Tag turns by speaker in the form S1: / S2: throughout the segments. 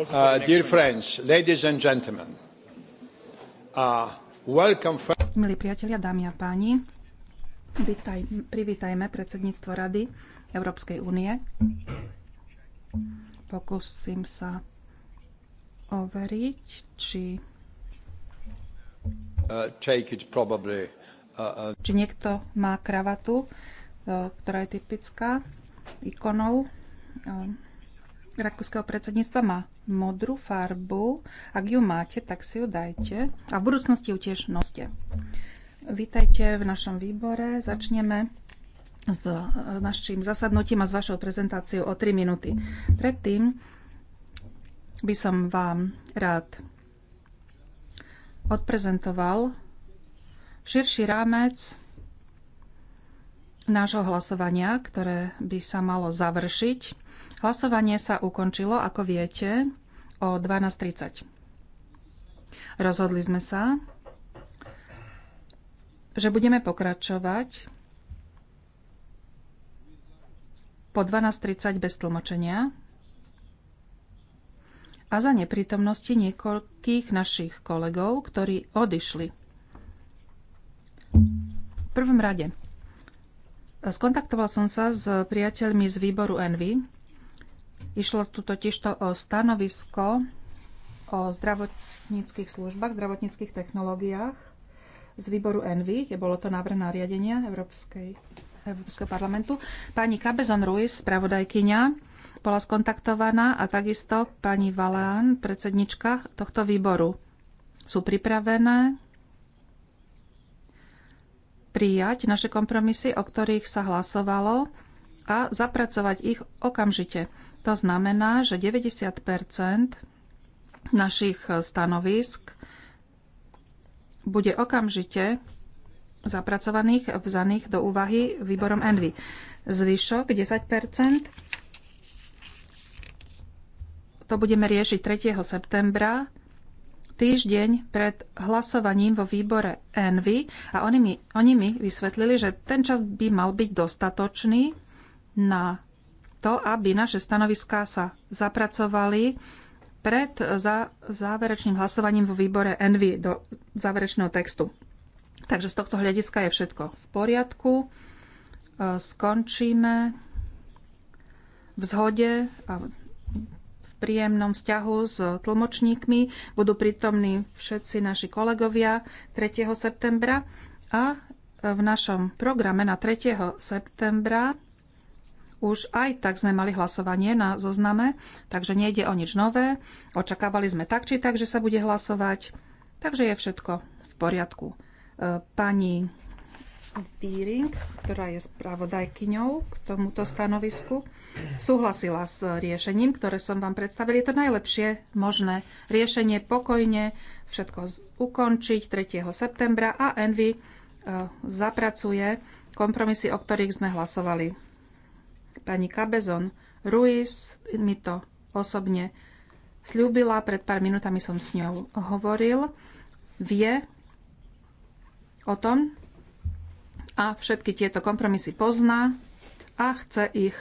S1: Uh, dear
S2: friends, ladies and gentlemen, uh, welcome... Milí priatelia, dámy a páni, vitaj, privítajme predsedníctvo Rady Európskej únie. Pokúsim sa overiť, či...
S3: Uh, take it probably,
S2: uh, uh... Či niekto má kravatu, uh, ktorá je typická ikonou eh, rakúskeho predsedníctva má modrú farbu. Ak ju máte, tak si ju dajte a v budúcnosti ju tiež noste. Vítajte v našom výbore. Začneme s eh, našim zasadnutím a s vašou prezentáciou o 3 minúty. Predtým by som vám rád odprezentoval širší rámec nášho hlasovania, ktoré by sa malo završiť. Hlasovanie sa ukončilo, ako viete, o 12.30. Rozhodli sme sa, že budeme pokračovať po 12.30 bez tlmočenia a za neprítomnosti niekoľkých našich kolegov, ktorí odišli. V prvom rade Skontaktoval som sa s priateľmi z výboru Envy. Išlo tu totižto o stanovisko o zdravotníckých službách, zdravotníckých technológiách z výboru Envy. Je bolo to návrh nariadenia Európskej, Európskeho parlamentu. Pani Kabezon Ruiz, spravodajkyňa, bola skontaktovaná a takisto pani Valán, predsednička tohto výboru. Sú pripravené prijať naše kompromisy, o ktorých sa hlasovalo a zapracovať ich okamžite. To znamená, že 90 našich stanovisk bude okamžite zapracovaných, vzaných do úvahy výborom Envy. Zvyšok 10 to budeme riešiť 3. septembra týždeň pred hlasovaním vo výbore Envy a oni mi, oni mi vysvetlili, že ten čas by mal byť dostatočný na to, aby naše stanoviská sa zapracovali pred za, záverečným hlasovaním vo výbore Envy do záverečného textu. Takže z tohto hľadiska je všetko v poriadku. E, skončíme v zhode a príjemnom vzťahu s tlmočníkmi. Budú prítomní všetci naši kolegovia 3. septembra a e, v našom programe na 3. septembra už aj tak sme mali hlasovanie na zozname, takže nejde o nič nové. Očakávali sme tak či tak, že sa bude hlasovať, takže je všetko v poriadku. E, pani Bíring, ktorá je spravodajkyňou k tomuto stanovisku, súhlasila s riešením, ktoré som vám predstavil. Je to najlepšie možné riešenie pokojne, všetko ukončiť 3. septembra a Envy eh, zapracuje kompromisy, o ktorých sme hlasovali. Pani Kabezon Ruiz mi to osobne slúbila, pred pár minutami som s ňou hovoril, vie o tom a všetky tieto kompromisy pozná a chce ich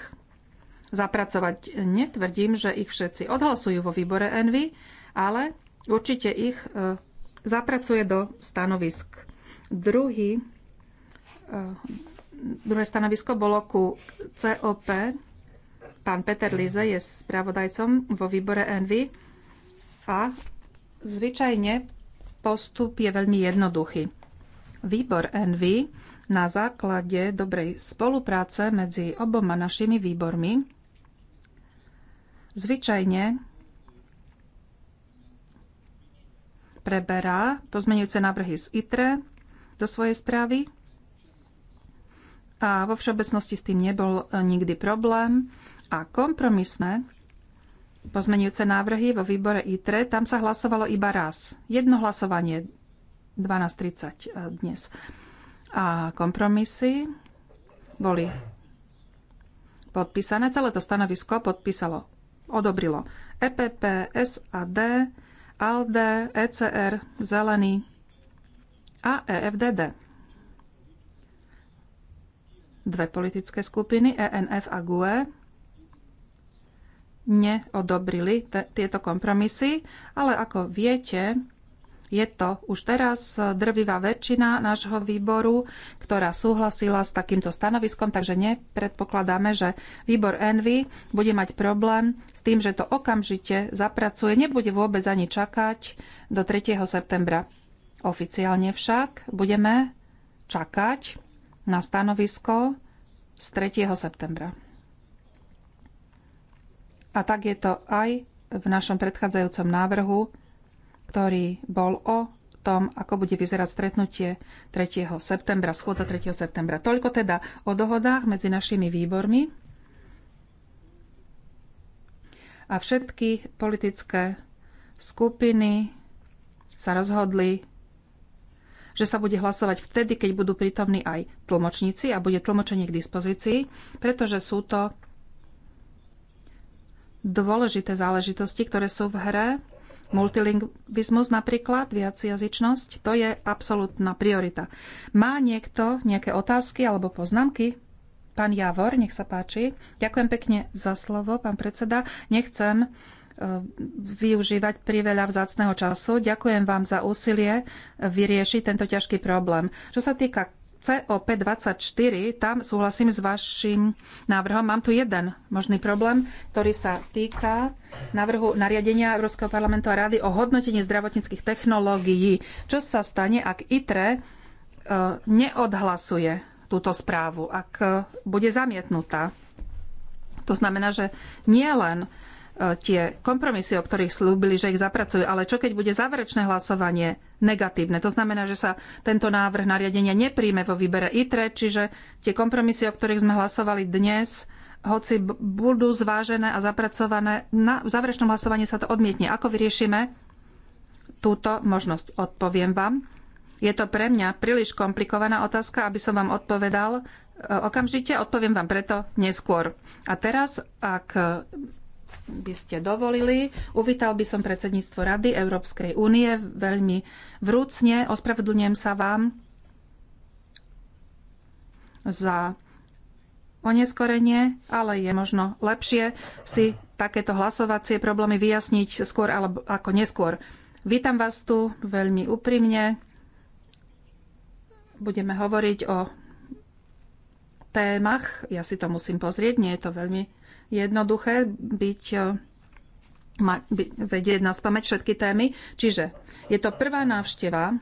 S2: zapracovať. Netvrdím, že ich všetci odhlasujú vo výbore Envy, ale určite ich e, zapracuje do stanovisk. Druhý, e, druhé stanovisko bolo ku COP. Pán Peter Lize je spravodajcom vo výbore Envy a zvyčajne postup je veľmi jednoduchý. Výbor Envy na základe dobrej spolupráce medzi oboma našimi výbormi zvyčajne preberá pozmenujúce návrhy z ITRE do svojej správy a vo všeobecnosti s tým nebol e, nikdy problém. A kompromisné pozmenujúce návrhy vo výbore ITRE, tam sa hlasovalo iba raz. Jedno hlasovanie 12.30 e, dnes. A kompromisy boli podpísané. Celé to stanovisko podpísalo odobrilo. EPP, SAD, ALDE, ECR, Zelený a EFDD. Dve politické skupiny, ENF a GUE, neodobrili tieto kompromisy, ale ako viete, je to už teraz drvivá väčšina nášho výboru, ktorá súhlasila s takýmto stanoviskom, takže nepredpokladáme, že výbor Envy bude mať problém s tým, že to okamžite zapracuje, nebude vôbec ani čakať do 3. septembra. Oficiálne však budeme čakať na stanovisko z 3. septembra. A tak je to aj v našom predchádzajúcom návrhu ktorý bol o tom, ako bude vyzerať stretnutie 3. septembra, schôdza 3. septembra. Toľko teda o dohodách medzi našimi výbormi. A všetky politické skupiny sa rozhodli, že sa bude hlasovať vtedy, keď budú prítomní aj tlmočníci a bude tlmočenie k dispozícii, pretože sú to dôležité záležitosti, ktoré sú v hre Multilingvizmus napríklad, viacjazyčnosť, to je absolútna priorita. Má niekto nejaké otázky alebo poznámky? Pán Javor, nech sa páči. Ďakujem pekne za slovo, pán predseda. Nechcem e, využívať priveľa vzácného času. Ďakujem vám za úsilie e, vyriešiť tento ťažký problém. Čo sa týka COP24, tam súhlasím s vašim návrhom. Mám tu jeden možný problém, ktorý sa týka návrhu nariadenia Európskeho parlamentu a rady o hodnotení zdravotníckých technológií. Čo sa stane, ak ITRE e, neodhlasuje túto správu, ak e, bude zamietnutá? To znamená, že nie len E, tie kompromisy, o ktorých slúbili, že ich zapracujú. Ale čo keď bude záverečné hlasovanie negatívne? To znamená, že sa tento návrh nariadenia nepríjme vo výbere ITRE, čiže tie kompromisy, o ktorých sme hlasovali dnes, hoci budú zvážené a zapracované, na, v záverečnom hlasovaní sa to odmietne. Ako vyriešime túto možnosť? Odpoviem vám. Je to pre mňa príliš komplikovaná otázka, aby som vám odpovedal e, okamžite. Odpoviem vám preto neskôr. A teraz, ak by ste dovolili, uvítal by som predsedníctvo Rady Európskej únie veľmi vrúcne. Ospravedlňujem sa vám za oneskorenie, ale je možno lepšie si takéto hlasovacie problémy vyjasniť skôr alebo ako neskôr. Vítam vás tu veľmi úprimne. Budeme hovoriť o témach. Ja si to musím pozrieť, nie je to veľmi jednoduché byť e, ma, by, vedieť na spameť všetky témy. Čiže je to prvá návšteva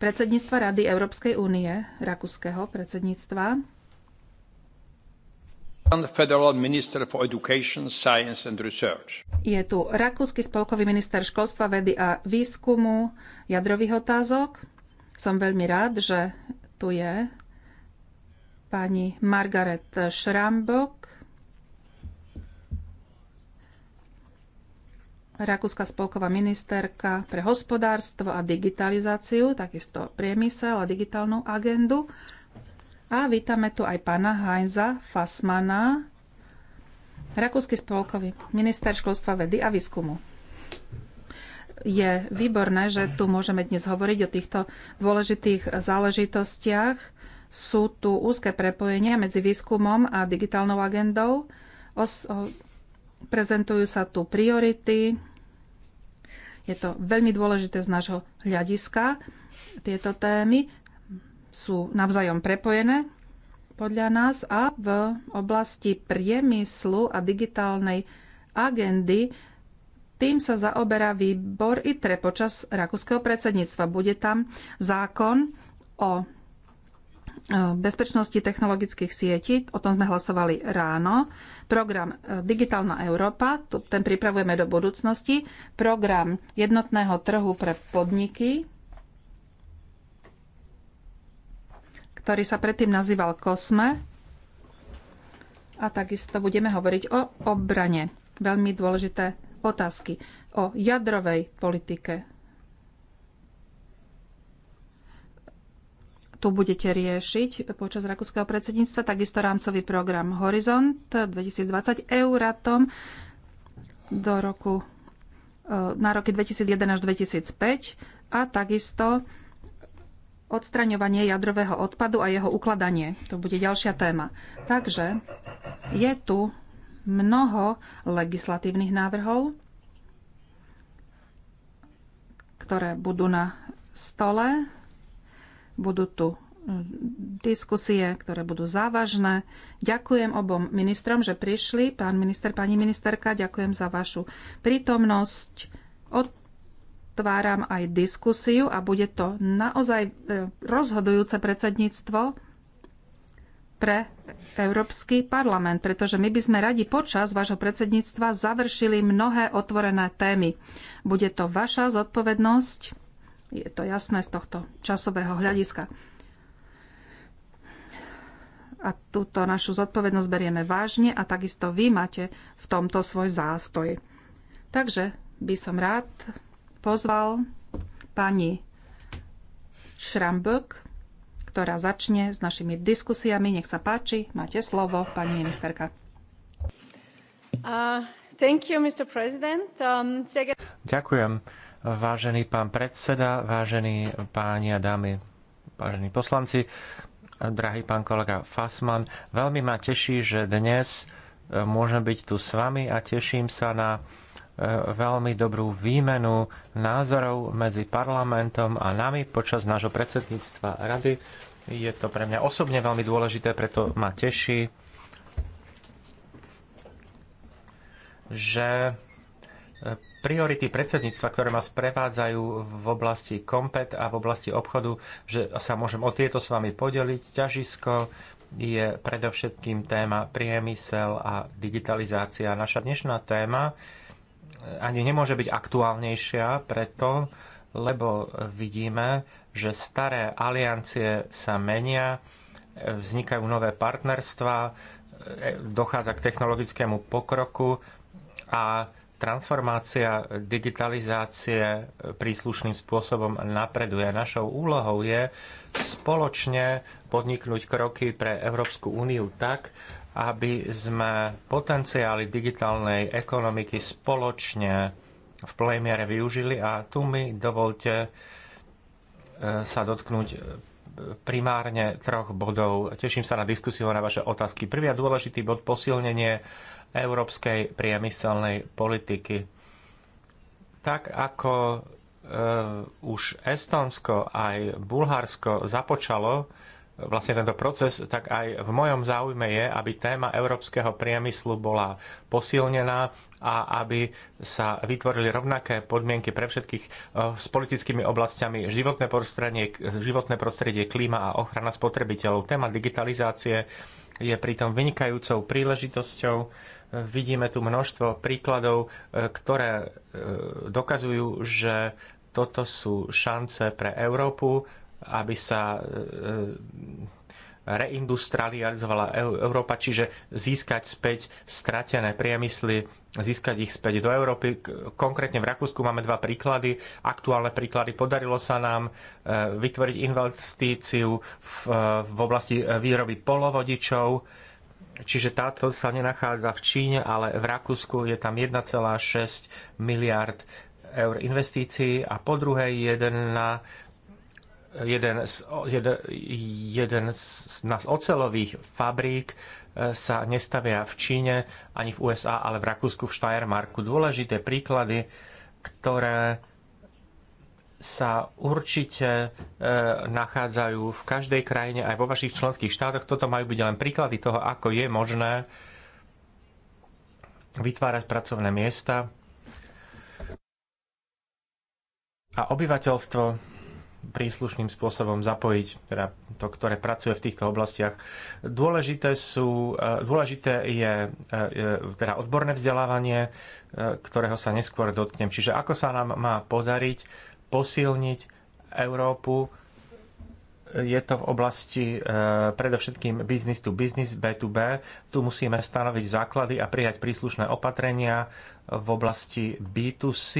S2: predsedníctva Rady Európskej únie, rakúskeho predsedníctva. Je tu rakúsky spolkový minister školstva, vedy a výskumu jadrových otázok. Som veľmi rád, že tu je pani Margaret Šrambok, Rakúska spolková ministerka pre hospodárstvo a digitalizáciu, takisto priemysel a digitálnu agendu. A vítame tu aj pána Heinza Fassmana, Rakúsky spolkový minister školstva, vedy a výskumu. Je výborné, že tu môžeme dnes hovoriť o týchto dôležitých záležitostiach. Sú tu úzke prepojenia medzi výskumom a digitálnou agendou. Prezentujú sa tu priority. Je to veľmi dôležité z nášho hľadiska. Tieto témy sú navzájom prepojené podľa nás a v oblasti priemyslu a digitálnej agendy tým sa zaoberá výbor ITRE počas rakúskeho predsedníctva. Bude tam zákon o bezpečnosti technologických sietí, o tom sme hlasovali ráno. Program e, Digitálna Európa, ten pripravujeme do budúcnosti. Program jednotného trhu pre podniky, ktorý sa predtým nazýval COSME. A takisto budeme hovoriť o obrane. Veľmi dôležité otázky. O jadrovej politike, tu budete riešiť počas rakúskeho predsedníctva, takisto rámcový program Horizont 2020 Euratom do roku, e, na roky 2001 až 2005 a takisto odstraňovanie jadrového odpadu a jeho ukladanie. To bude ďalšia téma. Takže je tu mnoho legislatívnych návrhov, ktoré budú na stole budú tu e, diskusie, ktoré budú závažné. Ďakujem obom ministrom, že prišli. Pán minister, pani ministerka, ďakujem za vašu prítomnosť. Otváram aj diskusiu a bude to naozaj e, rozhodujúce predsedníctvo pre Európsky parlament, pretože my by sme radi počas vášho predsedníctva završili mnohé otvorené témy. Bude to vaša zodpovednosť je to jasné z tohto časového hľadiska. A túto našu zodpovednosť berieme vážne a takisto vy máte v tomto svoj zástoj. Takže by som rád pozval pani Šramböck, ktorá začne s našimi diskusiami. Nech sa páči, máte slovo, pani ministerka. Uh, you, um,
S1: Ďakujem. Vážený pán predseda, vážení páni a dámy, vážení poslanci, drahý pán kolega Fasman, veľmi ma teší, že dnes e, môžem byť tu s vami a teším sa na e, veľmi dobrú výmenu názorov medzi parlamentom a nami počas nášho predsedníctva rady. Je to pre mňa osobne veľmi dôležité, preto ma teší, že e, priority predsedníctva, ktoré ma sprevádzajú v oblasti kompet a v oblasti obchodu, že sa môžem o tieto s vami podeliť. Ťažisko je predovšetkým téma priemysel a digitalizácia. Naša dnešná téma ani nemôže byť aktuálnejšia preto, lebo vidíme, že staré aliancie sa menia, vznikajú nové partnerstva, e, dochádza k technologickému pokroku a transformácia digitalizácie príslušným spôsobom napreduje. Našou úlohou je spoločne podniknúť kroky pre Európsku úniu tak, aby sme potenciály digitálnej ekonomiky spoločne v plnej miere využili. A tu mi dovolte e, sa dotknúť e, primárne troch bodov. Teším sa na diskusiu na vaše otázky. Prvý a dôležitý bod posilnenie európskej priemyselnej politiky. Tak ako eh, už Estonsko aj Bulharsko započalo eh, vlastne tento proces, tak aj v mojom záujme je, aby téma európskeho priemyslu bola posilnená a aby sa vytvorili rovnaké podmienky pre všetkých eh, s politickými oblastiami životné prostredie, životné prostredie klíma a ochrana spotrebiteľov. Téma digitalizácie je pritom vynikajúcou príležitosťou Vidíme tu množstvo príkladov, e, ktoré e, dokazujú, že toto sú šance pre Európu, aby sa e, reindustrializovala Európa, čiže získať späť stratené priemysly, získať ich späť do Európy. Konkrétne v Rakúsku máme dva príklady, aktuálne príklady. Podarilo sa nám vytvoriť investíciu v, v oblasti výroby polovodičov, Čiže táto sa nenachádza v Číne, ale v Rakúsku je tam 1,6 miliard eur investícií a po druhé jeden na jeden z, jeden, jeden z nás ocelových fabrík e, sa nestavia v Číne ani v USA, ale v Rakúsku, v Steiermarku. Dôležité príklady, ktoré sa určite e, nachádzajú v každej krajine, aj vo vašich členských štátoch. Toto majú byť len príklady toho, ako je možné vytvárať pracovné miesta a obyvateľstvo príslušným spôsobom zapojiť, teda to, ktoré pracuje v týchto oblastiach. Dôležité, sú, e, dôležité je e, teda odborné vzdelávanie, ktorého sa neskôr dotknem. Čiže ako sa nám má podariť posilniť Európu. Je to v oblasti e, predovšetkým business to business, B2B. Tu musíme stanoviť základy a prijať príslušné opatrenia v oblasti B2C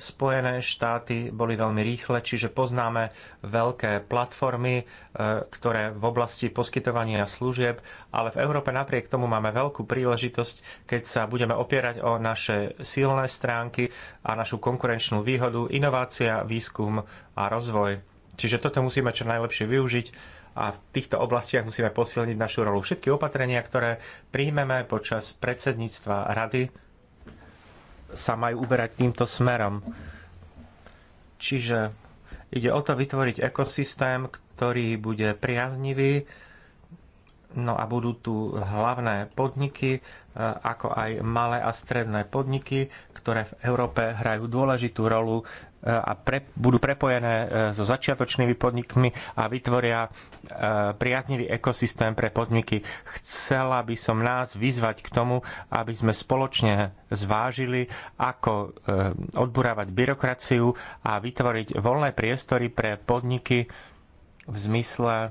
S1: Spojené štáty boli veľmi rýchle, čiže poznáme veľké platformy, e, ktoré v oblasti poskytovania služieb, ale v Európe napriek tomu máme veľkú príležitosť, keď sa budeme opierať o naše silné stránky a našu konkurenčnú výhodu, inovácia, výskum a rozvoj. Čiže toto musíme čo najlepšie využiť a v týchto oblastiach musíme posilniť našu rolu. Všetky opatrenia, ktoré príjmeme počas predsedníctva rady, sa majú uberať týmto smerom. Čiže ide o to vytvoriť ekosystém, ktorý bude priaznivý, no a budú tu hlavné podniky, e, ako aj malé a stredné podniky, ktoré v Európe hrajú dôležitú rolu E, a pre, budú prepojené e, so začiatočnými podnikmi a vytvoria e, priaznivý ekosystém pre podniky. Chcela by som nás vyzvať k tomu, aby sme spoločne zvážili, ako odburávať byrokraciu a vytvoriť voľné priestory pre podniky v zmysle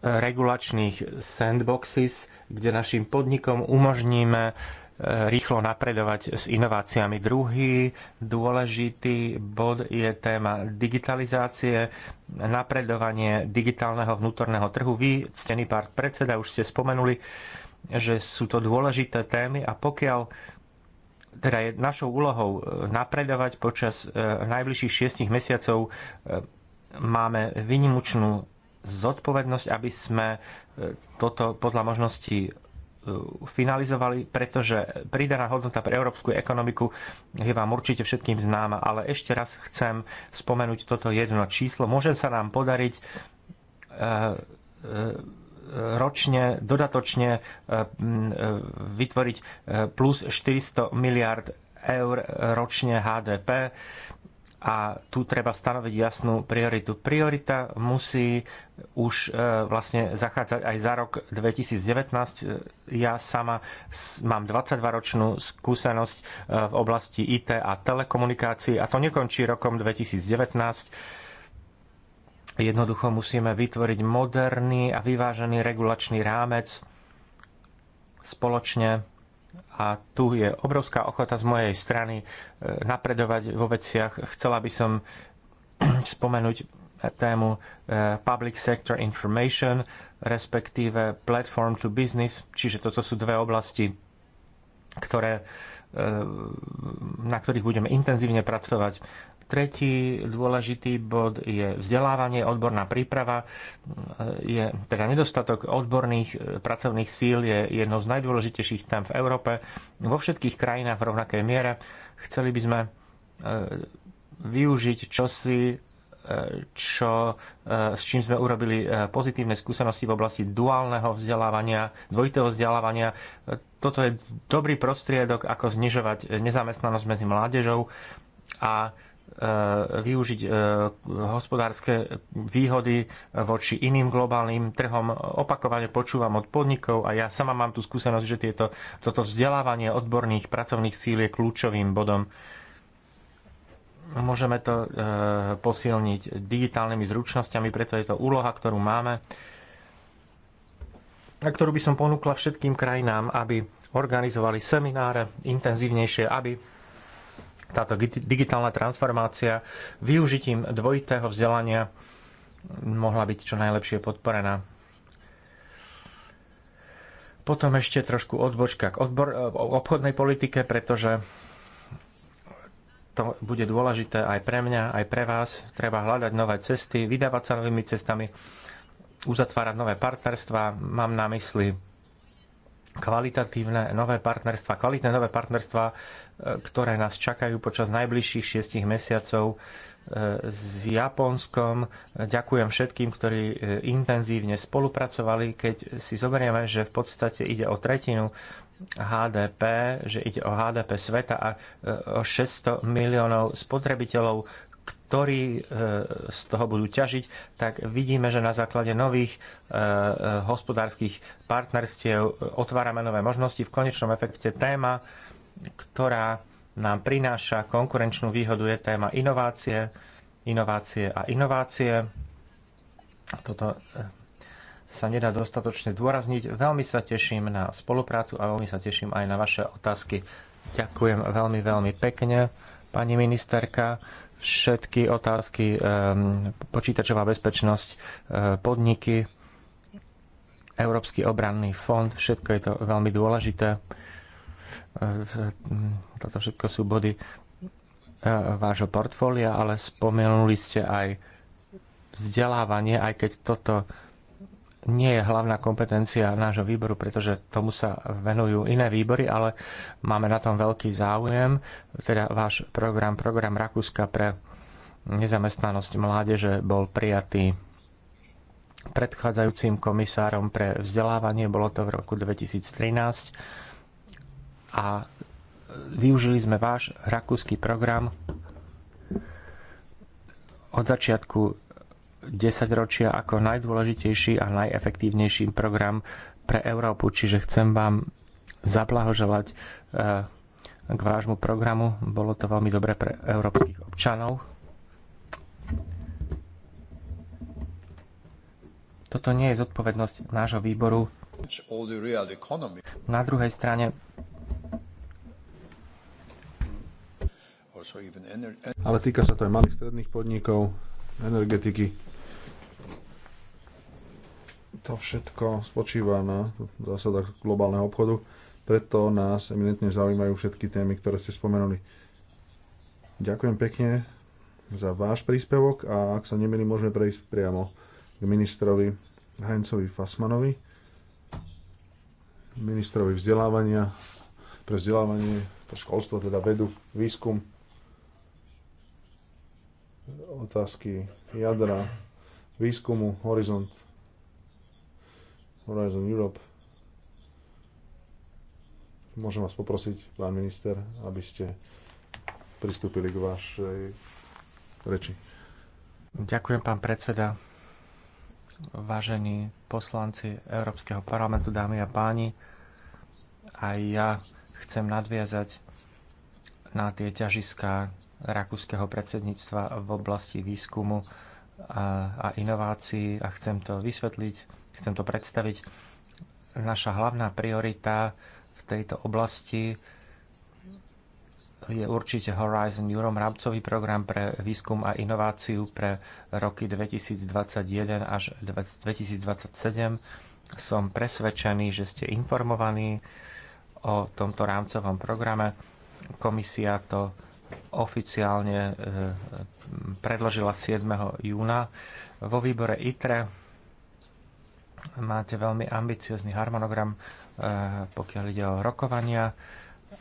S1: regulačných sandboxes, kde našim podnikom umožníme rýchlo napredovať s inováciami. Druhý dôležitý bod je téma digitalizácie, napredovanie digitálneho vnútorného trhu. Vy, ctený pár predseda, už ste spomenuli, že sú to dôležité témy a pokiaľ teda je našou úlohou e, napredovať počas e, najbližších šiestich mesiacov, e, máme vynimočnú zodpovednosť, aby sme toto podľa možností finalizovali, pretože pridaná hodnota pre európsku ekonomiku je vám určite všetkým známa, ale ešte raz chcem spomenúť toto jedno číslo. Môže sa nám podariť e, e, ročne, dodatočne e, vytvoriť plus 400 miliard eur ročne HDP a tu treba stanoviť jasnú prioritu. Priorita musí už e, vlastne zachádzať aj za rok 2019. E, ja sama mám 22-ročnú skúsenosť e, v oblasti IT a telekomunikácií a to nekončí rokom 2019. Jednoducho musíme vytvoriť moderný a vyvážený regulačný rámec spoločne a tu je obrovská ochota z mojej strany e, napredovať vo veciach. Chcela by som spomenúť tému e, Public Sector Information, respektíve Platform to Business, čiže toto sú dve oblasti, ktoré, e, na ktorých budeme intenzívne pracovať Tretí dôležitý bod je vzdelávanie, odborná príprava. Je, teda nedostatok odborných e, pracovných síl je jednou z najdôležitejších tam v Európe. Vo všetkých krajinách v rovnakej miere chceli by sme e, využiť čosi, e, čo, s čím sme urobili pozitívne skúsenosti v oblasti duálneho vzdelávania, dvojitého vzdelávania. Toto je dobrý prostriedok, ako znižovať nezamestnanosť medzi mládežou a E, využiť e, hospodárske výhody voči iným globálnym trhom. Opakovane počúvam od podnikov a ja sama mám tú skúsenosť, že tieto, toto vzdelávanie odborných pracovných síl je kľúčovým bodom. Môžeme to e, posilniť digitálnymi zručnosťami, preto je to úloha, ktorú máme a ktorú by som ponúkla všetkým krajinám, aby organizovali semináre intenzívnejšie, aby táto digitálna transformácia využitím dvojitého vzdelania mohla byť čo najlepšie podporená. Potom ešte trošku odbočka k odbor, obchodnej politike, pretože to bude dôležité aj pre mňa, aj pre vás. Treba hľadať nové cesty, vydávať sa novými cestami, uzatvárať nové partnerstva. Mám na mysli kvalitatívne nové partnerstva, kvalitné nové partnerstva, e, ktoré nás čakajú počas najbližších šiestich mesiacov e, s Japonskom. Ďakujem všetkým, ktorí e, intenzívne spolupracovali. Keď si zoberieme, že v podstate ide o tretinu HDP, že ide o HDP sveta a o 600 miliónov spotrebiteľov, ktorí e, z toho budú ťažiť, tak vidíme, že na základe nových e, e, hospodárskych partnerstiev otvárame nové možnosti. V konečnom efekte téma, ktorá nám prináša konkurenčnú výhodu, je téma inovácie, inovácie a inovácie. Toto sa nedá dostatočne zdôrazniť. Veľmi sa teším na spoluprácu a veľmi sa teším aj na vaše otázky. Ďakujem veľmi, veľmi pekne, pani ministerka všetky otázky, ehm, počítačová bezpečnosť, ehm, podniky, Európsky obranný fond, všetko je to veľmi dôležité. Ehm, toto všetko sú body vášho portfólia, ale spomenuli ste aj vzdelávanie, aj keď toto nie je hlavná kompetencia nášho výboru, pretože tomu sa venujú iné výbory, ale máme na tom veľký záujem, teda váš program, program Rakúska pre nezamestnanosť mládeže bol prijatý predchádzajúcim komisárom pre vzdelávanie, bolo to v roku 2013 a využili sme váš rakúsky program od začiatku desaťročia ako najdôležitejší a najefektívnejší program pre Európu. Čiže chcem vám zablahoželať eh, k vášmu programu. Bolo to veľmi dobre pre európskych občanov. Toto nie je zodpovednosť nášho výboru.
S3: Na druhej strane ale týka sa to aj malých stredných podnikov, energetiky to všetko spočíva na zásadách globálneho obchodu, preto nás eminentne zaujímajú všetky témy, ktoré ste spomenuli. Ďakujem pekne za váš príspevok a ak sa nemili, môžeme prejsť priamo k ministrovi Hajncovi Fasmanovi, ministrovi vzdelávania, pre vzdelávanie, pre školstvo, teda vedu, výskum, otázky jadra, výskumu, horizont Horizon Europe. Môžem vás poprosiť, pán minister, aby ste pristúpili k vašej reči.
S1: Ďakujem, pán predseda. Vážení poslanci Európskeho parlamentu, dámy a páni, aj ja chcem nadviazať na tie ťažiská rakúskeho predsedníctva v oblasti výskumu a, a inovácií a chcem to vysvetliť chcem to predstaviť. Naša hlavná priorita v tejto oblasti je určite Horizon Europe, rámcový program pre výskum a inováciu pre roky 2021 až 2027. Som presvedčený, že ste informovaní o tomto rámcovom programe. Komisia to oficiálne eh, predložila 7. júna vo výbore ITRE máte veľmi ambiciozný harmonogram, eh, pokiaľ ide o rokovania.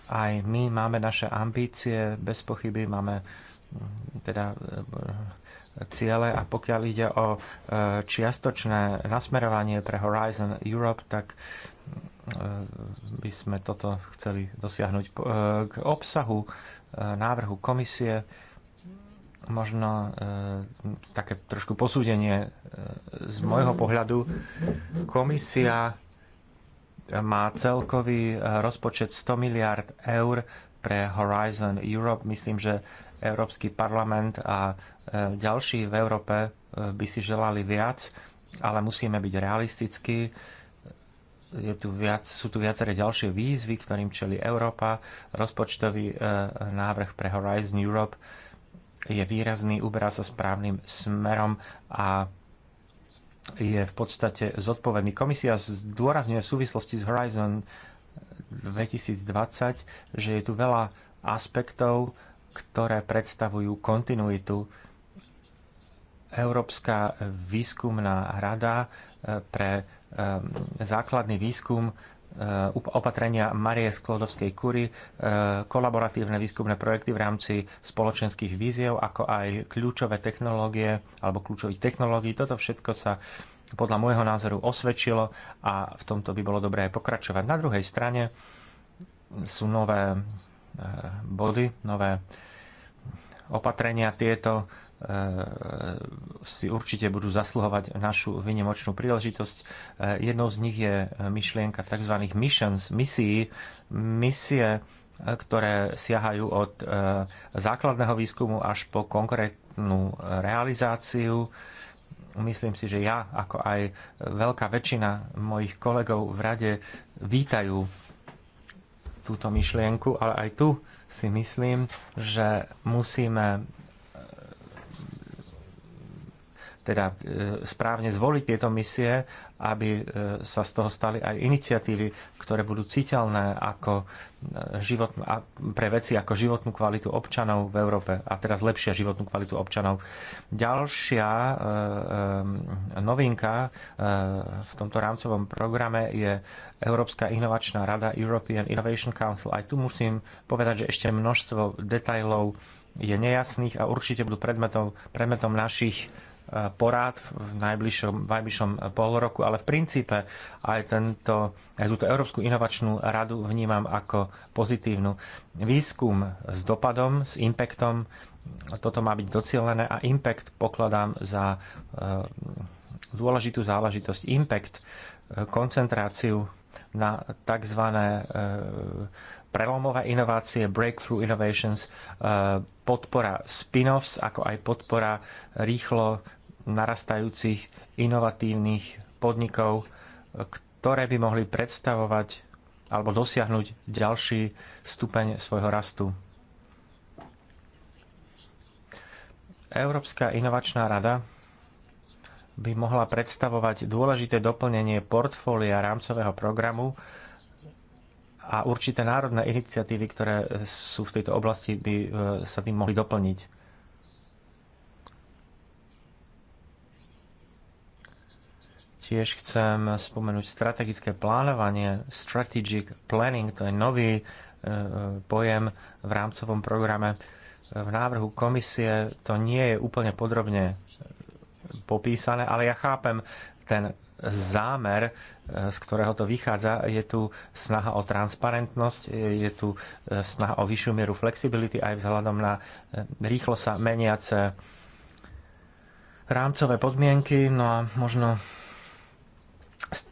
S1: Aj my máme naše ambície, bez pochyby máme mm, teda eh, ciele a pokiaľ ide o eh, čiastočné nasmerovanie pre Horizon Europe, tak by sme toto chceli dosiahnuť. K obsahu návrhu komisie možno e, také trošku posúdenie e, z môjho pohľadu. Komisia má celkový e, rozpočet 100 miliard eur pre Horizon Europe. Myslím, že Európsky parlament a e, ďalší v Európe e, by si želali viac, ale musíme byť realistickí. Je tu viac, sú tu viaceré ďalšie výzvy, ktorým čeli Európa. Rozpočtový e, návrh pre Horizon Europe je výrazný, uberá sa správnym smerom a je v podstate zodpovedný. Komisia zdôrazňuje v súvislosti s Horizon 2020, že je tu veľa aspektov, ktoré predstavujú kontinuitu. Európska výskumná rada eh, pre eh, základný výskum Uh, opatrenia Marie Sklodovskej Kury, uh, kolaboratívne výskumné projekty v rámci spoločenských víziev, ako aj kľúčové technológie alebo kľúčových technológií. Toto všetko sa podľa môjho názoru osvedčilo a v tomto by bolo dobré aj pokračovať. Na druhej strane sú nové uh, body, nové opatrenia tieto Eh, si určite budú zasluhovať našu vynimočnú príležitosť. Eh, jednou z nich je myšlienka tzv. missions, misií, misie, eh, ktoré siahajú od základného výskumu až po konkrétnu realizáciu. Myslím si, že ja, ako aj veľká väčšina mojich kolegov v rade, vítajú túto myšlienku, ale aj tu si myslím, že musíme teda e, správne zvoliť tieto misie, aby e, sa z toho stali aj iniciatívy, ktoré budú citeľné ako e, život, pre veci ako životnú kvalitu občanov v Európe a teraz lepšia životnú kvalitu občanov. Ďalšia novinka v tomto rámcovom programe je Európska inovačná rada European Innovation Council. Aj tu musím povedať, že ešte množstvo detajlov je nejasných a určite budú predmetom, predmetom našich e, porád v najbližšom, v najbližšom e, pol roku, ale v princípe aj, tento, aj túto Európsku inovačnú radu vnímam ako pozitívnu. Výskum s dopadom, s impactom, toto má byť docielené a impact pokladám za e, dôležitú záležitosť. Impact, koncentráciu na tzv prelomové inovácie, breakthrough innovations, e, podpora spin-offs, ako aj podpora rýchlo narastajúcich inovatívnych podnikov, ktoré by mohli predstavovať alebo dosiahnuť ďalší stupeň svojho rastu. Európska inovačná rada by mohla predstavovať dôležité doplnenie portfólia rámcového programu, a určité národné iniciatívy, ktoré sú v tejto oblasti, by e, sa tým mohli doplniť. Tiež chcem spomenúť strategické plánovanie, strategic planning, to je nový e, pojem v rámcovom programe. V návrhu komisie to nie je úplne podrobne popísané, ale ja chápem ten zámer, e, z ktorého to vychádza. Je tu snaha o transparentnosť, e, je tu e, snaha o vyššiu mieru flexibility aj vzhľadom na rýchlo sa meniace rámcové podmienky. No a možno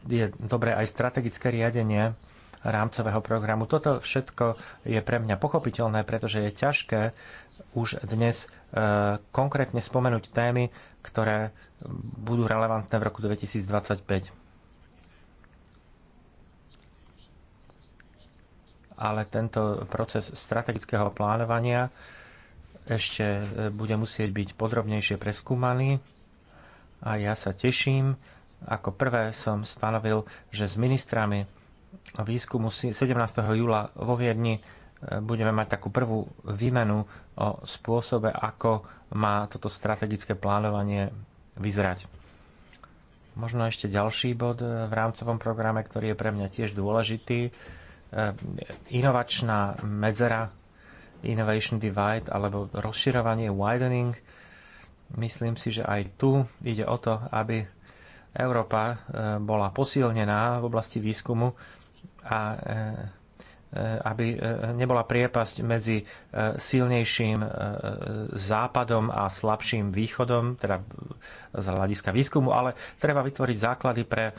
S1: je dobré aj strategické riadenie rámcového programu. Toto všetko je pre mňa pochopiteľné, pretože je ťažké už dnes konkrétne spomenúť témy, ktoré budú relevantné v roku 2025. Ale tento proces strategického plánovania ešte e, bude musieť byť podrobnejšie preskúmaný a ja sa teším. Ako prvé som stanovil, že s ministrami výskumu 17. júla vo Viedni budeme mať takú prvú výmenu o spôsobe, ako má toto strategické plánovanie vyzerať. Možno ešte ďalší bod v rámcovom programe, ktorý je pre mňa tiež dôležitý. E, inovačná medzera, innovation divide, alebo rozširovanie, widening. Myslím si, že aj tu ide o to, aby Európa e, bola posilnená v oblasti výskumu a e, Eh, aby eh, nebola priepasť medzi eh, silnejším západom a slabším východom, teda z hľadiska výskumu, ale treba vytvoriť základy pre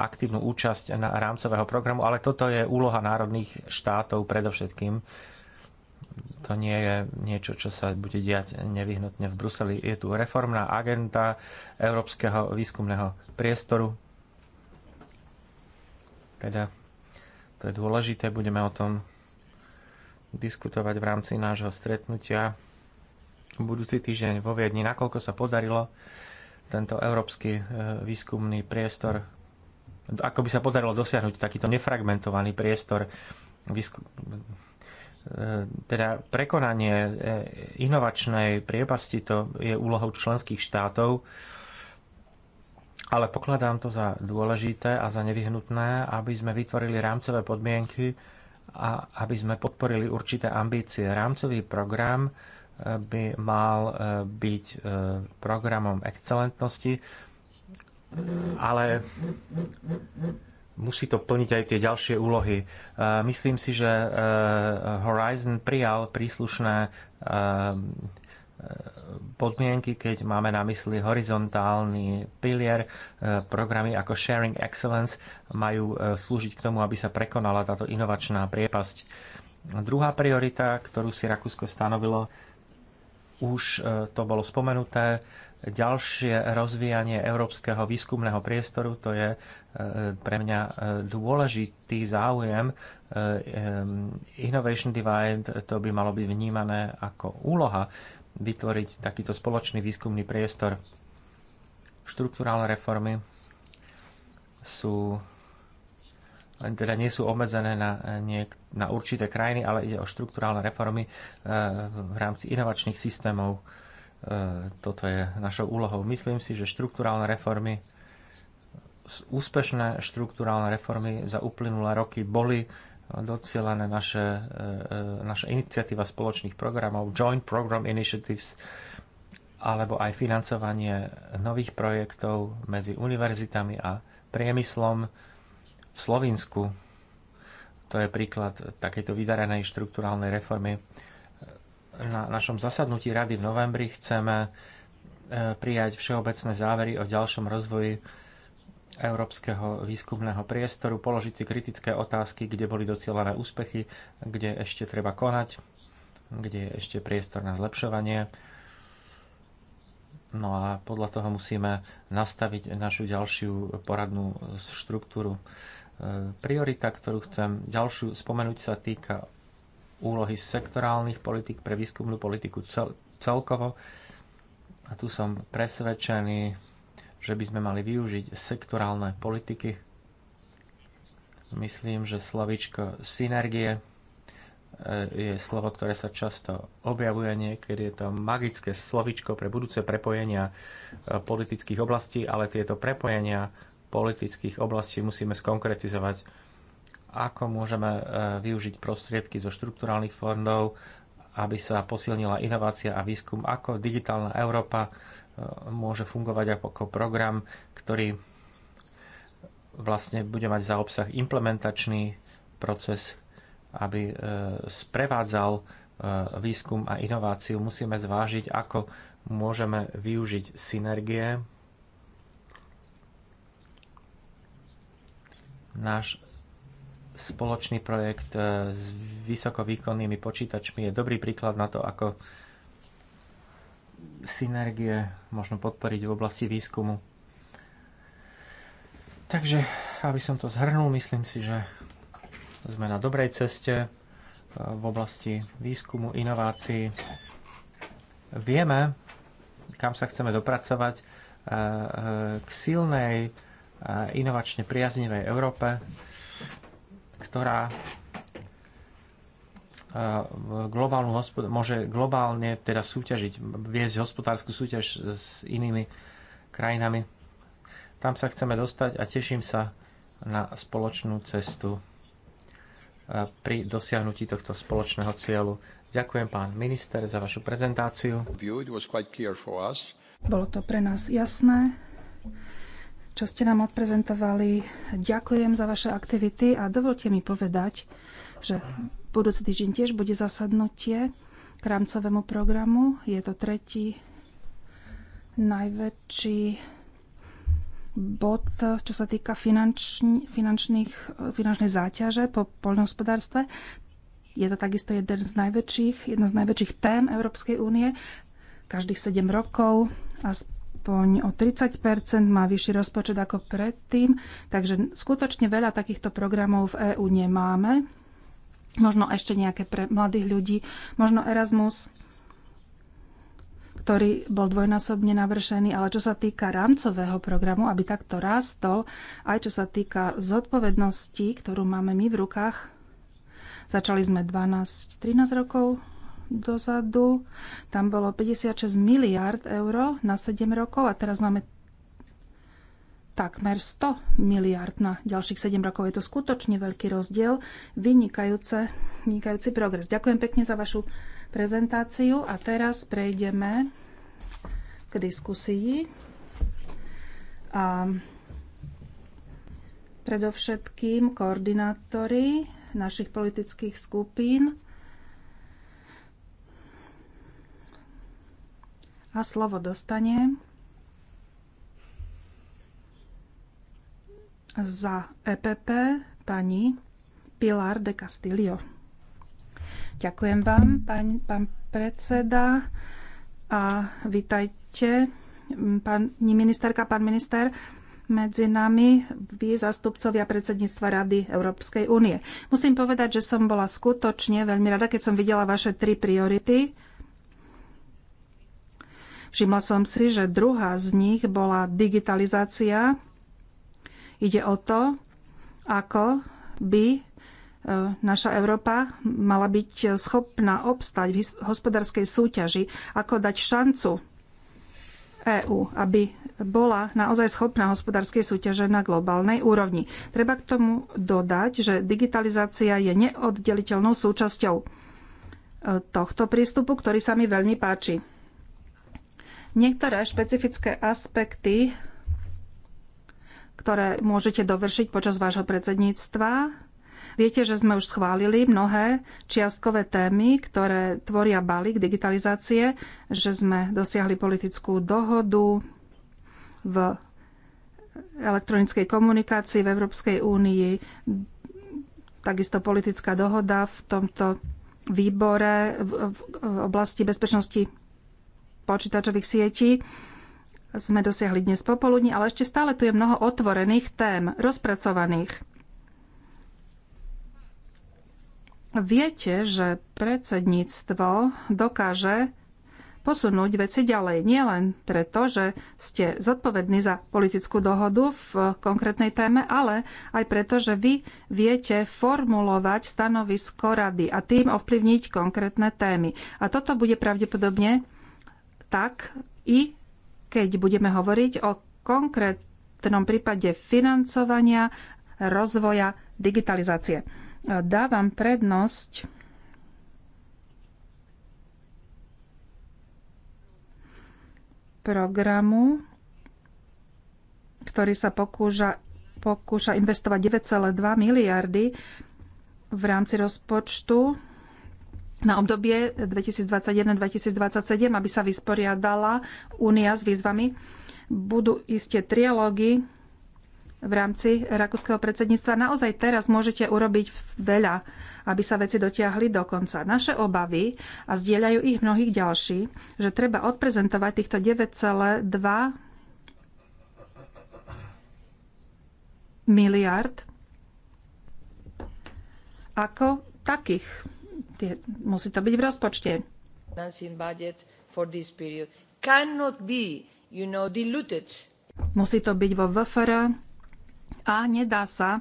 S1: aktívnu účasť na rámcového programu, ale toto je úloha národných štátov predovšetkým. To nie je niečo, čo sa bude diať nevyhnutne v Bruseli. Je tu reformná agenda Európskeho výskumného priestoru. Teda to je dôležité, budeme o tom diskutovať v rámci nášho stretnutia budúci týždeň vo Viedni, nakoľko sa podarilo tento európsky e, výskumný priestor, ako by sa podarilo dosiahnuť takýto nefragmentovaný priestor, e, teda prekonanie e, inovačnej priepasti, to je úlohou členských štátov ale pokladám to za dôležité a za nevyhnutné, aby sme vytvorili rámcové podmienky a aby sme podporili určité ambície. Rámcový program eh, by mal eh, byť eh, programom excelentnosti, ale musí to plniť aj tie ďalšie úlohy. Myslím si, že Horizon prijal príslušné podmienky, keď máme na mysli horizontálny pilier. E, programy ako Sharing Excellence majú e, slúžiť k tomu, aby sa prekonala táto inovačná priepasť. Druhá priorita, ktorú si Rakúsko stanovilo, už e, to bolo spomenuté, ďalšie rozvíjanie európskeho výskumného priestoru, to je pre mňa dôležitý záujem. Innovation Divide to by malo byť vnímané ako úloha vytvoriť takýto spoločný výskumný priestor. Štruktúrálne reformy sú teda nie sú obmedzené na, niek- na určité krajiny, ale ide o štruktúrálne reformy e, v rámci inovačných systémov. E, toto je našou úlohou. Myslím si, že štruktúrálne reformy, úspešné štruktúrálne reformy za uplynulé roky boli docielané naše, e, e, naša iniciatíva spoločných programov, Joint Program Initiatives, alebo aj financovanie nových projektov medzi univerzitami a priemyslom v Slovensku. To je príklad takejto vydarenej štruktúrálnej reformy. Na našom zasadnutí rady v novembri chceme e, prijať všeobecné závery o ďalšom rozvoji európskeho výskumného priestoru, položiť si kritické otázky, kde boli docielené úspechy, kde ešte treba konať, kde je ešte priestor na zlepšovanie. No a podľa toho musíme nastaviť našu ďalšiu poradnú štruktúru. E, priorita, ktorú chcem ďalšiu spomenúť, sa týka úlohy sektorálnych politik pre výskumnú politiku cel celkovo. A tu som presvedčený, že by sme mali využiť sektorálne politiky. Myslím, že slovičko synergie eh, je slovo, ktoré sa často objavuje, niekedy je to magické slovičko pre budúce prepojenia eh, politických oblastí, ale tieto prepojenia politických oblastí musíme skonkretizovať, ako môžeme eh, využiť prostriedky zo štrukturálnych fondov, aby sa posilnila inovácia a výskum, ako digitálna Európa môže fungovať ako program, ktorý vlastne bude mať za obsah implementačný proces, aby e, sprevádzal e, výskum a inováciu. Musíme zvážiť, ako môžeme využiť synergie. Náš spoločný projekt e, s vysokovýkonnými počítačmi je dobrý príklad na to, ako synergie možno podporiť v oblasti výskumu. Takže, aby som to zhrnul, myslím si, že sme na dobrej ceste eh, v oblasti výskumu, inovácií. Vieme, kam sa chceme dopracovať eh, eh, k silnej, inovačne priaznivej Európe, ktorá globálnu, môže globálne teda súťažiť, viesť hospodárskú súťaž s inými krajinami. Tam sa chceme dostať a teším sa na spoločnú cestu e, pri dosiahnutí tohto spoločného cieľu. Ďakujem pán minister za vašu
S3: prezentáciu.
S2: Bolo to pre nás jasné, čo ste nám odprezentovali. Ďakujem za vaše aktivity a dovolte mi povedať, že Budúci týždeň tiež bude zasadnutie k rámcovému programu. Je to tretí najväčší bod, čo sa týka finančn- finančných, finančnej záťaže po poľnohospodárstve. Je to takisto jeden z najväčších, jedna z najväčších tém Európskej únie. Každých 7 rokov aspoň o 30 má vyšší rozpočet ako predtým, takže skutočne veľa takýchto programov v EÚ nemáme možno ešte nejaké pre mladých ľudí, možno Erasmus, ktorý bol dvojnásobne navršený, ale čo sa týka rámcového programu, aby takto rástol, aj čo sa týka zodpovednosti, ktorú máme my v rukách, začali sme 12-13 rokov dozadu, tam bolo 56 miliard eur na 7 rokov a teraz máme takmer 100 miliard na ďalších 7 rokov. Je to skutočne veľký rozdiel, vynikajúce, vynikajúci progres. Ďakujem pekne za vašu prezentáciu a teraz prejdeme k diskusii. A predovšetkým koordinátori našich politických skupín a slovo dostane za EPP pani Pilar de Castillo. Ďakujem vám, pán, pán predseda, a vitajte, pani ministerka, pán minister. Medzi nami vy, zastupcovia predsedníctva Rady Európskej únie. Musím povedať, že som bola skutočne veľmi rada, keď som videla vaše tri priority. Všimla som si, že druhá z nich bola digitalizácia Ide o to, ako by e, naša Európa mala byť schopná obstať v hospodárskej súťaži, ako dať šancu EÚ, aby bola naozaj schopná hospodárskej súťaže na globálnej úrovni. Treba k tomu dodať, že digitalizácia je neoddeliteľnou súčasťou e, tohto prístupu, ktorý sa mi veľmi páči. Niektoré špecifické aspekty ktoré môžete dovršiť počas vášho predsedníctva. Viete, že sme už schválili mnohé čiastkové témy, ktoré tvoria balík digitalizácie, že sme dosiahli politickú dohodu v elektronickej komunikácii v Európskej únii, takisto politická dohoda v tomto výbore v, oblasti bezpečnosti počítačových sietí sme dosiahli dnes popoludní, ale ešte stále tu je mnoho otvorených tém, rozpracovaných. Viete, že predsedníctvo dokáže posunúť veci ďalej. Nie len preto, že ste zodpovední za politickú dohodu v konkrétnej téme, ale aj preto, že vy viete formulovať stanovisko rady a tým ovplyvniť konkrétne témy. A toto bude pravdepodobne tak i keď budeme hovoriť o konkrétnom prípade financovania, rozvoja, digitalizácie. Dávam prednosť programu, ktorý sa pokúša, pokúša investovať 9,2 miliardy v rámci rozpočtu na obdobie 2021-2027, aby sa vysporiadala únia s výzvami. Budú iste trialógy v rámci rakúskeho predsedníctva. Naozaj teraz môžete urobiť veľa, aby sa veci dotiahli do konca. Naše obavy, a zdieľajú ich mnohých ďalší, že treba odprezentovať týchto 9,2 miliard ako takých musí to byť v rozpočte. musí to byť vo VFR a nedá sa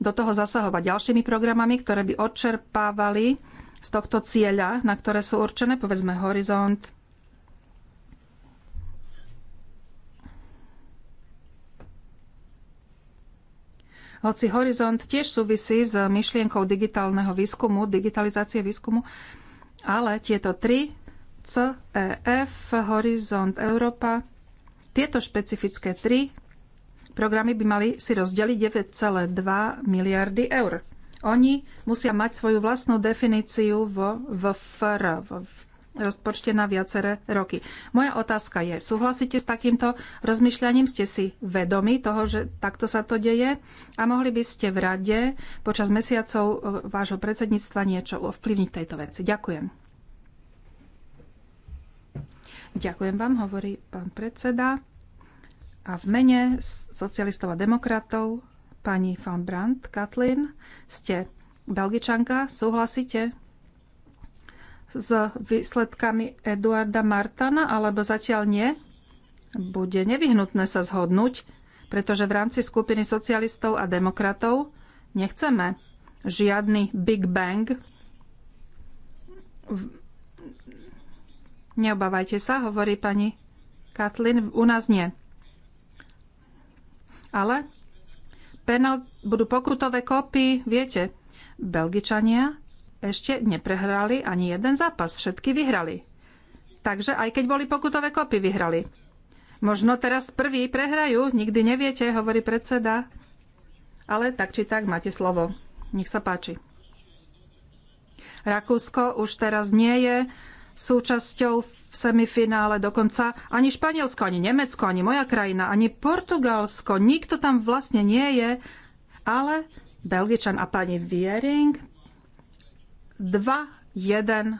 S2: do toho zasahovať ďalšími programami, ktoré by odčerpávali z tohto cieľa, na ktoré sú určené, povedzme Horizont Hoci Horizont tiež súvisí s myšlienkou digitálneho výskumu, digitalizácie výskumu, ale tieto tri CEF, Horizont Európa, tieto špecifické tri programy by mali si rozdeliť 9,2 miliardy eur. Oni musia mať svoju vlastnú definíciu v v, v rozpočte na viaceré roky. Moja otázka je, súhlasíte s takýmto rozmýšľaním? Ste si vedomi toho, že takto sa to deje? A mohli by ste v rade počas mesiacov e, vášho predsedníctva niečo ovplyvniť tejto veci? Ďakujem. Ďakujem vám, hovorí pán predseda. A v mene socialistov a demokratov pani van Brandt, Katlin, ste belgičanka, súhlasíte s výsledkami Eduarda Martana, alebo zatiaľ nie? Bude nevyhnutné sa zhodnúť, pretože v rámci skupiny socialistov a demokratov nechceme žiadny Big Bang. Neobávajte sa, hovorí pani Katlin, u nás nie. Ale penal, budú pokutové kopy, viete, Belgičania ešte neprehrali ani jeden zápas. Všetky vyhrali. Takže aj keď boli pokutové kopy, vyhrali. Možno teraz prvý prehrajú, nikdy neviete, hovorí predseda. Ale tak či tak máte slovo. Nech sa páči. Rakúsko už teraz nie je súčasťou v semifinále, dokonca ani Španielsko, ani Nemecko, ani moja krajina, ani Portugalsko. Nikto tam vlastne nie je, ale Belgičan a pani Viering 2-1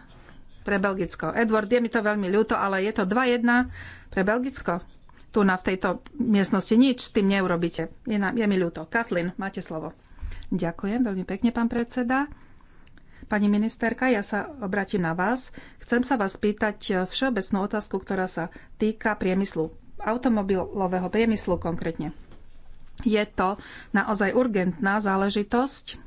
S2: pre Belgicko. Edward, je mi to veľmi ľúto, ale je to 2-1 pre Belgicko. Tu na v tejto miestnosti nič s tým neurobíte. Je, na, je mi ľúto. Katlin, máte slovo. Ďakujem veľmi pekne, pán predseda. Pani ministerka, ja sa obratím na vás. Chcem sa vás pýtať všeobecnú otázku, ktorá sa týka priemyslu, automobilového priemyslu konkrétne. Je to naozaj urgentná záležitosť,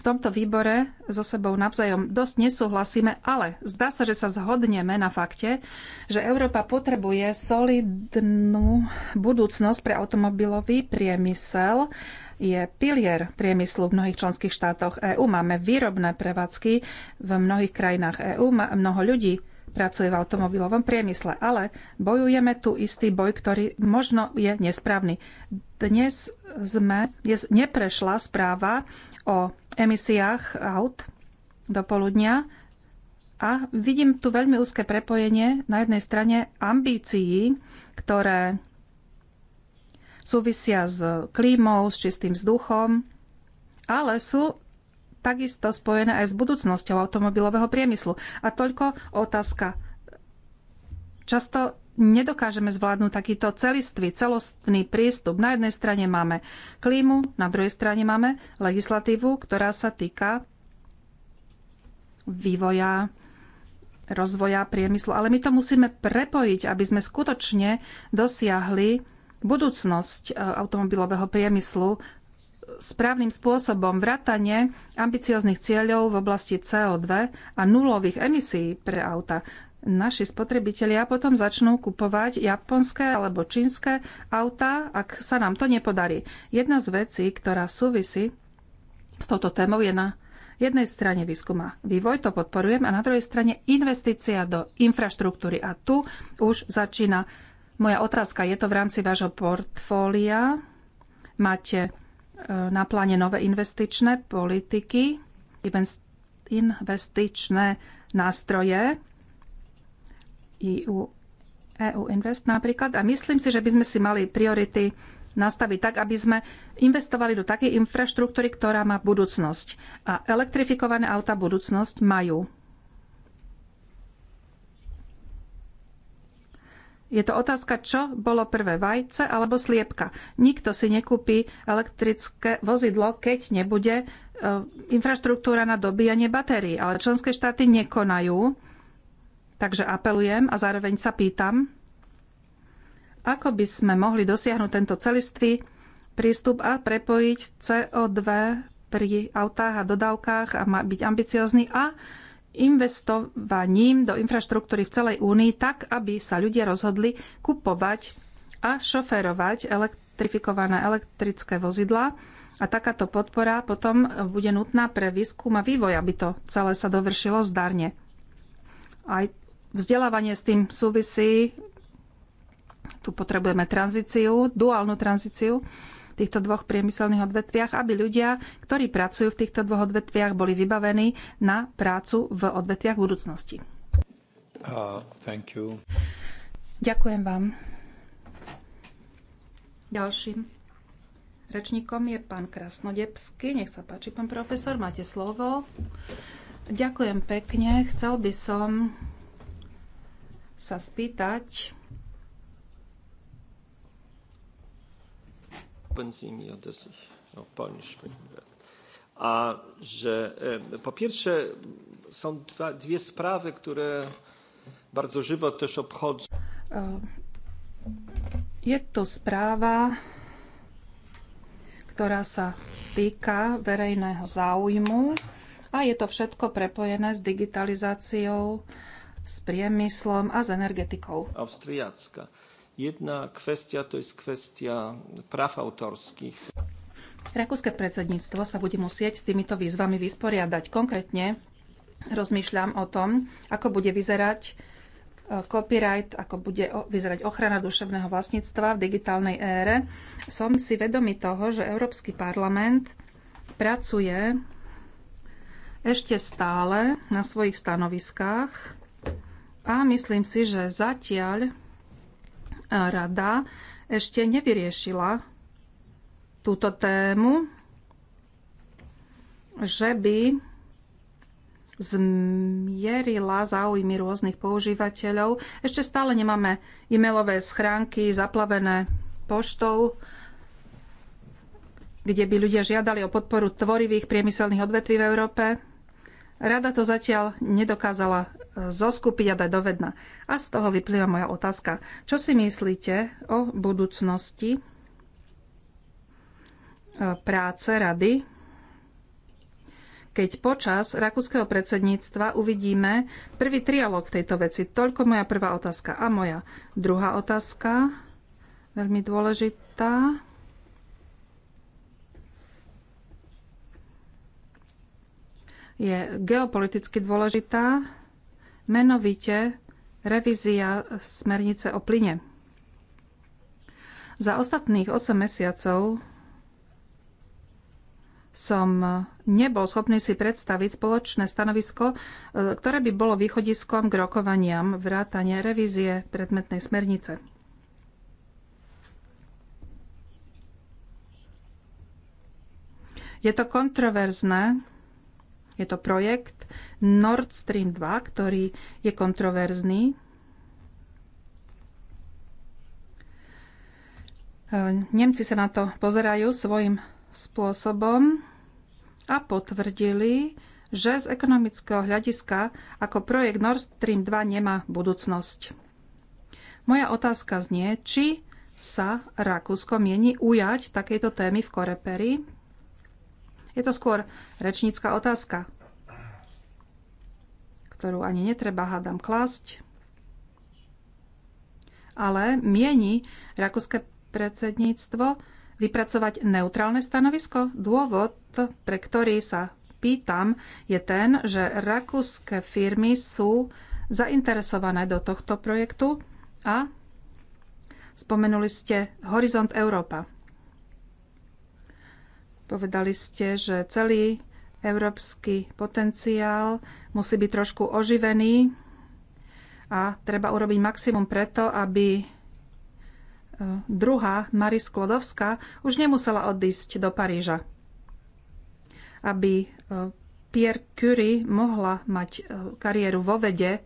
S2: v tomto výbore so sebou navzájom dosť nesúhlasíme, ale zdá sa, že sa zhodneme na fakte, že Európa potrebuje solidnú budúcnosť pre automobilový priemysel. Je pilier priemyslu v mnohých členských štátoch EÚ. Máme výrobné prevádzky v mnohých krajinách EÚ. Mnoho ľudí pracuje v automobilovom priemysle. Ale bojujeme tu istý boj, ktorý možno je nesprávny. Dnes sme, dnes neprešla správa o emisiách aut do poludnia a vidím tu veľmi úzke prepojenie na jednej strane ambícií, ktoré súvisia s klímou, s čistým vzduchom, ale sú takisto spojené aj s budúcnosťou automobilového priemyslu. A toľko otázka. Často nedokážeme zvládnuť takýto celistvý, celostný prístup. Na jednej strane máme klímu, na druhej strane máme legislatívu, ktorá sa týka vývoja rozvoja priemyslu. Ale my to musíme prepojiť, aby sme skutočne dosiahli budúcnosť e, automobilového priemyslu správnym spôsobom vrátane ambicióznych cieľov v oblasti CO2 a nulových emisí pre auta. Naši spotrebitelia potom začnú kupovať japonské alebo čínske auta, ak sa nám to nepodarí. Jedna z vecí, ktorá súvisí s touto témou, je na jednej strane výskuma vývoj, to podporujem, a na druhej strane investícia do infraštruktúry. A tu už začína moja otázka. Je to v rámci vášho portfólia? Máte E, na pláne nové investičné politiky, investičné nástroje, EU, EU Invest napríklad. A myslím si, že by sme si mali priority nastaviť tak, aby sme investovali do takej infraštruktúry, ktorá má budúcnosť. A elektrifikované auta budúcnosť majú. Je to otázka, čo bolo prvé, vajce alebo sliepka. Nikto si nekúpi elektrické vozidlo, keď nebude e, infraštruktúra na dobíjanie batérií. Ale členské štáty nekonajú. Takže apelujem a zároveň sa pýtam, ako by sme mohli dosiahnuť tento celistvý prístup a prepojiť CO2 pri autách a dodávkach a byť ambiciozný a investovaním do infraštruktúry v celej únii tak, aby sa ľudia rozhodli kupovať a šoferovať elektrifikované elektrické vozidlá. A takáto podpora potom bude nutná pre výskum a vývoj, aby to celé sa dovršilo zdarne. Aj vzdelávanie s tým súvisí. Tu potrebujeme tranzíciu, duálnu tranzíciu týchto dvoch priemyselných odvetviach, aby ľudia, ktorí pracujú v týchto dvoch odvetviach, boli vybavení na prácu v odvetviach budúcnosti.
S3: Uh, thank you.
S2: Ďakujem vám. Ďalším rečníkom je pán Krasnodebský. Nech sa páči, pán profesor, máte slovo. Ďakujem pekne. Chcel by som sa spýtať
S1: oben Sie mir, dass ich auf Polnisch sprechen werde. A że po pierwsze są dwa, dwie sprawy, które
S2: bardzo żywo też obchodzą. E, jest to sprawa, która sa týka verejného záujmu a je to všetko prepojené s digitalizáciou, s priemyslom a s energetikou.
S1: Austriacka Jedna kwestia to jest kwestia praw autorskich.
S2: Rakúske predsedníctvo sa bude musieť s týmito výzvami vysporiadať. Konkrétne rozmýšľam o tom, ako bude vyzerať e, copyright, ako bude vyzerať ochrana duševného vlastníctva v digitálnej ére. Som si vedomý toho, že Európsky parlament pracuje ešte stále na svojich stanoviskách a myslím si, že zatiaľ rada ešte nevyriešila túto tému, že by zmierila záujmy rôznych používateľov. Ešte stále nemáme e-mailové schránky zaplavené poštou, kde by ľudia žiadali o podporu tvorivých priemyselných odvetví v Európe. Rada to zatiaľ nedokázala e, zoskupiť a dať dovedna. A z toho vyplýva moja otázka. Čo si myslíte o budúcnosti e, práce rady, keď počas rakúskeho predsedníctva uvidíme prvý trialog tejto veci. Toľko moja prvá otázka. A moja druhá otázka, veľmi dôležitá. je geopoliticky dôležitá, menovite revízia smernice o plyne. Za ostatných 8 mesiacov som nebol schopný si predstaviť spoločné stanovisko, e, ktoré by bolo východiskom k rokovaniam vrátane revízie predmetnej smernice. Je to kontroverzné, je to projekt Nord Stream 2, ktorý je kontroverzný. E, Nemci sa na to pozerajú svojim spôsobom a potvrdili, že z ekonomického hľadiska ako projekt Nord Stream 2 nemá budúcnosť. Moja otázka znie, či sa Rakúsko mieni ujať takejto témy v Koreperi je to skôr rečnícka otázka, ktorú ani netreba hádam klásť. Ale mieni rakúske predsedníctvo vypracovať neutrálne stanovisko? Dôvod, pre ktorý sa pýtam, je ten, že rakúske firmy sú zainteresované do tohto projektu a spomenuli ste Horizont Európa. Povedali ste, že celý európsky potenciál musí byť trošku oživený a treba urobiť maximum preto, aby e, druhá Maris Sklodovská už nemusela odísť do Paríža. Aby e, Pierre Curie mohla mať e, kariéru vo vede,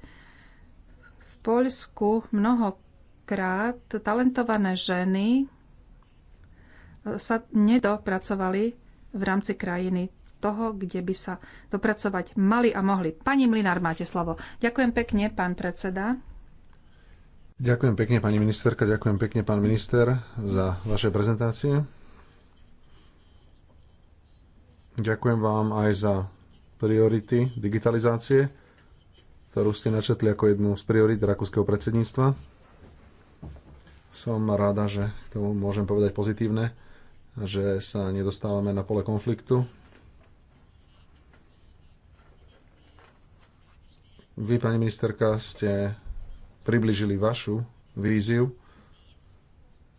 S2: v Poľsku mnohokrát talentované ženy sa nedopracovali v rámci krajiny toho, kde by sa dopracovať mali a mohli. Pani Mlinár, máte slovo. Ďakujem pekne, pán predseda.
S3: Ďakujem pekne, pani ministerka, ďakujem pekne, pán minister, za vaše prezentácie. Ďakujem vám aj za priority digitalizácie, ktorú ste načetli ako jednu z priorit rakúskeho predsedníctva. Som rada, že k tomu môžem povedať pozitívne že sa nedostávame na pole konfliktu. Vy, pani ministerka, ste približili vašu víziu,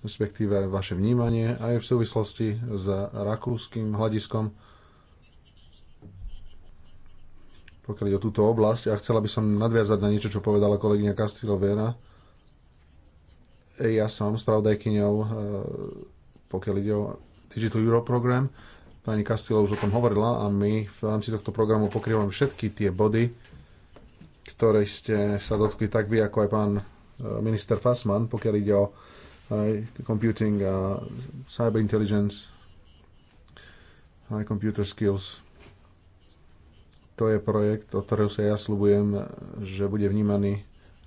S3: respektíve vaše vnímanie aj v súvislosti s rakúskym hľadiskom, pokiaľ ide o túto oblasť. A chcela by som nadviazať na niečo, čo povedala kolegyňa Castillo Vera. Ja som spravodajkyňou eh, pokiaľ ide o Digital Euro program. Pani Castillo už o tom hovorila a my v rámci tohto programu pokrývame všetky tie body, ktoré ste sa dotkli tak vy, ako aj pán e, minister Fassman, pokiaľ ide o e, computing, a cyber intelligence, high computer skills. To je projekt, od ktorého sa ja slubujem, že bude vnímaný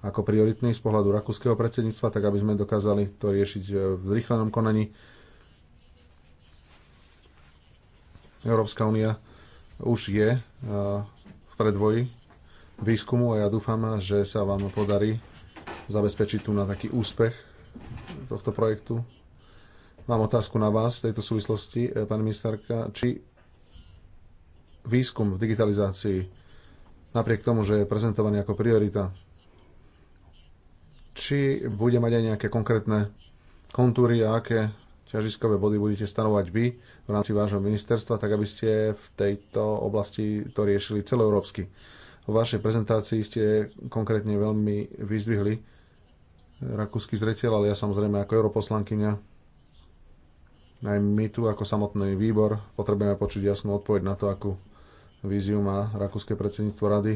S3: ako prioritný z pohľadu rakúskeho predsedníctva, tak aby sme dokázali to riešiť v zrýchlenom konaní Európska únia už je eh, v predvoji výskumu a ja dúfam, že sa vám podarí zabezpečiť tu na taký úspech tohto projektu. Mám otázku na vás v tejto súvislosti, eh, pani ministerka, či výskum v digitalizácii, napriek tomu, že je prezentovaný ako priorita, či bude mať aj nejaké konkrétne kontúry a aké ťažiskové body budete stanovať vy v rámci vášho ministerstva, tak aby ste v tejto oblasti to riešili celoeurópsky. Vo vašej prezentácii ste konkrétne veľmi vyzdvihli rakúsky zretel, ale ja samozrejme ako europoslankyňa, aj my tu ako samotný výbor potrebujeme počuť jasnú odpoveď na to, akú víziu má rakúske predsedníctvo rady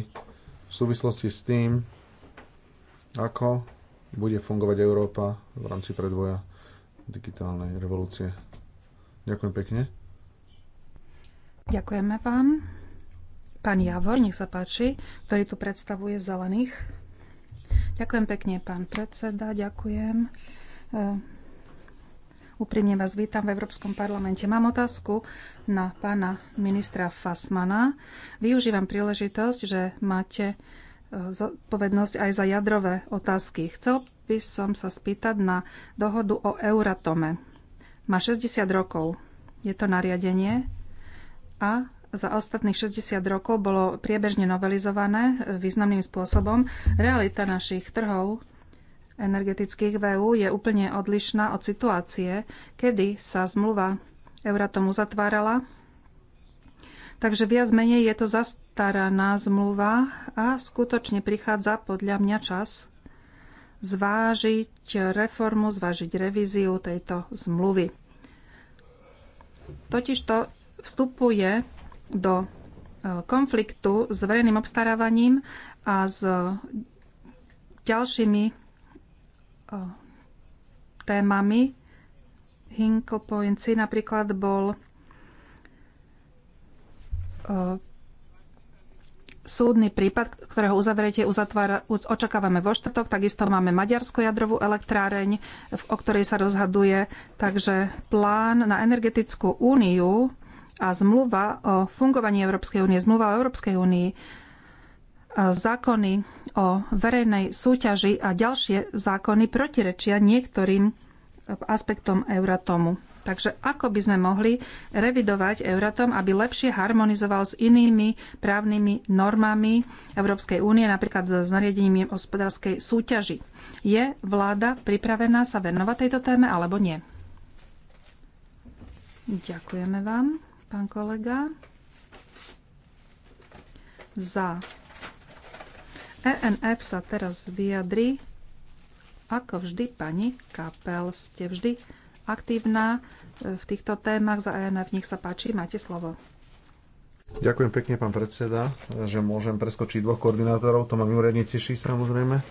S3: v súvislosti s tým, ako bude fungovať Európa v rámci predvoja digitálnej revolúcie. Ďakujem pekne.
S2: Ďakujeme vám. Pán Javor, nech sa páči, ktorý tu predstavuje zelených. Ďakujem pekne, pán predseda, ďakujem. Eh, úprimne vás vítam v Európskom parlamente. Mám otázku na pána ministra Fasmana. Využívam príležitosť, že máte zodpovednosť aj za jadrové otázky. Chcel by som sa spýtať na dohodu o Euratome. Má 60 rokov. Je to nariadenie a za ostatných 60 rokov bolo priebežne novelizované významným spôsobom. Realita našich trhov energetických v EU je úplne odlišná od situácie, kedy sa zmluva Euratom uzatvárala Takže viac menej je to zastaraná zmluva a skutočne prichádza podľa mňa čas zvážiť reformu, zvážiť revíziu tejto zmluvy. Totiž to vstupuje do e, konfliktu s verejným obstarávaním a s ďalšími e, témami. Hinkle Poinci napríklad bol E, súdny prípad, ktorého uzavretie uzatvára, očakávame vo štvrtok. Takisto máme Maďarsko jadrovú elektráreň, o ktorej sa rozhaduje. Takže plán na energetickú úniu a zmluva o fungovaní Európskej únie, zmluva o Európskej únii, e, zákony o verejnej súťaži a ďalšie zákony protirečia niektorým aspektom Euratomu. Takže ako by sme mohli revidovať Euratom, aby lepšie harmonizoval s inými právnymi normami Európskej únie, napríklad s nariadením hospodárskej súťaži? Je vláda pripravená sa venovať tejto téme alebo nie? Ďakujeme vám, pán kolega, za ENF sa teraz vyjadri, ako vždy, pani Kapel, ste vždy aktívna e, v týchto témach za ENF. Nech sa páči, máte slovo.
S3: Ďakujem pekne, pán predseda, že môžem preskočiť dvoch koordinátorov. To ma mimoriadne teší, samozrejme.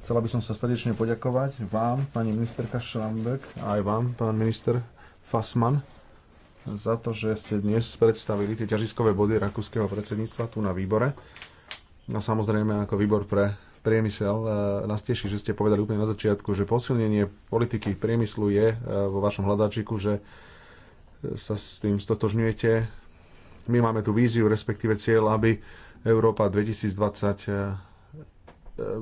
S3: Chcela by som sa srdečne poďakovať vám, pani ministerka Šrambek, a aj vám, pán minister Fasman, za to, že ste dnes predstavili tie ťažiskové body rakúskeho predsedníctva tu na výbore. A no samozrejme, ako výbor pre priemysel. E, nás teší, že ste povedali úplne na začiatku, že posilnenie politiky priemyslu je e, vo vašom hľadáčiku, že e, sa s tým stotožňujete. My máme tú víziu, respektíve cieľ, aby Európa 2020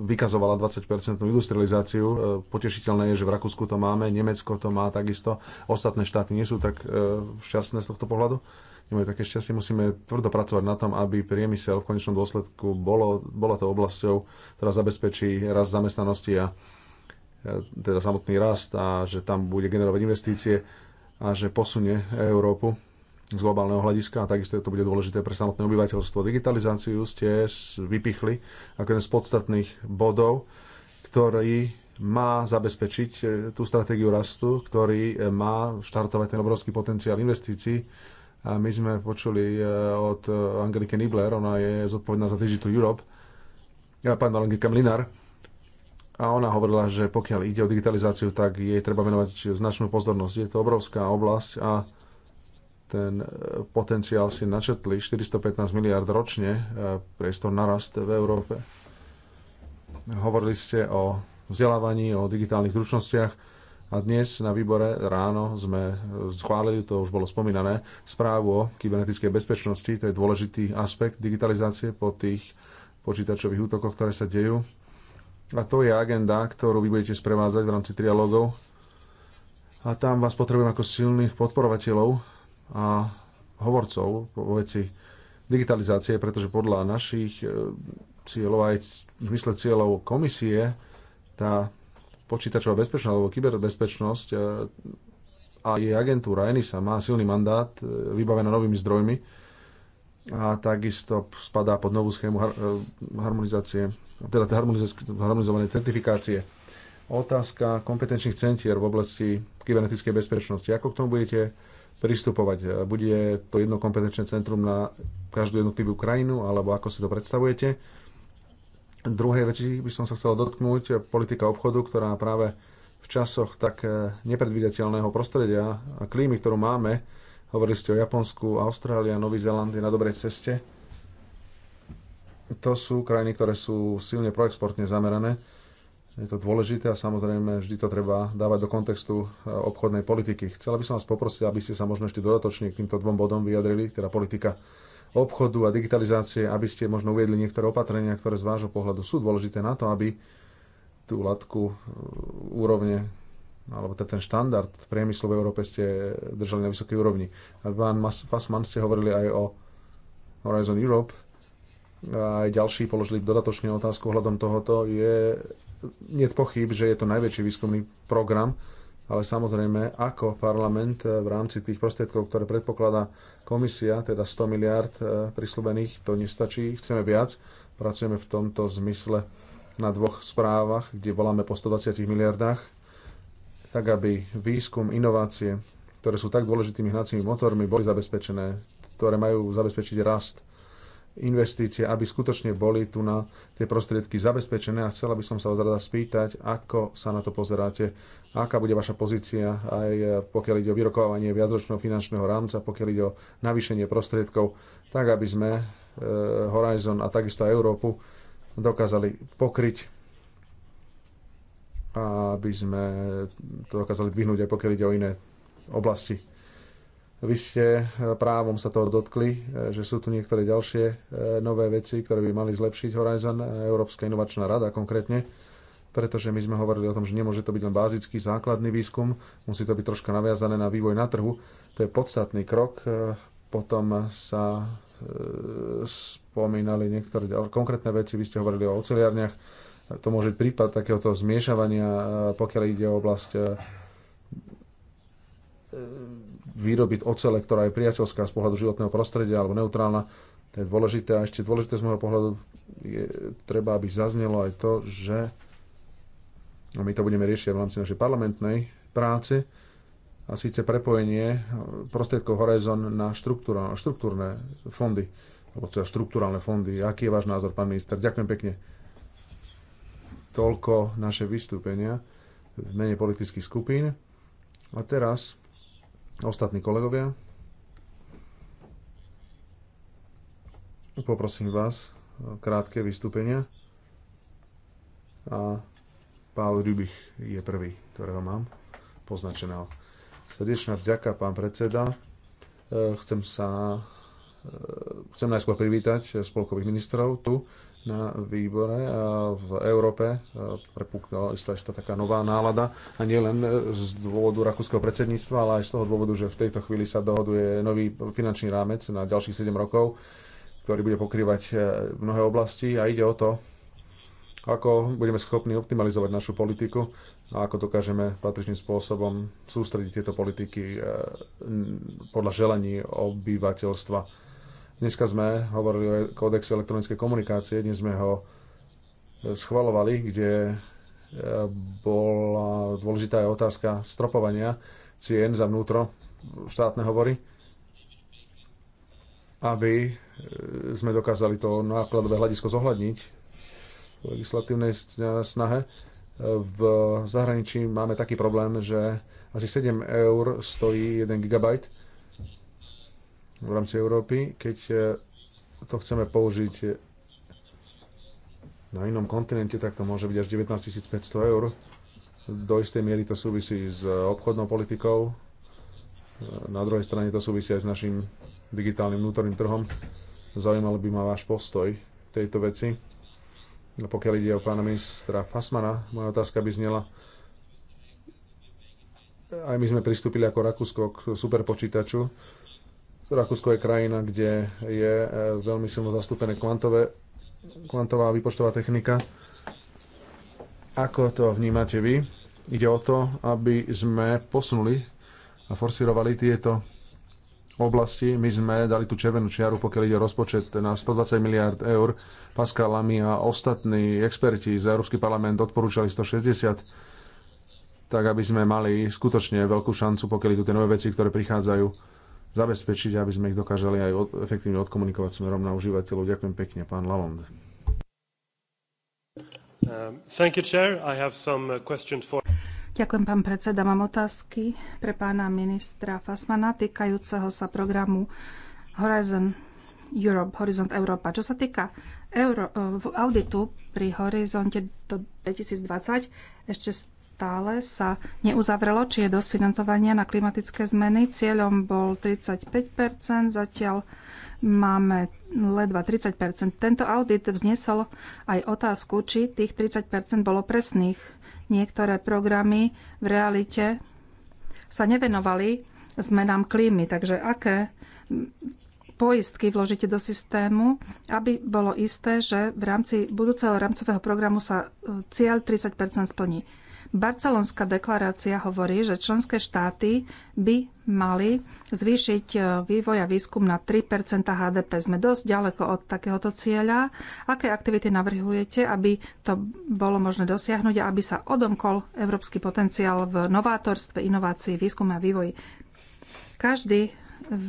S3: vykazovala 20-percentnú industrializáciu. Potešiteľné je, že v Rakúsku to máme, Nemecko to má takisto. Ostatné štáty nie sú tak šťastné z tohto pohľadu nemajú také šťastie. Musíme tvrdo pracovať na tom, aby priemysel v konečnom dôsledku bolo, bola to oblasťou, ktorá zabezpečí rast zamestnanosti a e, teda samotný rast a že tam bude generovať investície a že posunie Európu z globálneho hľadiska a takisto to bude dôležité pre samotné obyvateľstvo. Digitalizáciu ste vypichli ako jeden z podstatných bodov, ktorý má zabezpečiť e, tú stratégiu rastu, ktorý e, má štartovať ten obrovský potenciál investícií a my sme počuli e, od e, Angelike Nibler, ona je zodpovedná za Digital Europe, ja, pán Angelika Mlinár, a ona hovorila, že pokiaľ ide o digitalizáciu, tak jej treba venovať značnú pozornosť. Je to obrovská oblasť a ten e, potenciál si načetli 415 miliard ročne, priestor narast v Európe. Hovorili ste o vzdelávaní, o digitálnych zručnostiach a dnes na výbore ráno sme schválili, to už bolo spomínané, správu o kybernetickej bezpečnosti. To je dôležitý aspekt digitalizácie po tých počítačových útokoch, ktoré sa dejú. A to je agenda, ktorú vy budete sprevádzať v rámci trialógov. A tam vás potrebujem ako silných podporovateľov a hovorcov po veci digitalizácie, pretože podľa našich eh, cieľov aj v zmysle cieľov komisie tá počítačová bezpečnosť alebo kyberbezpečnosť e, a jej agentúra ENISA má silný mandát, e, vybavená novými zdrojmi a takisto spadá pod novú schému e, harmonizácie, teda harmonizované certifikácie. Otázka kompetenčných centier v oblasti kybernetickej bezpečnosti. Ako k tomu budete pristupovať? Bude to jedno kompetenčné centrum na každú jednotlivú krajinu, alebo ako si to predstavujete? Druhej veci by som sa chcel dotknúť, politika obchodu, ktorá práve v časoch tak e, nepredvidateľného prostredia a klímy, ktorú máme, hovorili ste o Japonsku, Austrália, Nový Zeland je na dobrej ceste. To sú krajiny, ktoré sú silne proexportne zamerané. Je to dôležité a samozrejme vždy to treba dávať do kontextu e, obchodnej politiky. Chcela by som vás poprosiť, aby ste sa možno ešte dodatočne k týmto dvom bodom vyjadrili, teda politika obchodu a digitalizácie, aby ste možno uviedli niektoré opatrenia, ktoré z vášho pohľadu sú dôležité na to, aby tú latku e, úrovne alebo ten štandard priemyslu v Európe ste držali na vysokej úrovni. A pán Fassman, ste hovorili aj o Horizon Europe, a aj ďalší položili dodatočne otázku ohľadom tohoto. Je, nie pochyb, že je to najväčší výskumný program ale samozrejme, ako parlament eh, v rámci tých prostriedkov, ktoré predpokladá komisia, teda 100 miliard eh, prislúbených, to nestačí, chceme viac. Pracujeme v tomto zmysle na dvoch správach, kde voláme po 120 miliardách, tak aby výskum, inovácie, ktoré sú tak dôležitými hnacími motormi, boli zabezpečené, ktoré majú zabezpečiť rast investície, aby skutočne boli tu na tie prostriedky zabezpečené a chcela by som sa vás rada spýtať, ako sa na to pozeráte, aká bude vaša pozícia aj eh, pokiaľ ide o vyrokovanie viacročného finančného rámca, pokiaľ ide o navýšenie prostriedkov, tak aby sme eh, Horizon a takisto aj Európu dokázali pokryť aby sme to dokázali dvihnúť aj pokiaľ ide o iné oblasti. Vy ste e, právom sa toho dotkli, e, že sú tu niektoré ďalšie e, nové veci, ktoré by mali zlepšiť Horizon, Európska inovačná rada konkrétne, pretože my sme hovorili o tom, že nemôže to byť len bázický základný výskum, musí to byť troška naviazané na vývoj na trhu. To je podstatný krok. Potom sa spomínali niektoré konkrétne veci, vy ste hovorili o oceliarniach. To môže byť prípad takéhoto zmiešavania, pokiaľ ide o oblasť vyrobiť ocele, ktorá je priateľská z pohľadu životného prostredia alebo neutrálna. To je dôležité. A ešte dôležité z môjho pohľadu je, treba, aby zaznelo aj to, že a my to budeme riešiť v rámci našej parlamentnej práce, a síce prepojenie prostriedkov Horizon na štruktúrne fondy, alebo teda štruktúrálne fondy. Aký je váš názor, pán minister? Ďakujem pekne. Toľko naše vystúpenia v mene politických skupín. A teraz Ostatní kolegovia. Poprosím vás o krátke vystúpenia. A Pál Rybich je prvý, ktorého mám poznačeného. Srdečná vďaka, pán predseda. E, chcem sa e, chcem najskôr privítať spolkových ministrov tu na výbore a v Európe prepukla istá, ešte taká nová nálada a nie len z dôvodu rakúskeho predsedníctva, ale aj z toho dôvodu, že v tejto chvíli sa dohoduje nový finančný rámec na ďalších 7 rokov, ktorý bude pokrývať e, mnohé oblasti a ide o to, ako budeme schopní optimalizovať našu politiku a ako dokážeme patričným spôsobom sústrediť tieto politiky e, podľa želaní obyvateľstva Dneska sme hovorili o kódexe elektronickej komunikácie, dnes sme ho e, schvalovali, kde e, bola dôležitá aj otázka stropovania cien za vnútro štátne hovory, aby e, sme dokázali to nákladové hľadisko zohľadniť v legislatívnej snahe. V zahraničí máme taký problém, že asi 7 eur stojí 1 GB v rámci Európy, keď e, to chceme použiť na inom kontinente, tak to môže byť až 19 500 eur. Do istej miery to súvisí s obchodnou politikou, e, na druhej strane to súvisí aj s našim digitálnym vnútorným trhom. Zaujímal by ma váš postoj tejto veci. Pokiaľ ide o pána ministra Fasmana, moja otázka by znela, aj my sme pristúpili ako Rakúsko k superpočítaču, Rakúsko je krajina, kde je e, veľmi silno zastúpené kvantové, kvantová výpočtová technika. Ako to vnímate vy? Ide o to, aby sme posunuli a forsirovali tieto oblasti. My sme dali tú červenú čiaru, pokiaľ ide rozpočet na 120 miliard eur. Pascal Lamy a ostatní experti z Európsky parlament odporúčali 160 tak aby sme mali skutočne veľkú šancu, pokiaľ tu tie nové veci, ktoré prichádzajú zabezpečiť, aby sme ich dokázali aj efektívne odkomunikovať smerom na užívateľov. Ďakujem pekne, pán Lalonde.
S1: Um, uh,
S2: Ďakujem, pán predseda. Mám otázky pre pána ministra Fasmana týkajúceho sa programu Horizon Europe, Horizont Európa. Čo sa týka euro, auditu pri horizonte do 2020, ešte stále sa neuzavrelo, či je dosť financovania na klimatické zmeny. Cieľom bol 35 zatiaľ máme ledva 30 Tento audit vznesol aj otázku, či tých 30 bolo presných. Niektoré programy v realite sa nevenovali zmenám klímy. Takže aké poistky vložíte do systému, aby bolo isté, že v rámci budúceho rámcového programu sa e, cieľ 30 splní. Barcelonská deklarácia hovorí, že členské štáty by mali zvýšiť e, vývoj a výskum na 3 HDP. Sme dosť ďaleko od takéhoto cieľa. Aké aktivity navrhujete, aby to bolo možné dosiahnuť a aby sa odomkol európsky potenciál v novátorstve, inovácii, výskume a vývoji? Každý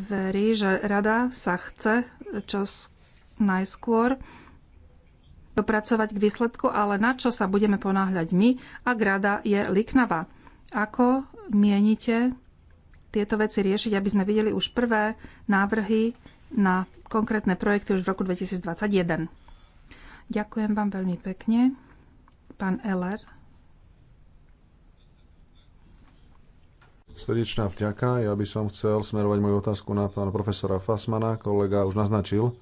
S2: verí, že rada sa chce čo najskôr dopracovať k výsledku, ale na čo sa budeme ponáhľať my, ak rada je liknava. Ako mienite tieto veci riešiť, aby sme videli už prvé návrhy na konkrétne projekty už v roku 2021? Ďakujem vám veľmi pekne. Pán Eller.
S3: Srdečná vďaka. Ja by som chcel smerovať moju otázku na pána profesora Fasmana. Kolega už naznačil,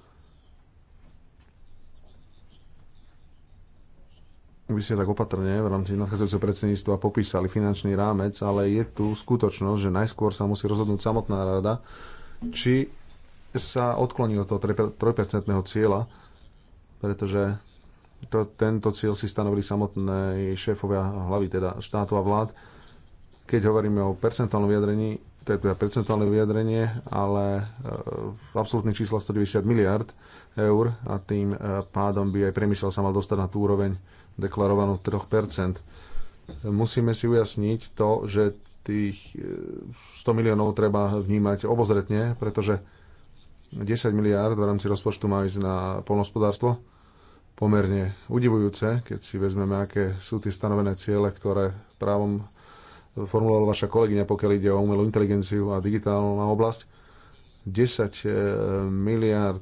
S3: by ste tak opatrne v rámci nadchádzajúceho predsedníctva popísali finančný rámec, ale je tu skutočnosť, že najskôr sa musí rozhodnúť samotná rada, či sa odkloní od toho 3% cieľa, pretože to, tento cieľ si stanovili samotné šéfovia hlavy, teda štátov a vlád. Keď hovoríme o percentuálnom vyjadrení, to je teda percentuálne vyjadrenie, ale v e, absolútnych číslach 190 miliard eur a tým e, pádom by aj priemysel sa mal dostať na tú úroveň deklarovanú 3%. Musíme si ujasniť to, že tých 100 e, miliónov treba vnímať obozretne, pretože 10 miliárd v rámci rozpočtu má ísť na polnospodárstvo. Pomerne udivujúce, keď si vezmeme, aké sú tie stanovené ciele, ktoré právom formulovala vaša kolegyňa, pokiaľ ide o umelú inteligenciu a digitálnu oblasť. 10 e, miliárd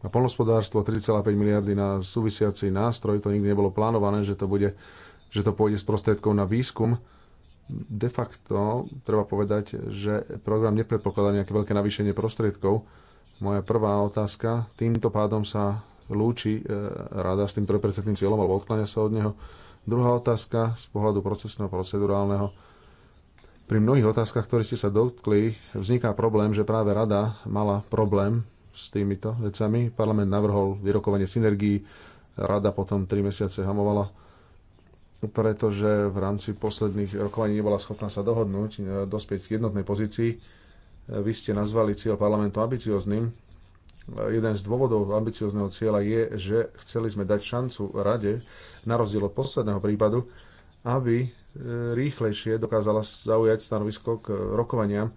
S3: na polnospodárstvo, 3,5 miliardy na súvisiaci nástroj, to nikdy nebolo plánované, že to, bude, že to pôjde s prostriedkou na výskum. De facto treba povedať, že program nepredpokladá nejaké veľké navýšenie prostriedkov. Moja prvá otázka, týmto pádom sa lúči e, rada s tým 3% cieľom alebo odkláňa sa od neho. Druhá otázka z pohľadu procesného, procedurálneho. Pri mnohých otázkach, ktoré ste sa dotkli, vzniká problém, že práve rada mala problém s týmito vecami. Parlament navrhol vyrokovanie synergií, rada potom 3 mesiace hamovala, pretože v rámci posledných rokovaní nebola schopná sa dohodnúť, e, dospieť k jednotnej pozícii. E, vy ste nazvali cieľ parlamentu ambiciozným. E, jeden z dôvodov ambiciozného cieľa je, že chceli sme dať šancu rade, na rozdiel od posledného prípadu, aby rýchlejšie dokázala zaujať stanovisko k rokovaniam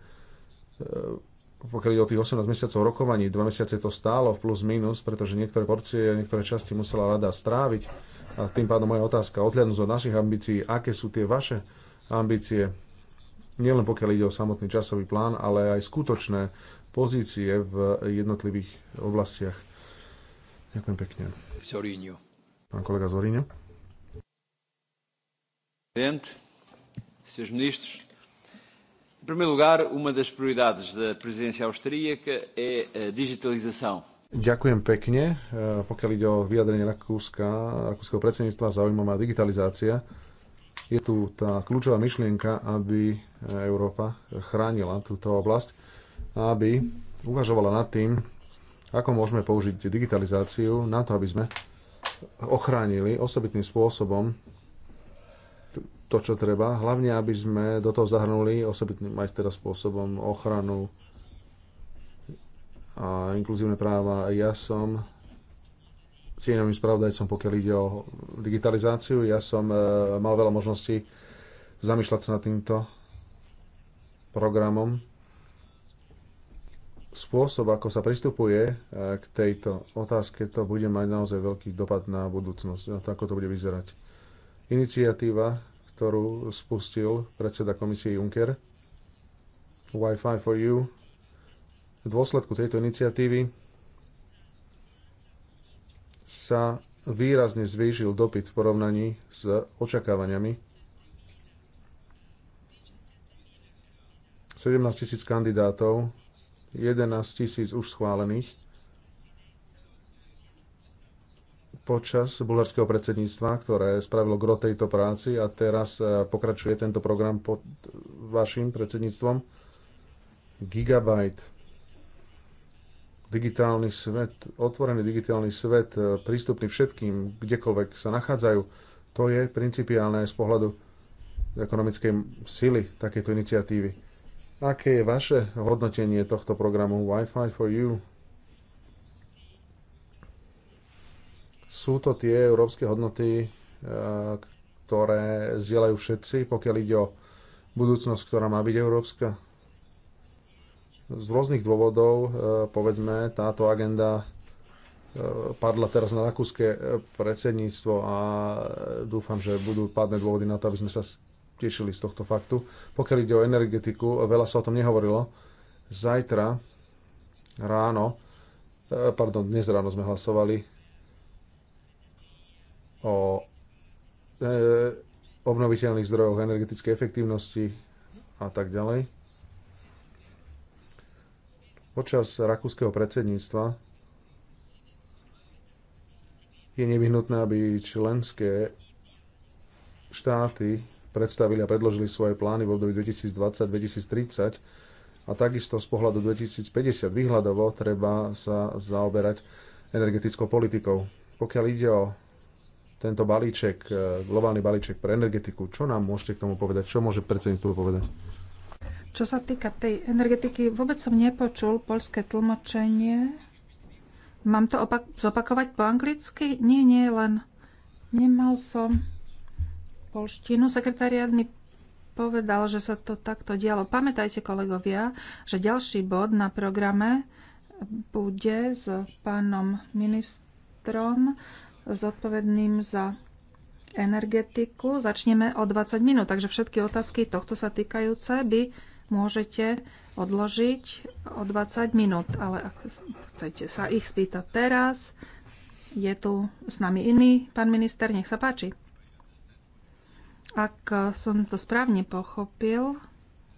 S3: pokiaľ ide o tých 18 mesiacov rokovaní, 2 mesiace to stálo v plus minus, pretože niektoré porcie, niektoré časti musela rada stráviť. A tým pádom moja otázka, odhľadnúť od našich ambícií, aké sú tie vaše ambície, nielen pokiaľ ide o samotný časový plán, ale aj skutočné pozície v jednotlivých oblastiach. Ďakujem pekne. Zoríňu. Pán kolega Zoríňu.
S2: Presidente, Em primeiro lugar, uma das prioridades da presidência austríaca é a
S1: digitalização.
S3: Ďakujem pekne. E, pokiaľ ide o vyjadrenie Rakúska, rakúskeho predsedníctva, zaujímavá digitalizácia. Je tu tá kľúčová myšlienka, aby Európa chránila túto oblasť, aby uvažovala nad tým, ako môžeme použiť digitalizáciu na to, aby sme ochránili osobitným spôsobom to, čo treba. Hlavne, aby sme do toho zahrnuli osobitným aj teda spôsobom ochranu a inkluzívne práva. Ja som tieňovým spravodajcom, pokiaľ ide o digitalizáciu. Ja som e, mal veľa možností zamýšľať sa nad týmto programom. Spôsob, ako sa pristupuje e, k tejto otázke, to bude mať naozaj veľký dopad na budúcnosť, na no, to, ako to bude vyzerať. Iniciatíva, ktorú spustil predseda komisie Juncker, Wi-Fi for You, v dôsledku tejto iniciatívy sa výrazne zvýšil dopyt v porovnaní s očakávaniami. 17 tisíc kandidátov, 11 tisíc už schválených, počas bulharského predsedníctva, ktoré spravilo gro tejto práci a teraz e, pokračuje tento program pod vašim predsedníctvom. Gigabyte, digitálny svet, otvorený digitálny svet, e, prístupný všetkým, kdekoľvek sa nachádzajú, to je principiálne z pohľadu ekonomickej sily takéto iniciatívy. Aké je vaše hodnotenie tohto programu Wi-Fi for You Sú to tie európske hodnoty, e, ktoré zdieľajú všetci, pokiaľ ide o budúcnosť, ktorá má byť európska. Z rôznych dôvodov, e, povedzme, táto agenda e, padla teraz na rakúske predsedníctvo a dúfam, že budú padné dôvody na to, aby sme sa tešili z tohto faktu. Pokiaľ ide o energetiku, veľa sa o tom nehovorilo. Zajtra ráno, pardon, dnes ráno sme hlasovali o e, obnoviteľných zdrojoch, energetickej efektívnosti a tak ďalej. Počas rakúskeho predsedníctva je nevyhnutné, aby členské štáty predstavili a predložili svoje plány v období 2020-2030 a takisto z pohľadu 2050 výhľadovo treba sa zaoberať energetickou politikou. Pokiaľ ide o tento balíček, e, globálny balíček pre energetiku. Čo nám môžete k tomu povedať? Čo môže predsedníctvo povedať?
S2: Čo sa týka tej energetiky, vôbec som nepočul poľské tlmočenie. Mám to opak- zopakovať po anglicky? Nie, nie, len nemal som polštinu. Sekretariat mi povedal, že sa to takto dialo. Pamätajte, kolegovia, že ďalší bod na programe bude s pánom ministrom zodpovedným za energetiku. Začneme o 20 minút, takže všetky otázky tohto sa týkajúce by môžete odložiť o 20 minút, ale ak chcete sa ich spýtať teraz, je tu s nami iný pán minister, nech sa páči. Ak som to správne pochopil,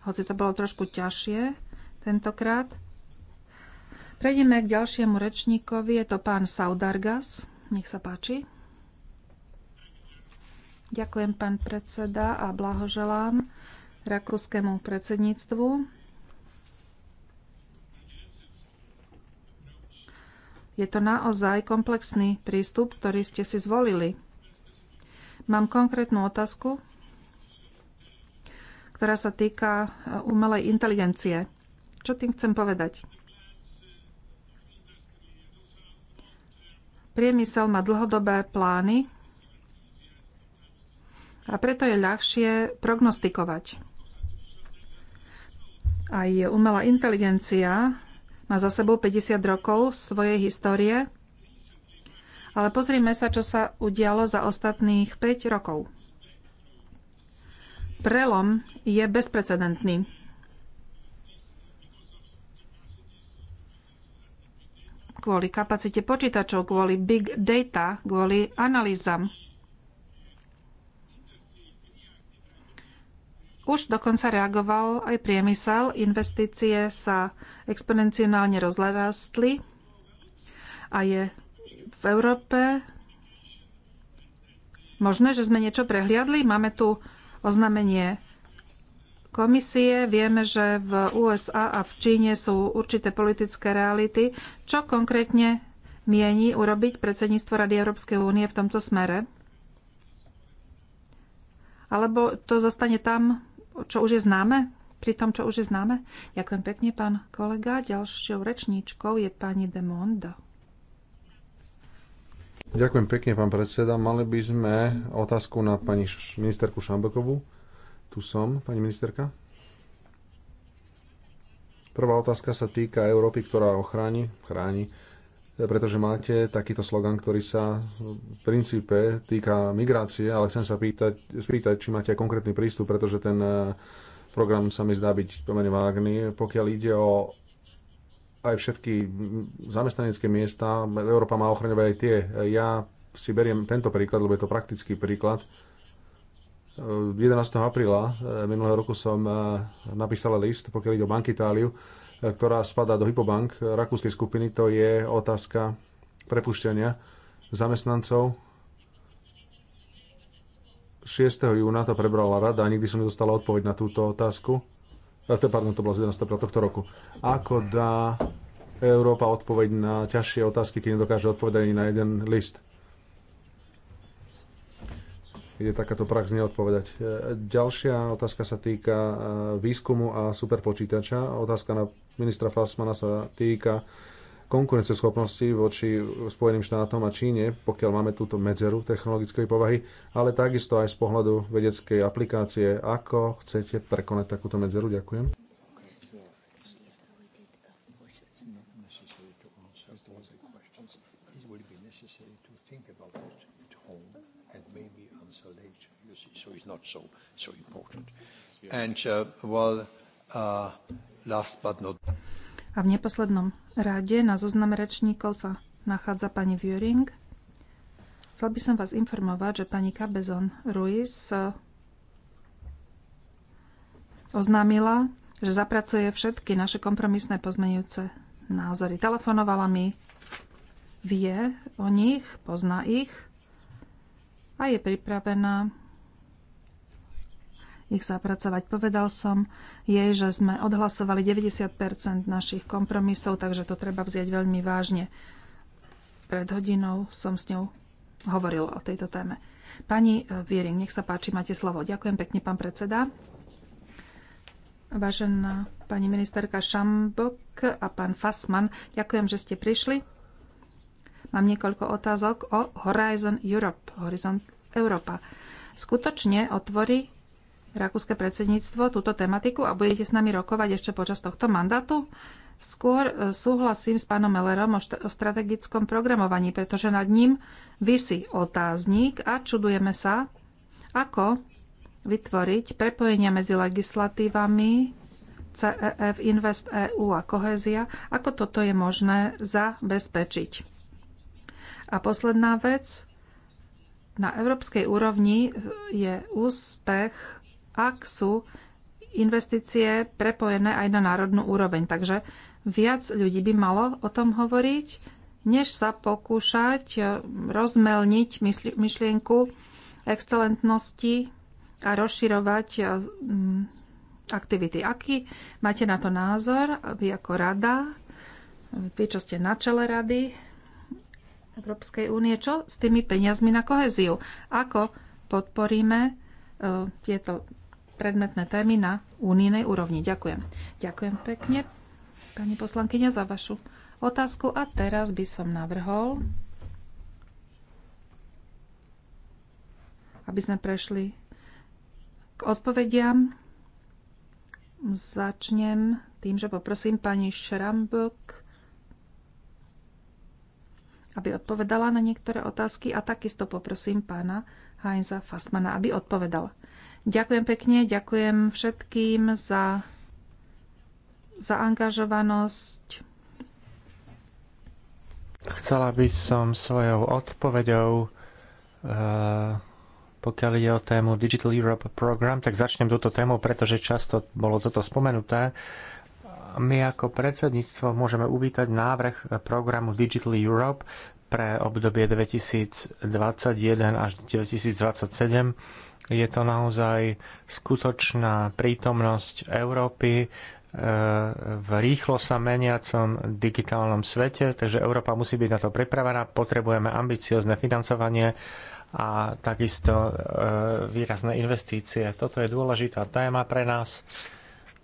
S2: hoci to bolo trošku ťažšie tentokrát, prejdeme k ďalšiemu rečníkovi, je to pán Saudargas. Nech sa páči. Ďakujem, pán predseda, a blahoželám rakúskému predsedníctvu. Je to naozaj komplexný prístup, ktorý ste si zvolili. Mám konkrétnu otázku, ktorá sa týka umelej inteligencie. Čo tým chcem povedať? Priemysel má dlhodobé plány a preto je ľahšie prognostikovať. Aj umelá inteligencia má za sebou 50 rokov svojej histórie, ale pozrime sa, čo sa udialo za ostatných 5 rokov. Prelom je bezprecedentný. kvôli kapacite počítačov, kvôli big data, kvôli analýzam. Už dokonca reagoval aj priemysel, investície sa exponenciálne rozrastli a je v Európe možné, že sme niečo prehliadli. Máme tu oznámenie komisie. Vieme, že v USA a v Číne sú určité politické reality. Čo konkrétne mieni urobiť predsedníctvo Rady Európskej únie v tomto smere? Alebo to zostane tam, čo už je známe? Pri tom, čo už je známe? Ďakujem pekne, pán kolega. Ďalšou rečníčkou je pani de Mondo.
S3: Ďakujem pekne, pán predseda. Mali by sme otázku na pani ministerku Šambekovú. Tu som, pani ministerka. Prvá otázka sa týka Európy, ktorá ochráni, chráni, pretože máte takýto slogan, ktorý sa v princípe týka migrácie, ale chcem sa pýtať, spýtať, či máte aj konkrétny prístup, pretože ten eh, program sa mi zdá byť pomerne vágný. Pokiaľ ide o aj všetky zamestnanecké miesta, Európa má ochraňovať aj tie. Ja si beriem tento príklad, lebo je to praktický príklad 11. Eh, apríla eh, minulého roku som eh, napísal list, pokiaľ ide o Bank Itáliu, ktorá spadá do Hypobank rakúskej skupiny. To je otázka prepušťania zamestnancov. 6. júna to prebrala rada a nikdy som nedostala odpoveď na túto otázku. Pardon, to bolo z 11. apríla tohto roku. Ako dá Európa odpoveď na ťažšie otázky, keď nedokáže odpovedať ani na jeden list? kde takáto prax neodpovedať. E, ďalšia otázka sa týka e, výskumu a superpočítača. Otázka na ministra Fassmana sa týka konkurenceschopnosti voči Spojeným štátom a Číne, pokiaľ máme túto medzeru technologickej povahy, ale takisto aj z pohľadu vedeckej aplikácie. Ako chcete prekonať takúto medzeru? Ďakujem. Uh, uh,
S2: a v neposlednom rade na zozname rečníkov sa nachádza pani Viering. Chcel by som vás informovať, že pani Cabezon Ruiz uh, oznámila, že zapracuje všetky naše kompromisné pozmeňujúce názory. Telefonovala mi, vie o nich, pozná ich a je pripravená ich zapracovať. Povedal som jej, že sme odhlasovali 90 našich kompromisov, takže to treba vziať veľmi vážne. Pred hodinou som s ňou hovoril o tejto téme. Pani eh, Viering, nech sa páči, máte slovo. Ďakujem pekne, pán predseda. Vážená pani ministerka Šambok a pán Fassman, ďakujem, že ste prišli. Mám niekoľko otázok o Horizon Europe, Horizon Európa. Skutočne otvorí rakúske predsedníctvo túto tematiku a budete s nami rokovať ešte počas tohto mandátu? Skôr e, súhlasím s pánom Mellerom o, št- o strategickom programovaní, pretože nad ním vysí otáznik a čudujeme sa, ako vytvoriť prepojenia medzi legislatívami CEF, Invest EU a kohézia, ako toto je možné zabezpečiť. A posledná vec, na európskej úrovni je úspech ak sú investície prepojené aj na národnú úroveň. Takže viac ľudí by malo o tom hovoriť, než sa pokúšať eh, rozmelniť myšlienku excelentnosti a rozširovať eh, aktivity. Aký máte na to názor? Vy ako rada, vy čo ste na čele rady Európskej únie, čo s tými peniazmi na koheziu? Ako podporíme eh, tieto predmetné témy na unijnej úrovni. Ďakujem. Ďakujem pekne, pani poslankyňa, za vašu otázku. A teraz by som navrhol, aby sme prešli k odpovediam. Začnem tým, že poprosím pani Šrambok, aby odpovedala na niektoré otázky a takisto poprosím pána Heinza Fassmana, aby odpovedala. Ďakujem pekne, ďakujem všetkým za zaangažovanosť.
S1: Chcela by som svojou odpoveďou, e, pokiaľ ide o tému Digital Europe Program, tak začnem túto tému, pretože často bolo toto spomenuté. My ako predsedníctvo môžeme uvítať návrh programu Digital Europe pre obdobie 2021 až 2027 je to naozaj skutočná prítomnosť Európy e, v rýchlo sa meniacom digitálnom svete, takže Európa musí byť na to pripravená, potrebujeme ambiciozne financovanie a takisto e, výrazné investície. Toto je dôležitá téma pre nás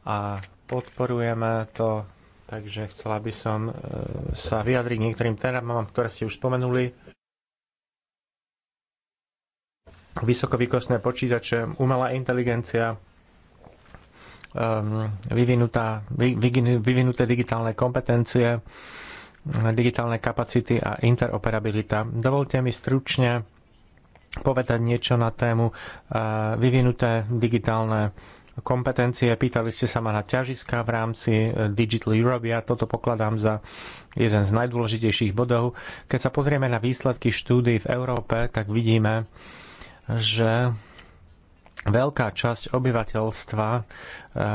S1: a podporujeme to, takže chcela by som e, sa vyjadriť niektorým témam, ktoré ste už spomenuli. vysokovýkostné počítače, umelá inteligencia, ehm, vyvinutá, vyvinuté digitálne kompetencie, digitálne kapacity a interoperabilita. Dovolte mi stručne povedať niečo na tému eh, vyvinuté digitálne kompetencie. Pýtali ste sa ma na ťažiska v rámci eh, Digital Europe. Ja toto pokladám za jeden z najdôležitejších bodov. Keď sa pozrieme na výsledky štúdí v Európe, tak vidíme, že veľká časť obyvateľstva e,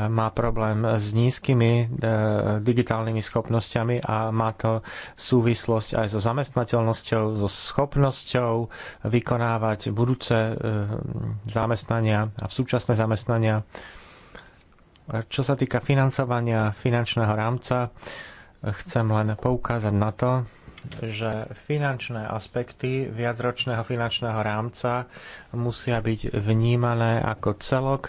S1: má problém s nízkymi e, digitálnymi schopnosťami a má to súvislosť aj so zamestnateľnosťou, so schopnosťou vykonávať budúce e, zamestnania a v súčasné zamestnania. Čo sa týka financovania finančného rámca, chcem len poukázať na to, že finančné aspekty viacročného finančného rámca musia byť vnímané ako celok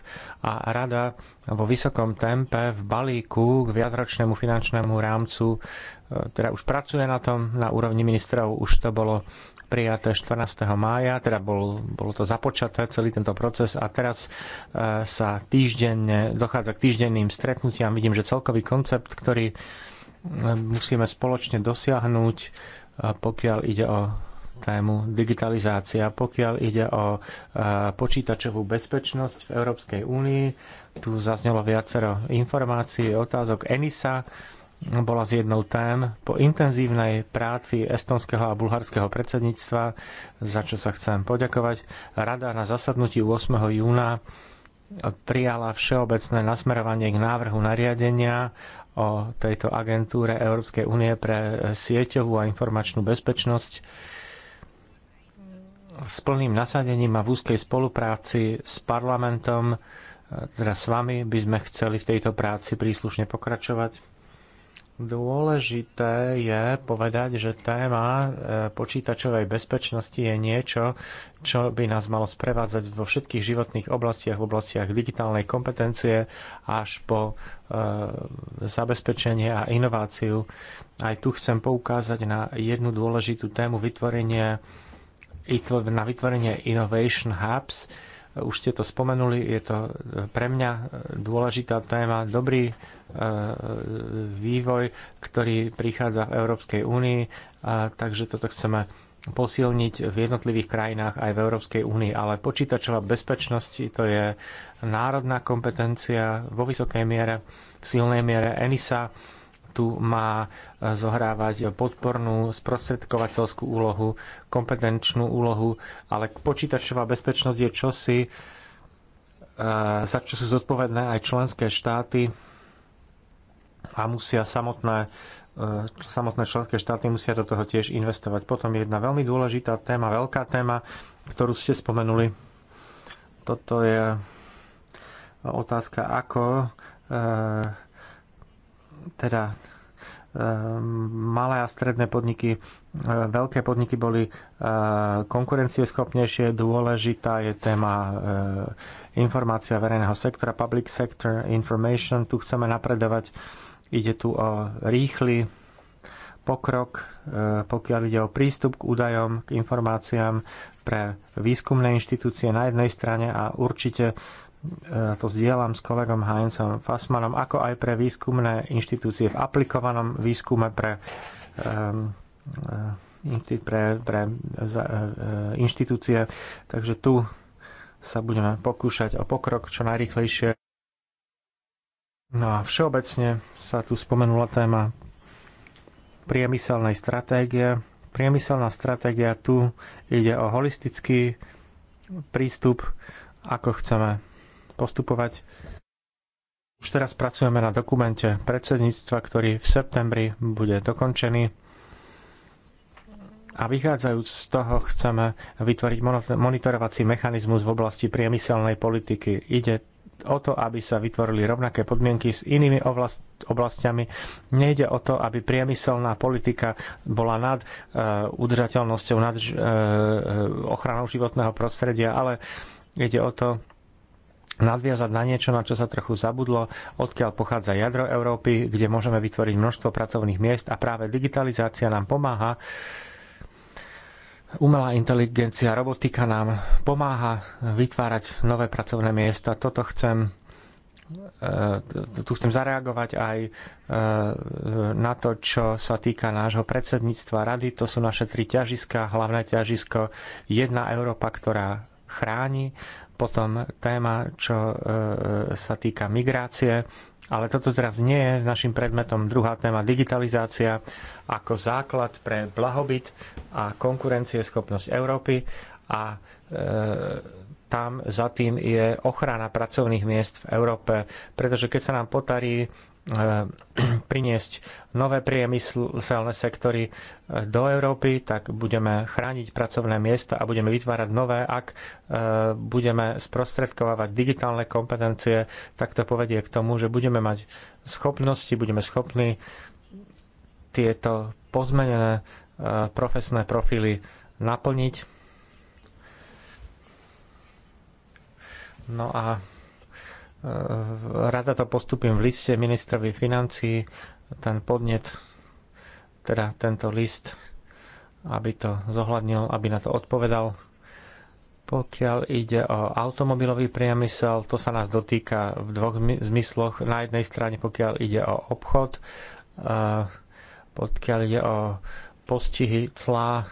S1: a rada vo vysokom tempe v balíku k viacročnému finančnému rámcu e, teda už pracuje na tom na úrovni ministrov, už to bolo prijaté 14. mája, teda bol, bolo to započaté celý tento proces a teraz e, sa týždenne, dochádza k týždenným stretnutiam. Vidím, že celkový koncept, ktorý musíme spoločne dosiahnuť, pokiaľ ide o tému digitalizácia, pokiaľ ide o počítačovú bezpečnosť v Európskej únii. Tu zaznelo viacero informácií, otázok ENISA bola z jednou tém. Po intenzívnej práci estonského a bulharského predsedníctva, za čo sa chcem poďakovať, Rada na zasadnutí 8. júna prijala všeobecné nasmerovanie k návrhu nariadenia o tejto agentúre Európskej únie pre sieťovú a informačnú bezpečnosť s plným nasadením a v úzkej spolupráci s parlamentom, e, teda s vami by sme chceli v tejto práci príslušne pokračovať. Dôležité je povedať, že téma e, počítačovej bezpečnosti je niečo, čo by nás malo sprevádzať vo všetkých životných oblastiach, v oblastiach digitálnej kompetencie až po e, zabezpečenie a inováciu. Aj tu chcem poukázať na jednu dôležitú tému vytvorenie na vytvorenie Innovation Hubs, už ste to spomenuli, je to e, pre mňa e, dôležitá téma. Dobrý e, vývoj, ktorý prichádza v Európskej únii, takže toto chceme posilniť v jednotlivých krajinách aj v Európskej únii, ale počítačová bezpečnosť to je národná kompetencia vo vysokej miere, v silnej miere ENISA tu má e, zohrávať podpornú sprostredkovateľskú úlohu, kompetenčnú úlohu, ale počítačová bezpečnosť je čosi, e, za čo sú zodpovedné aj členské štáty a musia samotné, e, samotné členské štáty musia do toho tiež investovať. Potom je jedna veľmi dôležitá téma, veľká téma, ktorú ste spomenuli. Toto je otázka, ako teda e, malé a stredné podniky, e, veľké podniky boli e, konkurencieschopnejšie. Dôležitá je téma informácia verejného sektora, public sector information. Tu chceme napredovať. Ide tu o rýchly pokrok, pokiaľ ide o prístup k údajom, k informáciám pre výskumné inštitúcie na jednej strane a určite E, to zdieľam s kolegom Heinzom Fassmanom, ako aj pre výskumné inštitúcie v aplikovanom výskume pre, e, pre, pre e, inštitúcie. Takže tu sa budeme pokúšať o pokrok čo najrychlejšie. No a všeobecne sa tu spomenula téma priemyselnej stratégie. Priemyselná stratégia tu ide o holistický prístup, ako chceme postupovať. Už teraz pracujeme na dokumente predsedníctva, ktorý v septembri bude dokončený. A vychádzajúc z toho, chceme vytvoriť monitorovací mechanizmus v oblasti priemyselnej politiky. Ide o to, aby sa vytvorili rovnaké podmienky s inými oblast, oblastiami. Nejde o to, aby priemyselná politika bola nad e, udržateľnosťou, nad e, e ochranou životného prostredia, ale ide o to, nadviazať na niečo, na čo sa trochu zabudlo, odkiaľ pochádza jadro Európy, kde môžeme vytvoriť množstvo pracovných miest a práve digitalizácia nám pomáha. Umelá inteligencia, robotika nám pomáha vytvárať nové pracovné miesta. Toto chcem e, tu chcem zareagovať aj e, na to, čo sa týka nášho predsedníctva rady. To sú naše tri ťažiska. Hlavné ťažisko jedna Európa, ktorá chráni, potom téma, čo e, e, sa týka migrácie, ale toto teraz nie je našim predmetom. Druhá téma digitalizácia ako základ pre blahobyt a konkurencieschopnosť Európy a e, tam za tým je ochrana pracovných miest v Európe, pretože keď sa nám potarí Eh, priniesť nové priemyselné sektory eh, do Európy, tak budeme chrániť pracovné miesta a budeme vytvárať nové. Ak eh, budeme sprostredkovávať digitálne kompetencie, tak to povedie k tomu, že budeme mať schopnosti, budeme schopní tieto pozmenené profesné profily naplniť. No a Rada to postupím v liste ministrovi financí, ten podnet, teda tento list, aby to zohľadnil, aby na to odpovedal. Pokiaľ ide o automobilový priemysel, to sa nás dotýka v dvoch zmysloch. Na jednej strane, pokiaľ ide o obchod, pokiaľ ide o postihy clá,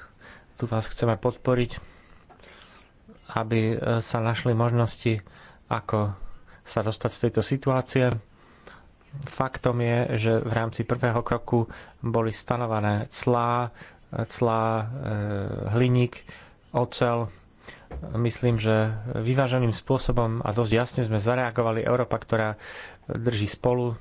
S1: tu vás chceme podporiť, aby e, sa našli možnosti, ako sa dostať z tejto situácie. Faktom je, že v rámci prvého kroku boli stanovené clá, clá, e, hliník, ocel. Myslím, že vyváženým spôsobom a dosť jasne sme zareagovali. Európa, ktorá drží spolu,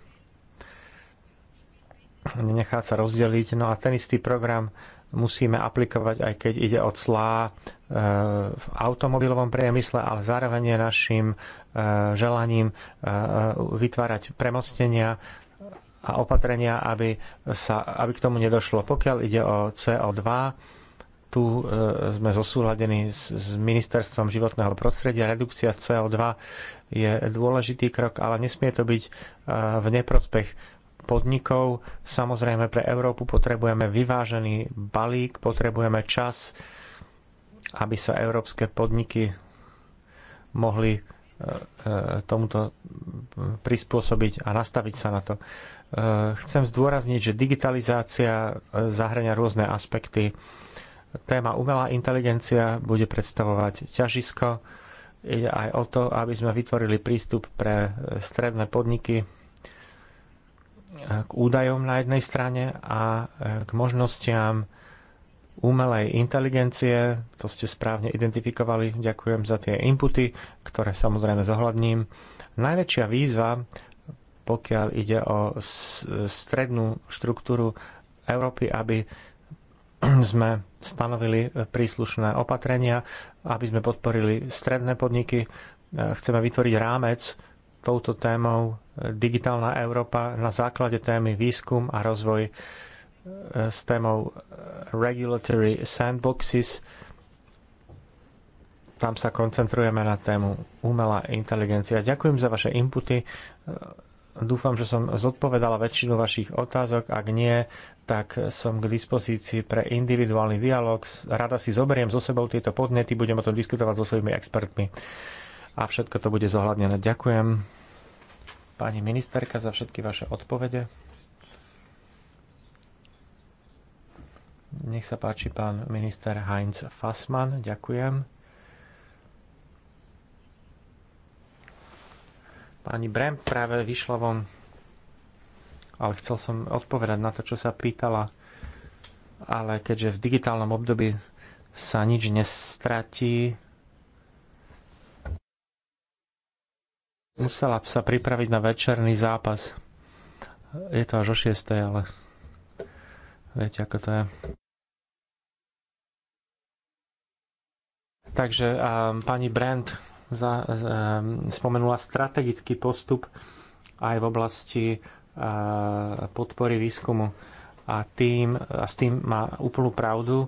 S1: nenechá sa rozdeliť. No a ten istý program musíme aplikovať, aj keď ide o clá e, v automobilovom priemysle, ale zároveň je našim E, želaním e, e, vytvárať premostenia a opatrenia, aby, sa, aby k tomu nedošlo. Pokiaľ ide o CO2, tu sme zosúladení s Ministerstvom životného prostredia. Redukcia CO2 je dôležitý krok, ale nesmie to byť v neprospech podnikov. Samozrejme, pre Európu potrebujeme vyvážený balík, potrebujeme čas, aby sa európske podniky mohli E, tomuto prispôsobiť a nastaviť sa na to. E, chcem zdôrazniť, že digitalizácia e, zahrania rôzne aspekty. Téma umelá inteligencia bude predstavovať ťažisko. Ide aj o to, aby sme vytvorili prístup pre stredné podniky k údajom na jednej strane a k možnostiam umelej inteligencie. To ste správne identifikovali. Ďakujem za tie inputy, ktoré samozrejme zohľadním. Najväčšia výzva, pokiaľ ide o strednú štruktúru Európy, aby sme stanovili príslušné opatrenia, aby sme podporili stredné podniky. E, chceme vytvoriť rámec touto témou Digitálna Európa na základe témy výskum a rozvoj Eh, s témou eh, Regulatory Sandboxes. Tam sa koncentrujeme na tému umelá inteligencia. Ďakujem za vaše inputy. Eh, dúfam, že som zodpovedala väčšinu vašich otázok. Ak nie, tak som k dispozícii pre individuálny dialog. Rada si zoberiem so sebou tieto podnety, budem o tom diskutovať so svojimi expertmi. A všetko to bude zohľadnené. Ďakujem pani ministerka za všetky vaše odpovede. Nech sa páči pán minister Heinz Fassmann. Ďakujem. Pani Brem práve vyšla von, ale chcel som odpovedať na to, čo sa pýtala. Ale keďže v digitálnom období sa nič nestratí, musela sa pripraviť na večerný zápas. Je to až o 6, ale viete, ako to je. Takže pani Brand za, e, spomenula strategický postup aj v oblasti e, podpory výskumu. A, tým, a s tým má úplnú pravdu. E,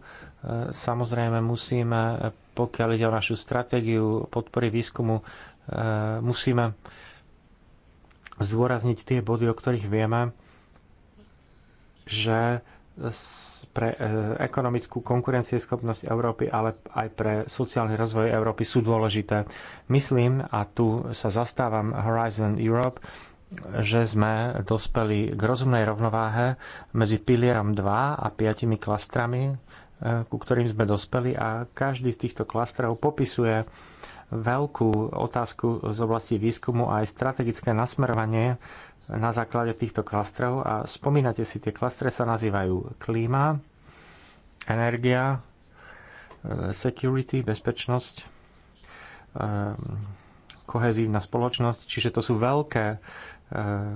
S1: samozrejme musíme, pokiaľ ide o našu stratégiu podpory výskumu, musíme zdôrazniť tie body, o ktorých vieme, že pre e, ekonomickú konkurencieschopnosť Európy, ale aj pre sociálny rozvoj Európy sú dôležité. Myslím, a tu sa zastávam Horizon Europe, že sme dospeli k rozumnej rovnováhe medzi pilierom 2 a 5 klastrami, e, ku ktorým sme dospeli a každý z týchto klastrov popisuje veľkú otázku z oblasti výskumu a aj strategické nasmerovanie na základe týchto klastrov a spomínate si, tie klastre sa nazývajú klíma, energia, e, security, bezpečnosť, e, kohezívna spoločnosť, čiže to sú veľké e,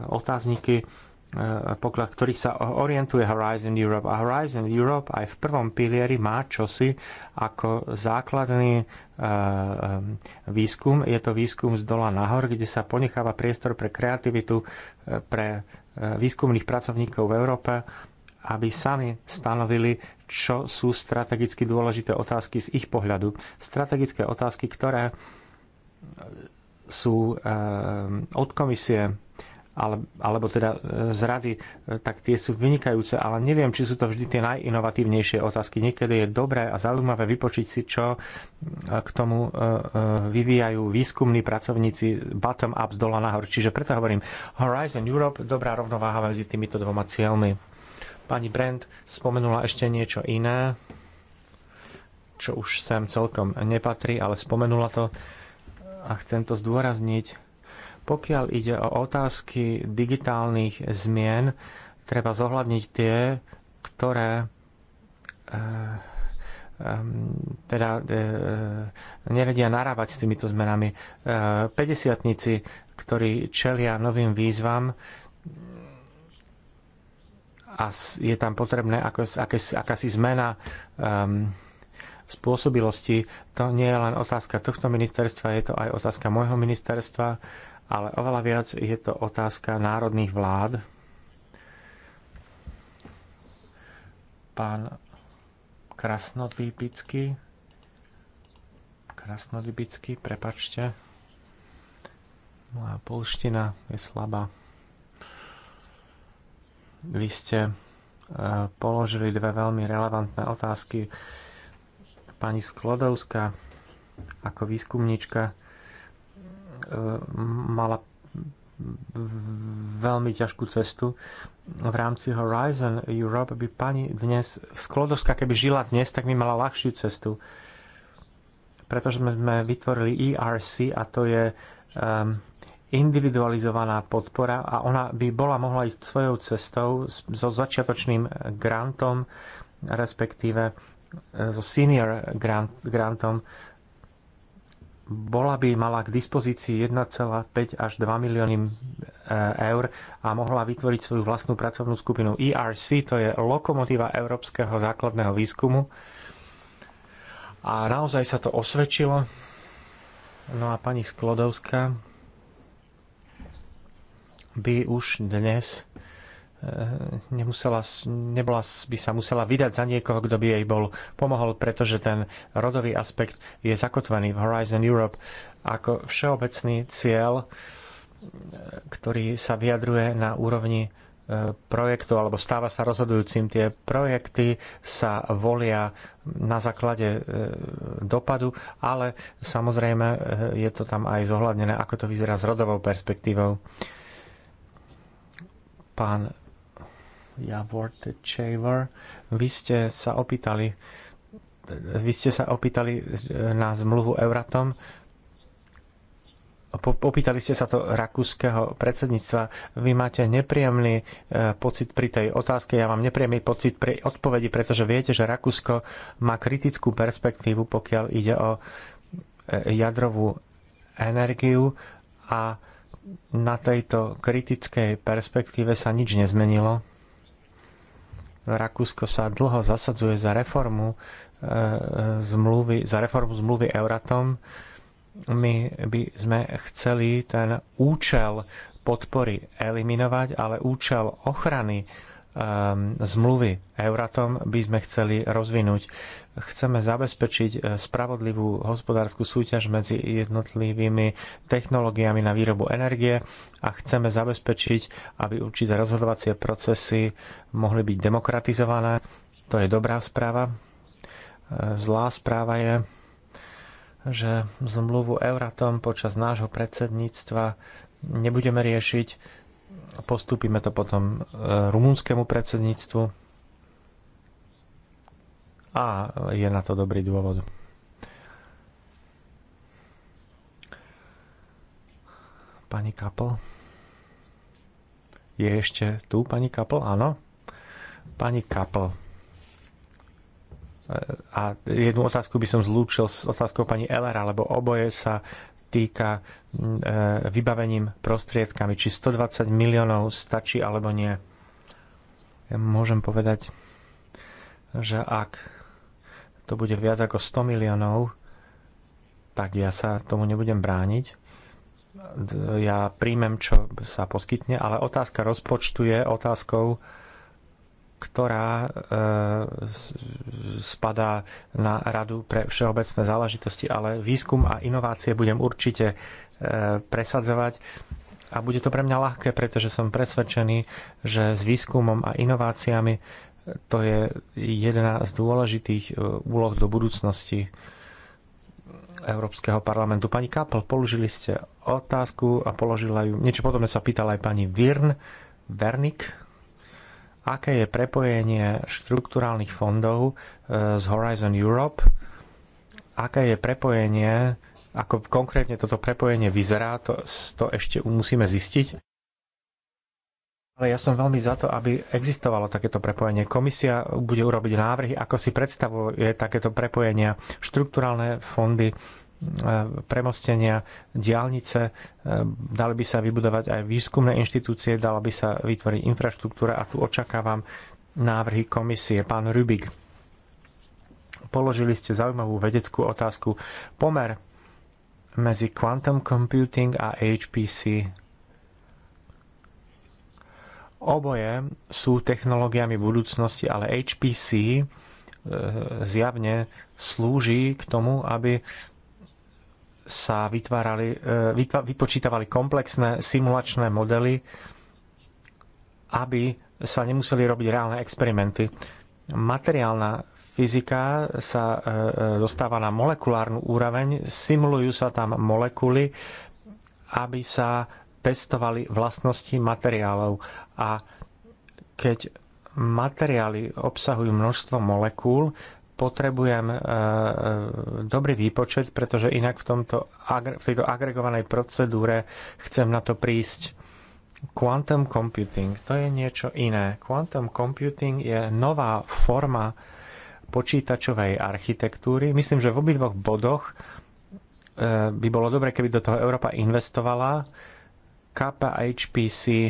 S1: otázniky, Eh, poklad, ktorý sa orientuje Horizon Europe. A Horizon Europe aj v prvom pilieri má čosi ako základný eh, eh, výskum. Je to výskum z dola nahor, kde sa ponecháva priestor pre kreativitu, pre výskumných pracovníkov v Európe, aby sami stanovili, čo sú strategicky dôležité otázky z ich pohľadu. Strategické otázky, ktoré sú od komisie ale, alebo teda e, z rady, e, tak tie sú vynikajúce, ale neviem, či sú to vždy tie najinovatívnejšie otázky. Niekedy je dobré a zaujímavé vypočiť si, čo e, k tomu vyvíjajú výskumní pracovníci bottom-up z dola nahor. Čiže preto hovorím Horizon Europe, dobrá rovnováha medzi týmito dvoma cieľmi. Pani Brand spomenula ešte niečo iné, čo už sem celkom nepatrí, ale spomenula to a chcem to zdôrazniť pokiaľ ide o otázky digitálnych zmien, treba zohľadniť tie, ktoré eh, eh, teda eh, nevedia narábať s týmito zmenami. 50 ktorí čelia novým výzvam a je tam potrebné akási zmena ehm, spôsobilosti. To nie je len otázka tohto ministerstva, je to aj otázka môjho ministerstva ale oveľa viac je to otázka národných vlád. Pán Krasnodýbický, Krasnodýbický, prepačte, moja polština je slabá. Vy ste e, položili dve veľmi relevantné otázky. Pani Sklodovská ako výskumníčka E, mala veľmi ťažkú cestu. V rámci Horizon Europe by pani dnes, Sklodovská keby žila dnes, tak by mala ľahšiu cestu. Pretože sme vytvorili ERC a to je um, individualizovaná podpora a ona by bola mohla ísť svojou cestou so začiatočným grantom, respektíve e, so senior grant, grantom bola by mala k dispozícii 1,5 až 2 milióny e, eur a mohla vytvoriť svoju vlastnú pracovnú skupinu ERC, to je lokomotíva Európskeho základného výskumu. A naozaj sa to osvedčilo. No a pani Sklodovská by už dnes Eh, nemusela, nebola, by sa musela vydať za niekoho, kto by jej bol pomohol, pretože ten rodový aspekt je zakotvený v Horizon Europe ako všeobecný cieľ, eh, ktorý sa vyjadruje na úrovni eh, projektu alebo stáva sa rozhodujúcim. Tie projekty sa volia na základe dopadu, ale samozrejme je to tam aj zohľadnené, ako to vyzerá s rodovou perspektívou. Pán Javor Chaver, vy ste sa opýtali vy ste sa opýtali eh, na zmluvu Euratom. Opýtali ste sa to rakúskeho predsedníctva. Vy máte nepríjemný eh, pocit pri tej otázke, ja mám nepríjemný pocit pri odpovedi, pretože viete, že Rakúsko má kritickú perspektívu, pokiaľ ide o eh, jadrovú energiu a na tejto kritickej perspektíve sa nič nezmenilo. Rakúsko sa dlho zasadzuje za reformu e, e, zmluvy, za reformu zmluvy Euratom. My by sme chceli ten účel podpory eliminovať, ale účel ochrany Ehm, zmluvy Euratom by sme chceli rozvinúť. Chceme zabezpečiť eh, spravodlivú hospodárskú súťaž medzi jednotlivými technológiami na výrobu energie a chceme zabezpečiť, aby určité rozhodovacie procesy mohli byť demokratizované. To je dobrá správa. Eh, zlá správa je, že zmluvu Euratom počas nášho predsedníctva nebudeme riešiť postupíme to potom e, rumúnskému predsedníctvu a je na to dobrý dôvod. Pani Kapl? Je ešte tu pani Kapl? Áno. Pani Kapl. E, a jednu otázku by som zlúčil s otázkou pani Eller, alebo oboje sa týka e, vybavením prostriedkami, či 120 miliónov stačí alebo nie. Ja môžem povedať, že ak to bude viac ako 100 miliónov, tak ja sa tomu nebudem brániť. Ja príjmem, čo sa poskytne, ale otázka rozpočtu je otázkou, ktorá e, spadá na Radu pre všeobecné záležitosti, ale výskum a inovácie budem určite e, presadzovať. A bude to pre mňa ľahké, pretože som presvedčený, že s výskumom a inováciami e, to je jedna z dôležitých úloh do budúcnosti Európskeho parlamentu. Pani Kapl, položili ste otázku a položila ju, niečo potom sa pýtala aj pani Virn, Vernik, aké je prepojenie štrukturálnych fondov z e, Horizon Europe, aké je prepojenie, ako konkrétne toto prepojenie vyzerá, to, to ešte musíme zistiť. Ale ja som veľmi za to, aby existovalo takéto prepojenie. Komisia bude urobiť návrhy, ako si predstavuje takéto prepojenia, štrukturálne fondy, E, premostenia, diálnice, e, dali by sa vybudovať aj výskumné inštitúcie, dala by sa vytvoriť infraštruktúra a tu očakávam návrhy komisie. Pán Rubik, položili ste zaujímavú vedeckú otázku. Pomer medzi quantum computing a HPC Oboje sú technológiami budúcnosti, ale HPC e, zjavne slúži k tomu, aby sa vytvárali, e, vytva, vypočítavali komplexné simulačné modely, aby sa nemuseli robiť reálne experimenty. Materiálna fyzika sa e, e, dostáva na molekulárnu úroveň, simulujú sa tam molekuly, aby sa testovali vlastnosti materiálov. A keď materiály obsahujú množstvo molekúl, potrebujem e, e, dobrý výpočet, pretože inak v, tomto, v tejto agregovanej procedúre chcem na to prísť. Quantum computing to je niečo iné. Quantum computing je nová forma počítačovej architektúry. Myslím, že v obidvoch bodoch e, by bolo dobre, keby do toho Európa investovala. KPHPC,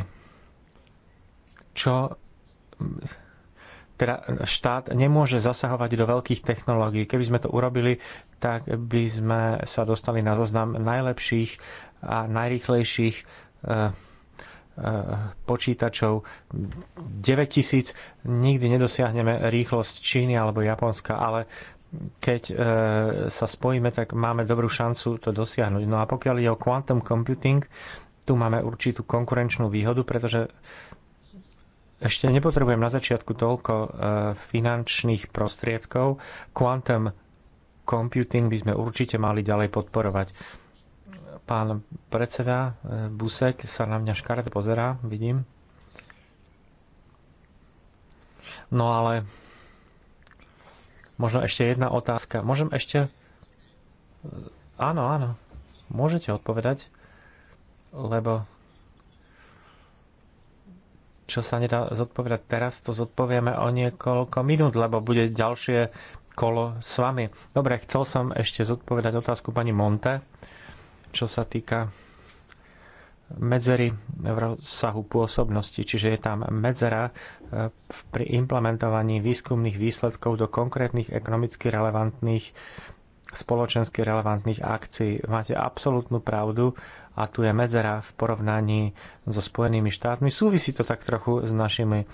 S1: čo teda štát nemôže zasahovať do veľkých technológií. Keby sme to urobili, tak by sme sa dostali na zoznam najlepších a najrychlejších e, e, počítačov 9000. Nikdy nedosiahneme rýchlosť Číny alebo Japonska, ale keď e, sa spojíme, tak máme dobrú šancu to dosiahnuť. No a pokiaľ je o quantum computing, tu máme určitú konkurenčnú výhodu, pretože ešte nepotrebujem na začiatku toľko e, finančných prostriedkov. Quantum computing by sme určite mali ďalej podporovať. Pán predseda e, Busek sa na mňa škaredo pozerá, vidím. No ale možno ešte jedna otázka. Môžem ešte... E, áno, áno. Môžete odpovedať, lebo čo sa nedá zodpovedať teraz, to zodpovieme o niekoľko minút, lebo bude ďalšie kolo s vami. Dobre, chcel som ešte zodpovedať otázku pani Monte, čo sa týka medzery v rozsahu pôsobnosti, čiže je tam medzera e, pri implementovaní výskumných výsledkov do konkrétnych ekonomicky relevantných spoločensky relevantných akcií. Máte absolútnu pravdu, a tu je medzera v porovnaní so Spojenými štátmi. Súvisí to tak trochu s našimi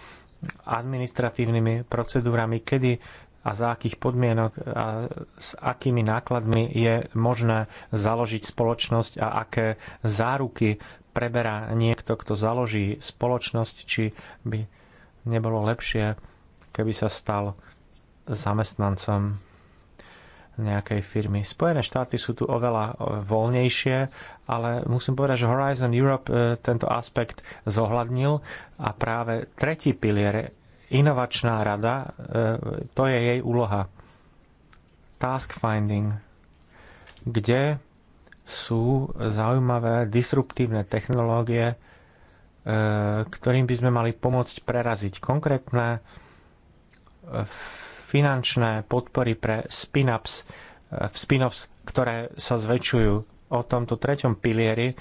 S1: administratívnymi procedúrami, kedy a za akých podmienok a s akými nákladmi je možné založiť spoločnosť a aké záruky preberá niekto, kto založí spoločnosť, či by nebolo lepšie, keby sa stal zamestnancom nejakej firmy. Spojené štáty sú tu oveľa e, voľnejšie, ale musím povedať, že Horizon Europe e, tento aspekt zohľadnil a práve tretí pilier, inovačná rada, e, to je jej úloha. Task finding, kde sú zaujímavé disruptívne technológie, ktorým by sme mali pomôcť preraziť konkrétne finančné podpory pre spin-ups, e, spin-offs, ktoré sa zväčšujú. O tomto treťom pilieri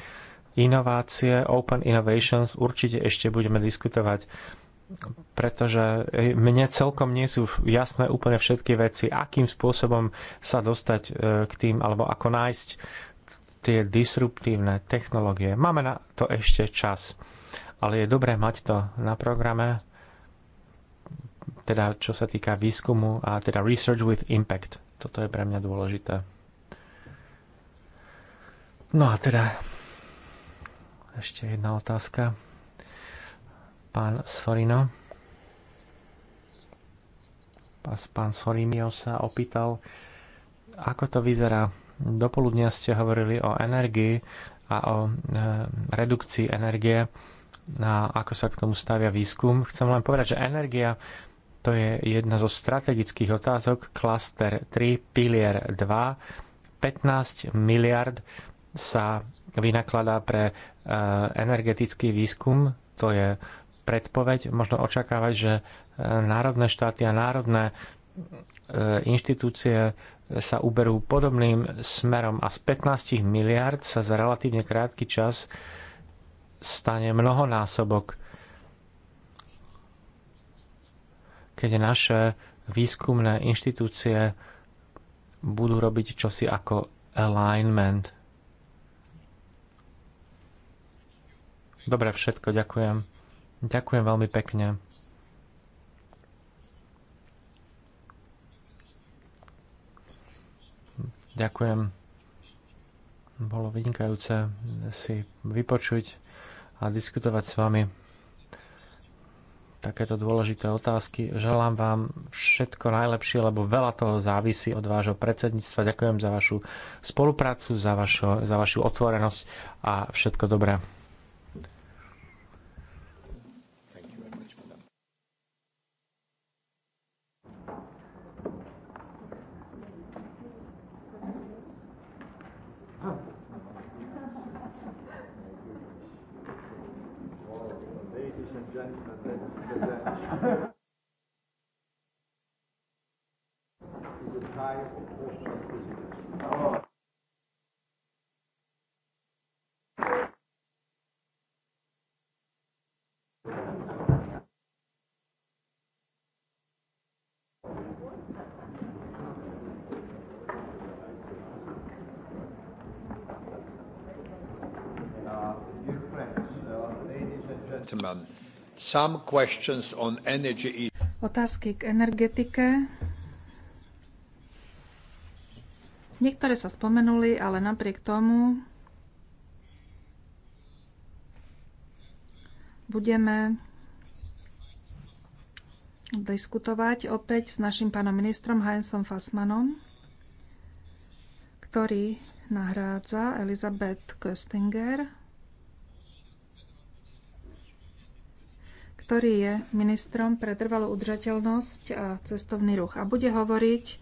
S1: inovácie, Open Innovations určite ešte budeme diskutovať pretože e, mne celkom nie sú jasné úplne všetky veci, akým spôsobom sa dostať e, k tým, alebo ako nájsť tie disruptívne technológie. Máme na to ešte čas, ale je dobré mať to na programe teda čo sa týka výskumu a teda research with impact. Toto je pre mňa dôležité. No a teda ešte jedna otázka. Pán Sorino. Pán Sorimio sa opýtal, ako to vyzerá. Dopoludnia ste hovorili o energii a o e, redukcii energie a ako sa k tomu stavia výskum. Chcem len povedať, že energia to je jedna zo strategických otázok. Klaster 3, pilier 2, 15 miliard sa vynakladá pre e, energetický výskum. To je predpoveď. Možno očakávať, že e, národné štáty a národné e, inštitúcie sa uberú podobným smerom a z 15 miliard sa za relatívne krátky čas stane mnohonásobok keď naše výskumné inštitúcie budú robiť čosi ako alignment. Dobre, všetko, ďakujem. Ďakujem veľmi pekne. Ďakujem. Bolo vynikajúce si vypočuť a diskutovať s vami takéto dôležité otázky. Želám vám všetko najlepšie, lebo veľa toho závisí od vášho predsedníctva. Ďakujem za vašu spoluprácu, za, vašo, za vašu otvorenosť a všetko dobré.
S3: some questions on energy. E-
S2: Otázky k energetike. Niektoré sa spomenuli, ale napriek tomu budeme diskutovať opäť s našim pánom ministrom Heinzom Fassmanom, ktorý nahrádza Elizabeth Köstinger. ktorý je ministrom pre trvalú udržateľnosť a cestovný ruch. A bude hovoriť e,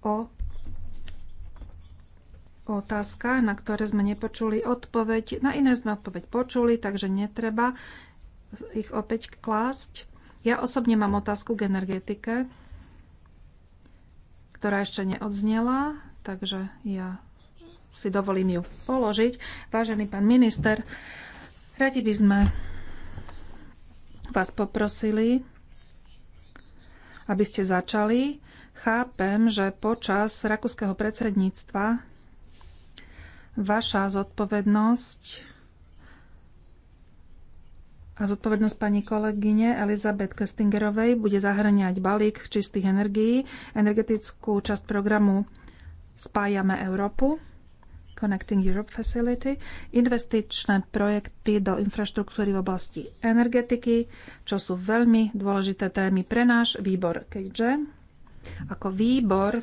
S2: o, otázka, otázkach, na ktoré sme nepočuli odpoveď. Na iné sme odpoveď počuli, takže netreba ich opäť klásť. Ja osobne mám otázku k energetike, ktorá ešte neodznela, takže ja si dovolím ju položiť. Vážený pán minister, radi by sme vás poprosili, aby ste začali. Chápem, že počas rakúskeho predsedníctva vaša zodpovednosť a zodpovednosť pani kolegyne Elizabeth Kestingerovej bude zahrňať balík čistých energií, energetickú časť programu Spájame Európu. Connecting Europe Facility, investičné projekty do infraštruktúry v oblasti energetiky, čo sú veľmi dôležité témy pre náš výbor, keďže ako výbor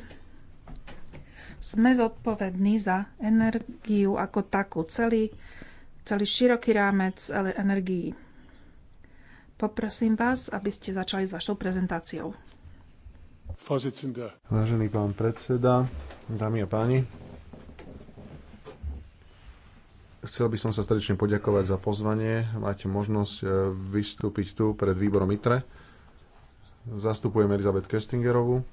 S2: sme zodpovední za energiu ako takú, celý, celý široký rámec energií. Poprosím vás, aby ste začali s vašou prezentáciou.
S3: Vážený pán predseda, dámy a páni, Chcel by som sa srdečne poďakovať za pozvanie. Máte možnosť e, vystúpiť tu pred výborom ITRE. Zastupujem Elizabeth Köstingerovú,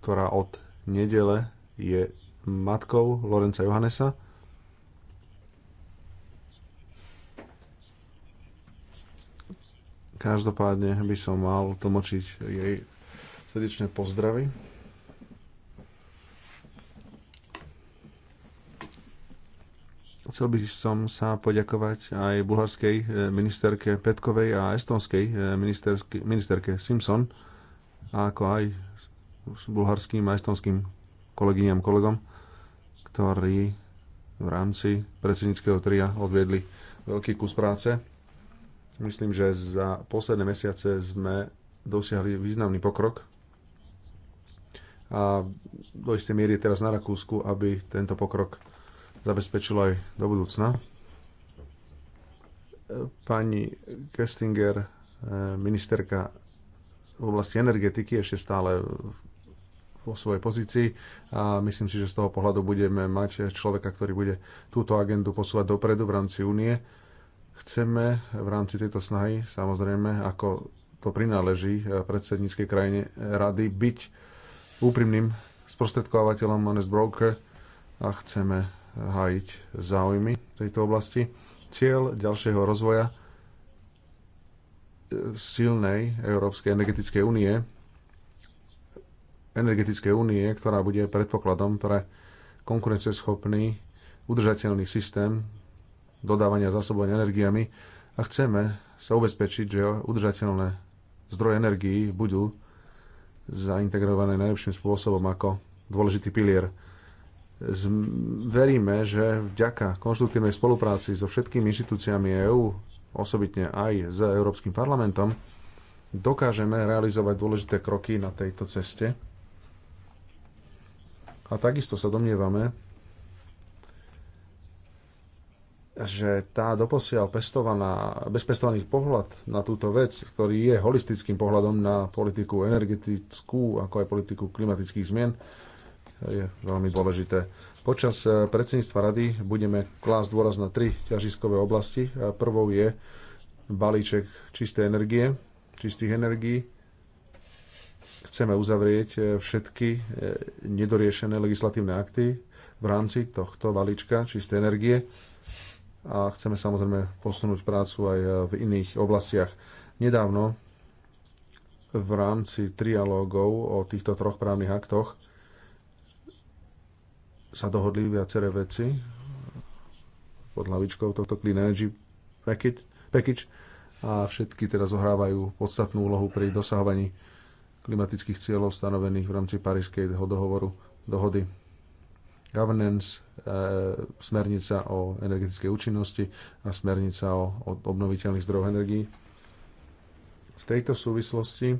S3: ktorá od nedele je matkou Lorenca Johannesa. Každopádne by som mal tlmočiť jej srdečné pozdravy. Chcel by som sa poďakovať aj bulharskej e, ministerke Petkovej a estonskej e, ministerke, Simpson, ako aj s bulharským a estonským kolegyňam, kolegom, ktorí v rámci predsedníckého tria odviedli veľký kus práce. Myslím, že za posledné mesiace sme dosiahli významný pokrok a do istej miery teraz na Rakúsku, aby tento pokrok zabezpečilo aj do budúcna. Pani Kestinger, eh, ministerka v oblasti energetiky, ešte stále vo svojej pozícii a myslím si, že z toho pohľadu budeme mať človeka, ktorý bude túto agendu posúvať dopredu v rámci únie. Chceme v rámci tejto snahy, samozrejme, ako to prináleží eh, predsedníckej krajine eh, rady, byť úprimným sprostredkovateľom honest broker a chceme hájiť záujmy tejto oblasti. Cieľ ďalšieho rozvoja e, silnej Európskej energetickej únie, energetickej únie, ktorá bude predpokladom pre konkurenceschopný, udržateľný systém dodávania zásobovania energiami a chceme sa ubezpečiť, že udržateľné zdroje energií budú zaintegrované najlepším spôsobom ako dôležitý pilier veríme, že vďaka konštruktívnej spolupráci so všetkými inštitúciami EÚ, osobitne aj s Európskym parlamentom, dokážeme realizovať dôležité kroky na tejto ceste. A takisto sa domnievame, že tá doposiaľ pestovaná, bezpestovaný pohľad na túto vec, ktorý je holistickým pohľadom na politiku energetickú, ako aj politiku klimatických zmien, je veľmi dôležité. Počas eh, predsedníctva rady budeme klásť dôraz na tri ťažiskové oblasti. Eh, prvou je balíček čisté energie, čistých energií. Chceme uzavrieť eh, všetky nedoriešené legislatívne akty v rámci tohto balíčka čisté energie a chceme samozrejme posunúť prácu aj v iných oblastiach. Nedávno v rámci trialógov o týchto troch právnych aktoch sa dohodli viaceré veci pod hlavičkou tohto Clean Energy package, package a všetky teda zohrávajú podstatnú úlohu pri dosahovaní klimatických cieľov stanovených v rámci Parískej dohovoru dohody governance, e, smernica o energetickej účinnosti a smernica o, o obnoviteľných zdrojoch energií. V tejto súvislosti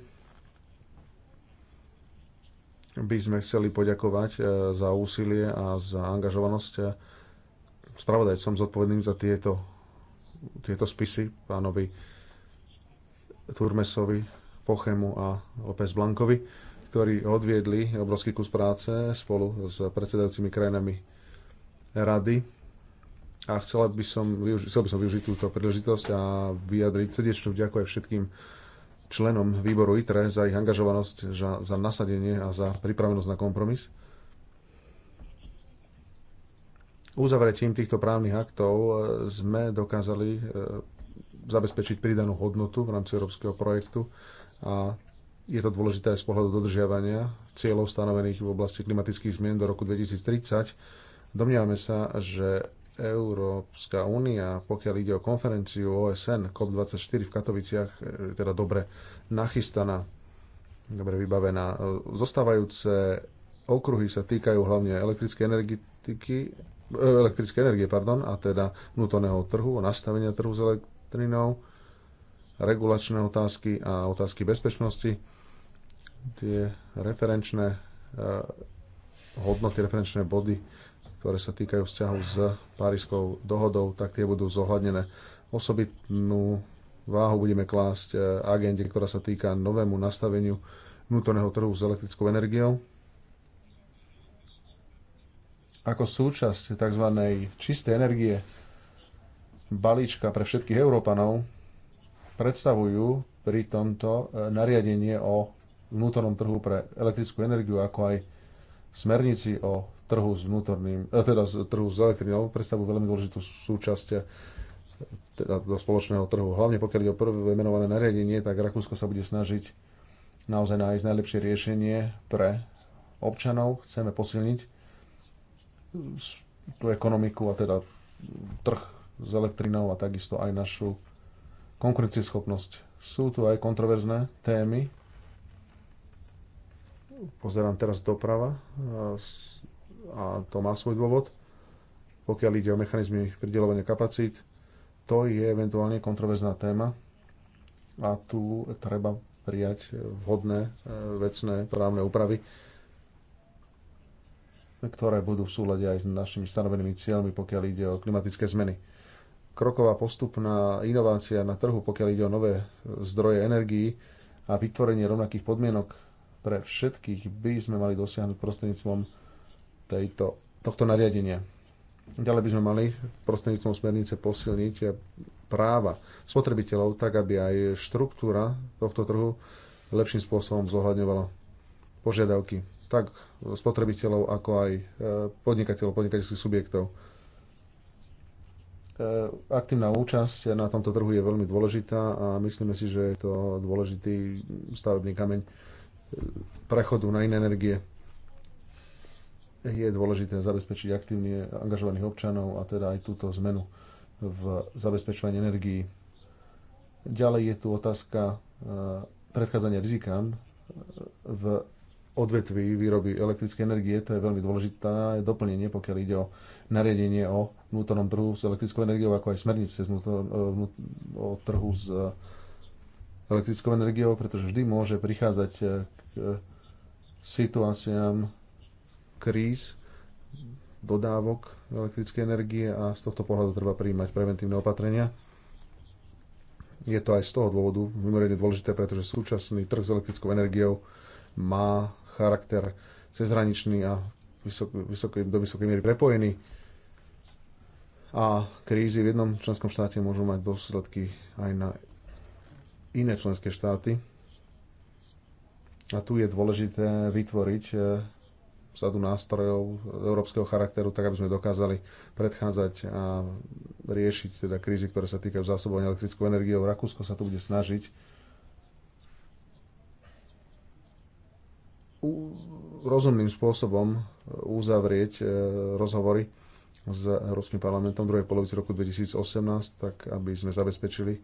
S3: by sme chceli poďakovať e, za úsilie a za angažovanosť e, spravodajcom zodpovedným za tieto, tieto spisy, pánovi Turmesovi, Pochemu a López Blankovi, ktorí odviedli obrovský kus práce spolu s predsedajúcimi krajinami rady. A chcel by som, využi- chcel by som využiť túto príležitosť a vyjadriť srdečnú vďaku aj všetkým členom výboru ITRE za ich angažovanosť, za, za nasadenie a za pripravenosť na kompromis. Uzavretím týchto právnych aktov e, sme dokázali e, zabezpečiť pridanú hodnotu v rámci európskeho projektu a je to dôležité aj z pohľadu dodržiavania cieľov stanovených v oblasti klimatických zmien do roku 2030. Domnievame sa, že Európska únia, pokiaľ ide o konferenciu OSN COP24 v Katoviciach, e, teda dobre nachystaná, dobre vybavená. E, zostávajúce okruhy sa týkajú hlavne elektrickej energetiky, e, elektrické energie, pardon, a teda vnútorného trhu, nastavenia trhu s elektrinou, regulačné otázky a otázky bezpečnosti. Tie referenčné hodnoty, referenčné body ktoré sa týkajú vzťahov s Parískou dohodou, tak tie budú zohľadnené. Osobitnú váhu budeme klásť e, agende, ktorá sa týka novému nastaveniu vnútorného trhu s elektrickou energiou. Ako súčasť tzv. čistej energie balíčka pre všetkých Európanov predstavujú pri tomto e, nariadenie o vnútornom trhu pre elektrickú energiu, ako aj smernici o trhu s vnútorným, eh, teda z trhu s elektrinou predstavujú veľmi dôležitú súčasť eh, teda do spoločného trhu. Hlavne pokiaľ ide o prvé menované nariadenie, tak Rakúsko sa bude snažiť naozaj nájsť najlepšie riešenie pre občanov. Chceme posilniť tú ekonomiku a teda trh s elektrinou a takisto aj našu konkurencieschopnosť. Sú tu aj kontroverzné témy. Pozerám teraz doprava eh, a to má svoj dôvod, pokiaľ ide o mechanizmy pridelovania kapacít, to je eventuálne kontroverzná téma a tu treba prijať vhodné e, vecné právne úpravy, ktoré budú v súlade aj s našimi stanovenými cieľmi, pokiaľ ide o klimatické zmeny. Kroková postupná inovácia na trhu, pokiaľ ide o nové zdroje energií a vytvorenie rovnakých podmienok pre všetkých by sme mali dosiahnuť prostredníctvom tejto, tohto nariadenia. Ďalej by sme mali prostredníctvom smernice posilniť práva spotrebiteľov tak, aby aj štruktúra tohto trhu lepším spôsobom zohľadňovala požiadavky tak spotrebiteľov, ako aj e, podnikateľov, podnikateľských subjektov. E, aktívna účasť na tomto trhu je veľmi dôležitá a myslíme si, že je to dôležitý stavebný kameň e, prechodu na iné energie je dôležité zabezpečiť aktívne angažovaných občanov a teda aj túto zmenu v zabezpečovaní energií. Ďalej je tu otázka e, predchádzania rizikám e, v odvetví výroby elektrickej energie. To je veľmi dôležité doplnenie, pokiaľ ide o nariadenie o vnútornom trhu s elektrickou energiou, ako aj smernice vnútor, e, o trhu s elektrickou energiou, pretože vždy môže prichádzať k situáciám, kríz dodávok elektrickej energie a z tohto pohľadu treba príjmať preventívne opatrenia. Je to aj z toho dôvodu mimoriadne dôležité, pretože súčasný trh s elektrickou energiou má charakter cezhraničný a vysok, vysoký, do vysokej miery prepojený a krízy v jednom členskom štáte môžu mať dôsledky aj na iné členské štáty. A tu je dôležité vytvoriť eh, sadu nástrojov európskeho charakteru, tak aby sme dokázali predchádzať a riešiť teda krízy, ktoré sa týkajú zásobovania elektrickou energiou. Rakúsko sa tu bude snažiť rozumným spôsobom uzavrieť e, rozhovory s Európskym parlamentom v druhej polovici roku 2018, tak aby sme zabezpečili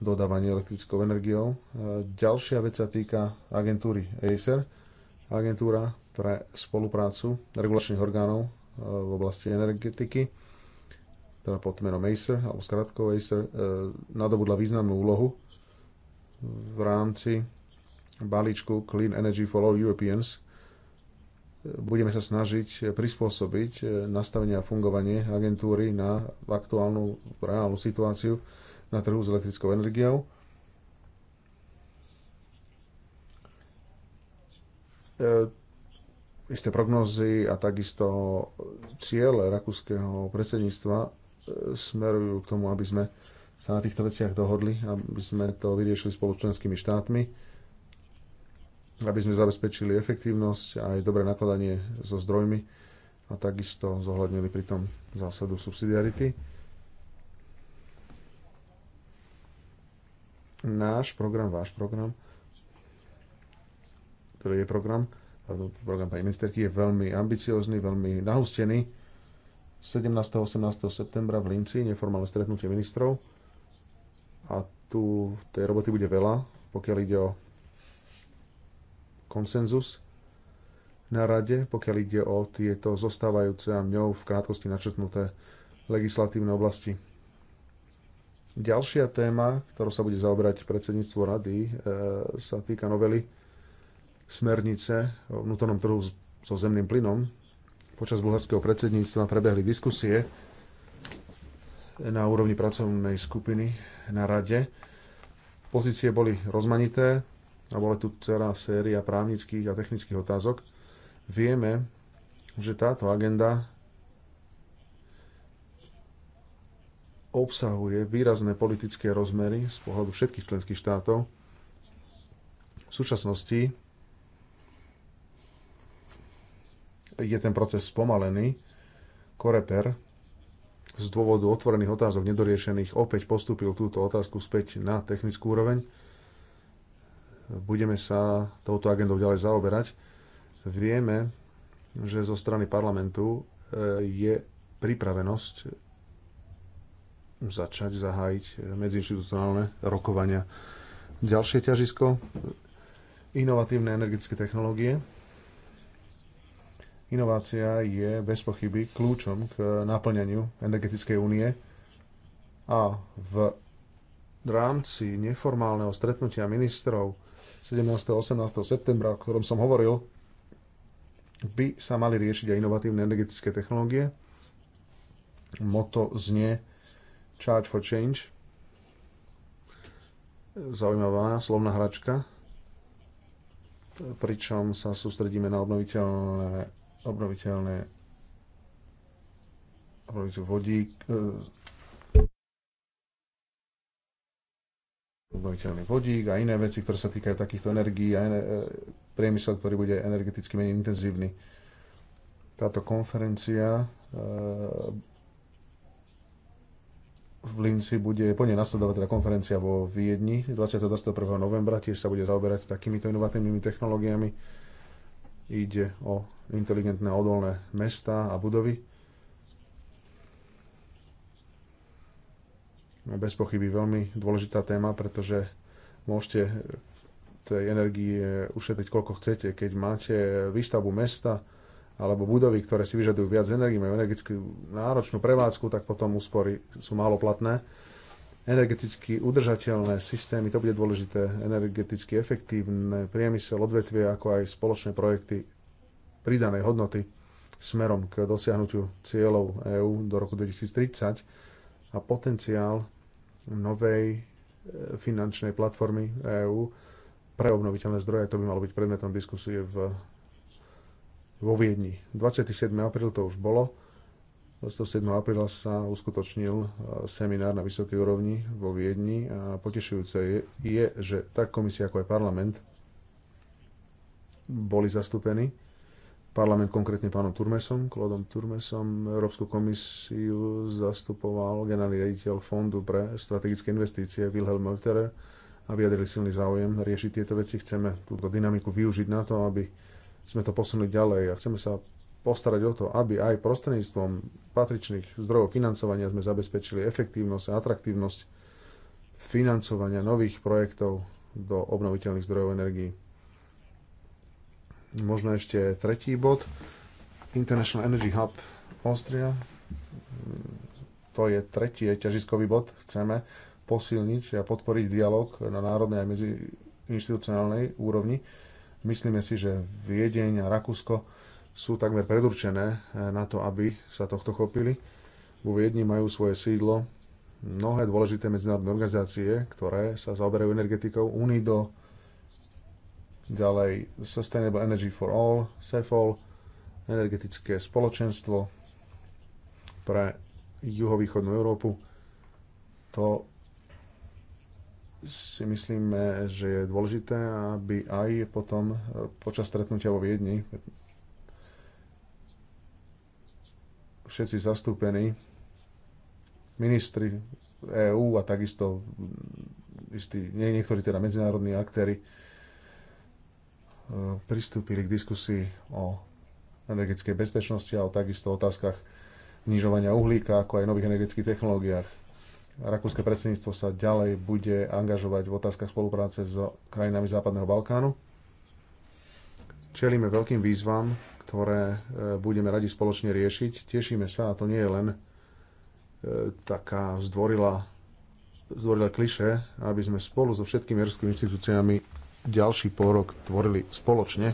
S3: dodávanie elektrickou energiou. E, ďalšia vec sa týka agentúry Acer agentúra pre spoluprácu regulačných orgánov e, v oblasti energetiky, teda pod menom Acer, alebo skratkou Acer, e, nadobudla významnú úlohu v rámci balíčku Clean Energy for All Europeans. E, budeme sa snažiť prispôsobiť nastavenie a fungovanie agentúry na aktuálnu reálnu situáciu na trhu s elektrickou energiou E, isté prognozy a takisto ciele rakúskeho predsedníctva e, smerujú k tomu, aby sme sa na týchto veciach dohodli, aby sme to vyriešili spolu členskými štátmi, aby sme zabezpečili efektívnosť a aj dobré nakladanie so zdrojmi a takisto zohľadnili tom zásadu subsidiarity. Náš program, váš program ktorý je program, program pani ministerky, je veľmi ambiciózny, veľmi nahustený. 17. 18. septembra v Linci neformálne stretnutie ministrov a tu tej roboty bude veľa, pokiaľ ide o konsenzus na rade, pokiaľ ide o tieto zostávajúce a mňou v krátkosti načrtnuté legislatívne oblasti. Ďalšia téma, ktorou sa bude zaoberať predsedníctvo rady, e, sa týka novely smernice o vnútornom trhu so zemným plynom. Počas bulharského predsedníctva prebehli diskusie na úrovni pracovnej skupiny na rade. Pozície boli rozmanité a bola tu celá séria právnických a technických otázok. Vieme, že táto agenda obsahuje výrazné politické rozmery z pohľadu všetkých členských štátov. V súčasnosti je ten proces spomalený. Koreper z dôvodu otvorených otázok nedoriešených opäť postúpil túto otázku späť na technickú úroveň. Budeme sa touto agendou ďalej zaoberať. Vieme, že zo strany parlamentu e, je pripravenosť začať zahájiť medziinstitucionálne rokovania. Ďalšie ťažisko, inovatívne energetické technológie. Inovácia je bez pochyby kľúčom k naplňaniu energetickej únie a v rámci neformálneho stretnutia ministrov 17. a 18. septembra, o ktorom som hovoril, by sa mali riešiť aj inovatívne energetické technológie. Moto znie Charge for Change. Zaujímavá slovná hračka, pričom sa sústredíme na obnoviteľné obnoviteľné vodík, e, obnoviteľný vodík a iné veci, ktoré sa týkajú takýchto energií a e, priemysel, ktorý bude energeticky menej intenzívny. Táto konferencia e, v Linci bude, po nej nasledovať teda konferencia vo Viedni 20. 21. novembra, tiež sa bude zaoberať takýmito inovatívnymi technológiami. Ide o inteligentné odolné mesta a budovy. No, bez pochyby veľmi dôležitá téma, pretože môžete tej energie ušetriť koľko chcete. Keď máte výstavbu mesta alebo budovy, ktoré si vyžadujú viac energie, majú energetickú náročnú prevádzku, tak potom úspory sú málo platné. Energeticky udržateľné systémy, to bude dôležité, energeticky efektívne priemysel, odvetvie, ako aj spoločné projekty pridanej hodnoty smerom k dosiahnutiu cieľov EÚ do roku 2030 a potenciál novej e, finančnej platformy EÚ pre obnoviteľné zdroje. To by malo byť predmetom diskusie v, vo Viedni. 27. apríl to už bolo. 27. apríla sa uskutočnil e, seminár na vysokej úrovni vo Viedni a potešujúce je, je že tak komisia ako aj parlament boli zastúpení parlament, konkrétne pánom Turmesom, Klodom Turmesom. Európsku komisiu zastupoval generálny riaditeľ Fondu pre strategické investície Wilhelm Mölterer a vyjadrili silný záujem riešiť tieto veci. Chceme túto dynamiku využiť na to, aby sme to posunuli ďalej a chceme sa postarať o to, aby aj prostredníctvom patričných zdrojov financovania sme zabezpečili efektívnosť a atraktívnosť financovania nových projektov do obnoviteľných zdrojov energií. Možno ešte tretí bod. International Energy Hub Austria. To je tretí ťažiskový bod. Chceme posilniť a podporiť dialog na národnej a inštitucionálnej úrovni. Myslíme si, že Viedeň a Rakúsko sú takmer predurčené eh, na to, aby sa tohto chopili. Vo Viedni majú svoje sídlo mnohé dôležité medzinárodné organizácie, ktoré sa zaoberajú energetikou. UNIDO, ďalej Sustainable Energy for All, SEFOL, energetické spoločenstvo pre juhovýchodnú Európu. To si myslíme, že je dôležité, aby aj potom eh, počas stretnutia vo Viedni všetci zastúpení ministri EÚ a takisto mm, istí, niektorí teda medzinárodní aktéry E, pristúpili k diskusii o energetickej bezpečnosti a o takisto otázkach znižovania uhlíka, ako aj nových energetických technológiách. Rakúske predsedníctvo sa ďalej bude angažovať v otázkach spolupráce s krajinami Západného Balkánu. Čelíme veľkým výzvam, ktoré e, budeme radi spoločne riešiť. Tešíme sa, a to nie je len e, taká zdvorila, zdvorila kliše, aby sme spolu so všetkými európskymi inštitúciami ďalší pôrok tvorili spoločne.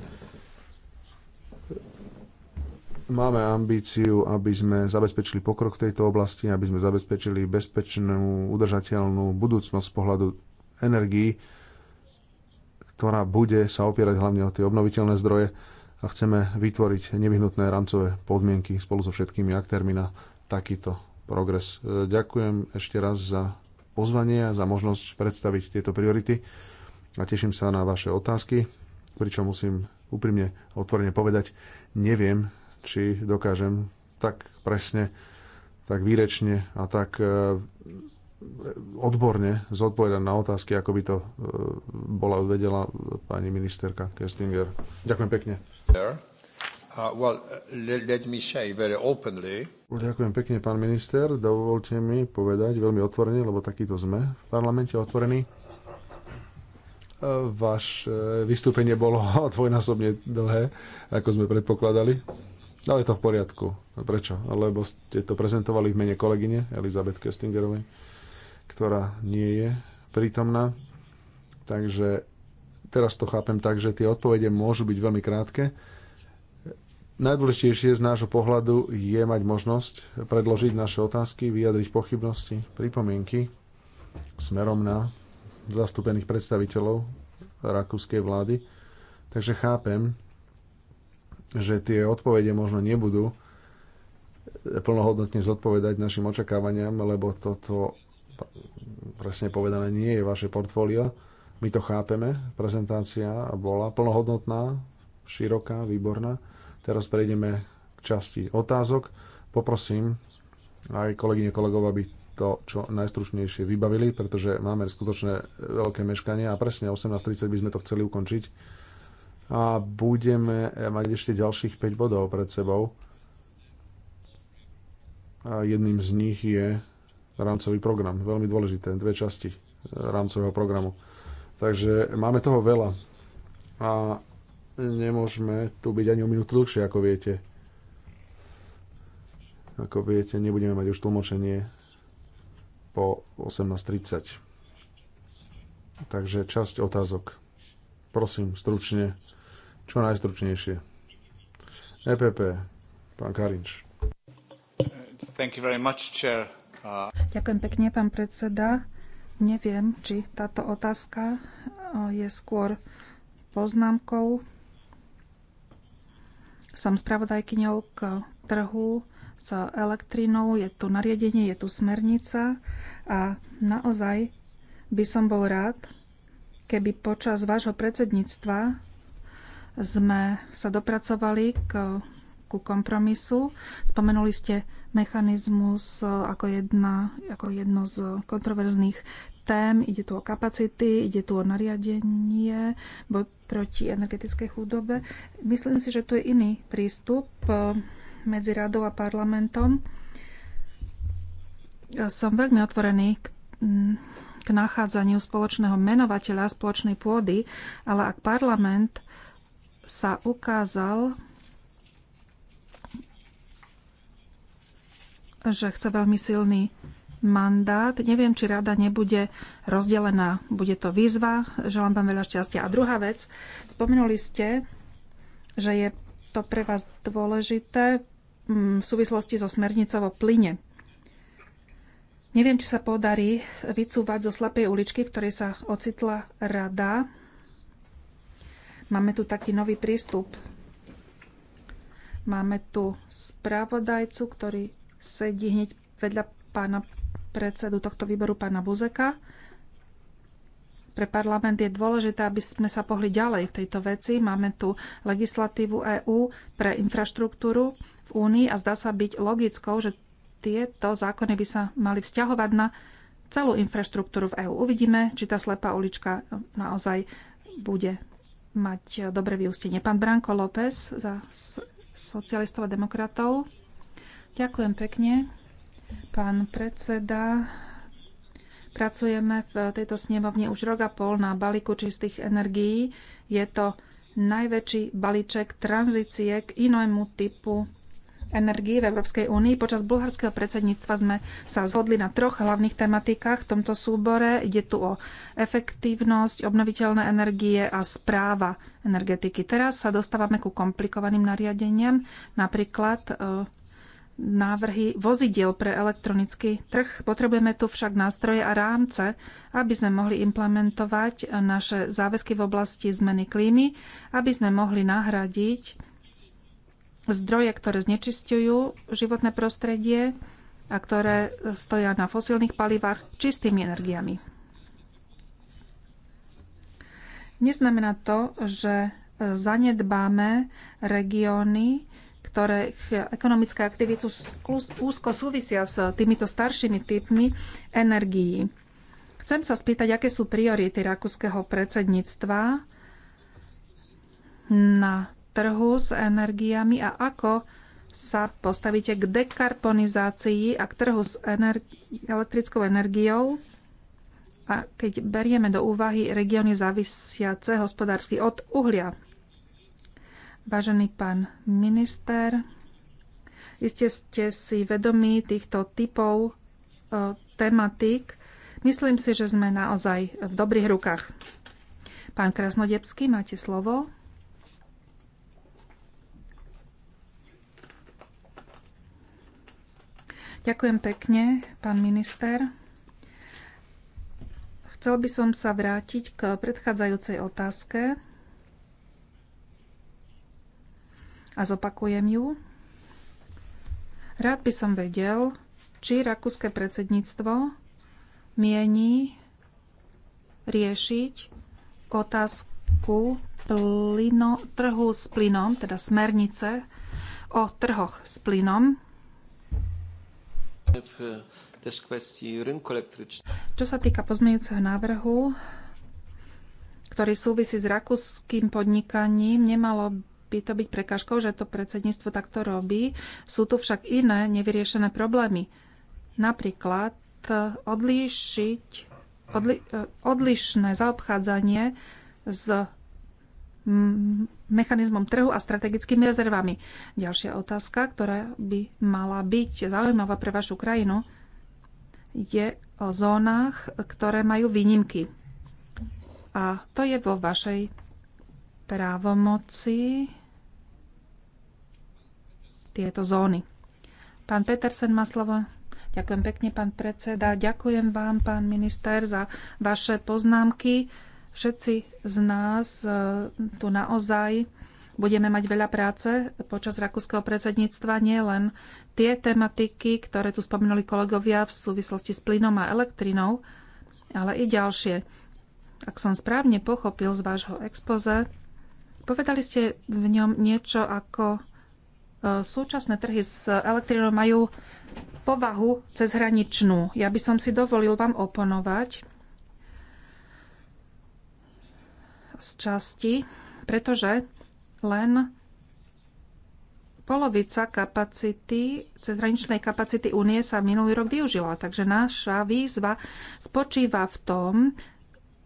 S3: Máme ambíciu, aby sme zabezpečili pokrok v tejto oblasti, aby sme zabezpečili bezpečnú, udržateľnú budúcnosť z pohľadu energii. ktorá bude sa opierať hlavne o tie obnoviteľné zdroje a chceme vytvoriť nevyhnutné rámcové podmienky spolu so všetkými aktérmi na takýto progres. Ďakujem ešte raz za pozvanie a za možnosť predstaviť tieto priority a teším sa na vaše otázky, pričom musím úprimne otvorene povedať, neviem, či dokážem tak presne, tak výrečne a tak e, odborne zodpovedať na otázky, ako by to e, bola odvedela pani ministerka Kestinger. Ďakujem pekne. Uh, well, Ďakujem pekne, pán minister. Dovolte mi povedať veľmi otvorene, lebo takýto sme v parlamente otvorení. Vaše vystúpenie bolo dvojnásobne dlhé, ako sme predpokladali. Ale je to v poriadku. Prečo? Lebo ste to prezentovali v mene kolegyne Elizabeth Köstingerovej, ktorá nie je prítomná. Takže teraz to chápem tak, že tie odpovede môžu byť veľmi krátke. Najdôležitejšie z nášho pohľadu je mať možnosť predložiť naše otázky, vyjadriť pochybnosti, pripomienky smerom na zastúpených predstaviteľov rakúskej vlády. Takže chápem, že tie odpovede možno nebudú plnohodnotne zodpovedať našim očakávaniam, lebo toto presne povedané nie je vaše portfólio. My to chápeme. Prezentácia bola plnohodnotná, široká, výborná. Teraz prejdeme k časti otázok. Poprosím aj kolegyne kolegov, aby to čo najstručnejšie vybavili, pretože máme skutočné veľké meškanie a presne 18.30 by sme to chceli ukončiť. A budeme mať ešte ďalších 5 bodov pred sebou. A jedným z nich je rámcový program. Veľmi dôležité, dve časti rámcového programu. Takže máme toho veľa. A nemôžeme tu byť ani o minútu dlhšie, ako viete. Ako viete, nebudeme mať už tlmočenie po 18.30. Takže časť otázok. Prosím, stručne, čo najstručnejšie. EPP, pán Karinč. Much, uh...
S2: Ďakujem pekne, pán predseda. Neviem, či táto otázka uh, je skôr poznámkou. Som spravodajkyňou k trhu s elektrinou, je tu nariadenie, je tu smernica a naozaj by som bol rád, keby počas vášho predsedníctva sme sa dopracovali k, ku kompromisu. Spomenuli ste mechanizmus ako, jedna, ako jedno z kontroverzných tém. Ide tu o kapacity, ide tu o nariadenie, boj proti energetickej chudobe. Myslím si, že tu je iný prístup medzi radou a parlamentom. Som veľmi otvorený k, mm, k nachádzaniu spoločného menovateľa spoločnej pôdy, ale ak parlament sa ukázal, že chce veľmi silný mandát. Neviem, či rada nebude rozdelená. Bude to výzva. Želám vám veľa šťastia. A druhá vec, spomenuli ste, že je to pre vás dôležité mm, v súvislosti so smernicou o plyne. Neviem, či sa podarí vycúvať zo slepej uličky, v ktorej sa ocitla rada. Máme tu taký nový prístup. Máme tu spravodajcu, ktorý sedí hneď vedľa pána predsedu tohto výboru, pána Buzeka pre parlament je dôležité, aby sme sa pohli ďalej v tejto veci. Máme tu legislatívu EÚ pre infraštruktúru v Únii a zdá sa byť logickou, že tieto zákony by sa mali vzťahovať na celú infraštruktúru v EÚ. Uvidíme, či tá slepá ulička naozaj bude mať dobre vyústenie. Pán Branko López za socialistov a demokratov. Ďakujem pekne. Pán predseda, Pracujeme v tejto snemovne už rok a pol na balíku čistých energií. Je to najväčší balíček tranzície k inému typu energii v Európskej únii. Počas bulharského predsedníctva sme sa zhodli na troch hlavných tematikách v tomto súbore. Ide tu o efektívnosť, obnoviteľné energie a správa energetiky. Teraz sa dostávame ku komplikovaným nariadeniam, napríklad e, návrhy vozidiel pre elektronický trh. Potrebujeme tu však nástroje a rámce, aby sme mohli implementovať naše záväzky v oblasti zmeny klímy, aby sme mohli nahradiť zdroje, ktoré znečisťujú životné prostredie a ktoré stoja na fosílnych palivách čistými energiami. Neznamená to, že zanedbáme regióny, ktorých ekonomické aktivity úzko súvisia s týmito staršími typmi energií. Chcem sa spýtať, aké sú priority rakúskeho predsedníctva na trhu s energiami a ako sa postavíte k dekarbonizácii a k trhu s energi- elektrickou energiou a keď berieme do úvahy regióny závisiace hospodársky od uhlia. Vážený pán minister, iste ste si vedomí týchto typov e, tematík. Myslím si, že sme naozaj v dobrých rukách. Pán Krasnodebský, máte slovo. Ďakujem pekne, pán minister. Chcel by som sa vrátiť k predchádzajúcej otázke. a zopakujem ju. Rád by som vedel, či rakúske predsedníctvo mieni riešiť otázku plino, trhu s plynom, teda smernice o trhoch s plynom. E, Čo sa týka pozmejúceho návrhu, ktorý súvisí s rakúským podnikaním, nemalo by to byť prekažkou, že to predsedníctvo takto robí. Sú tu však iné nevyriešené problémy. Napríklad eh, odlíšiť, odli, eh, odlišné zaobchádzanie s mm, mechanizmom trhu a strategickými rezervami. Ďalšia otázka, ktorá by mala byť zaujímavá pre vašu krajinu, je o zónach, ktoré majú výnimky. A to je vo vašej právomoci tieto zóny. Pán Petersen má slovo. Ďakujem pekne, pán predseda. Ďakujem vám, pán minister, za vaše poznámky. Všetci z nás e, tu naozaj budeme mať veľa práce počas rakúskeho predsedníctva, nie len tie tematiky, ktoré tu spomenuli kolegovia v súvislosti s plynom a elektrinou, ale i ďalšie. Ak som správne pochopil z vášho expoze, povedali ste v ňom niečo ako E, súčasné trhy s elektrínou majú povahu cezhraničnú. Ja by som si dovolil vám oponovať z časti, pretože len polovica kapacity, cezhraničnej kapacity únie sa minulý rok využila. Takže naša výzva spočíva v tom,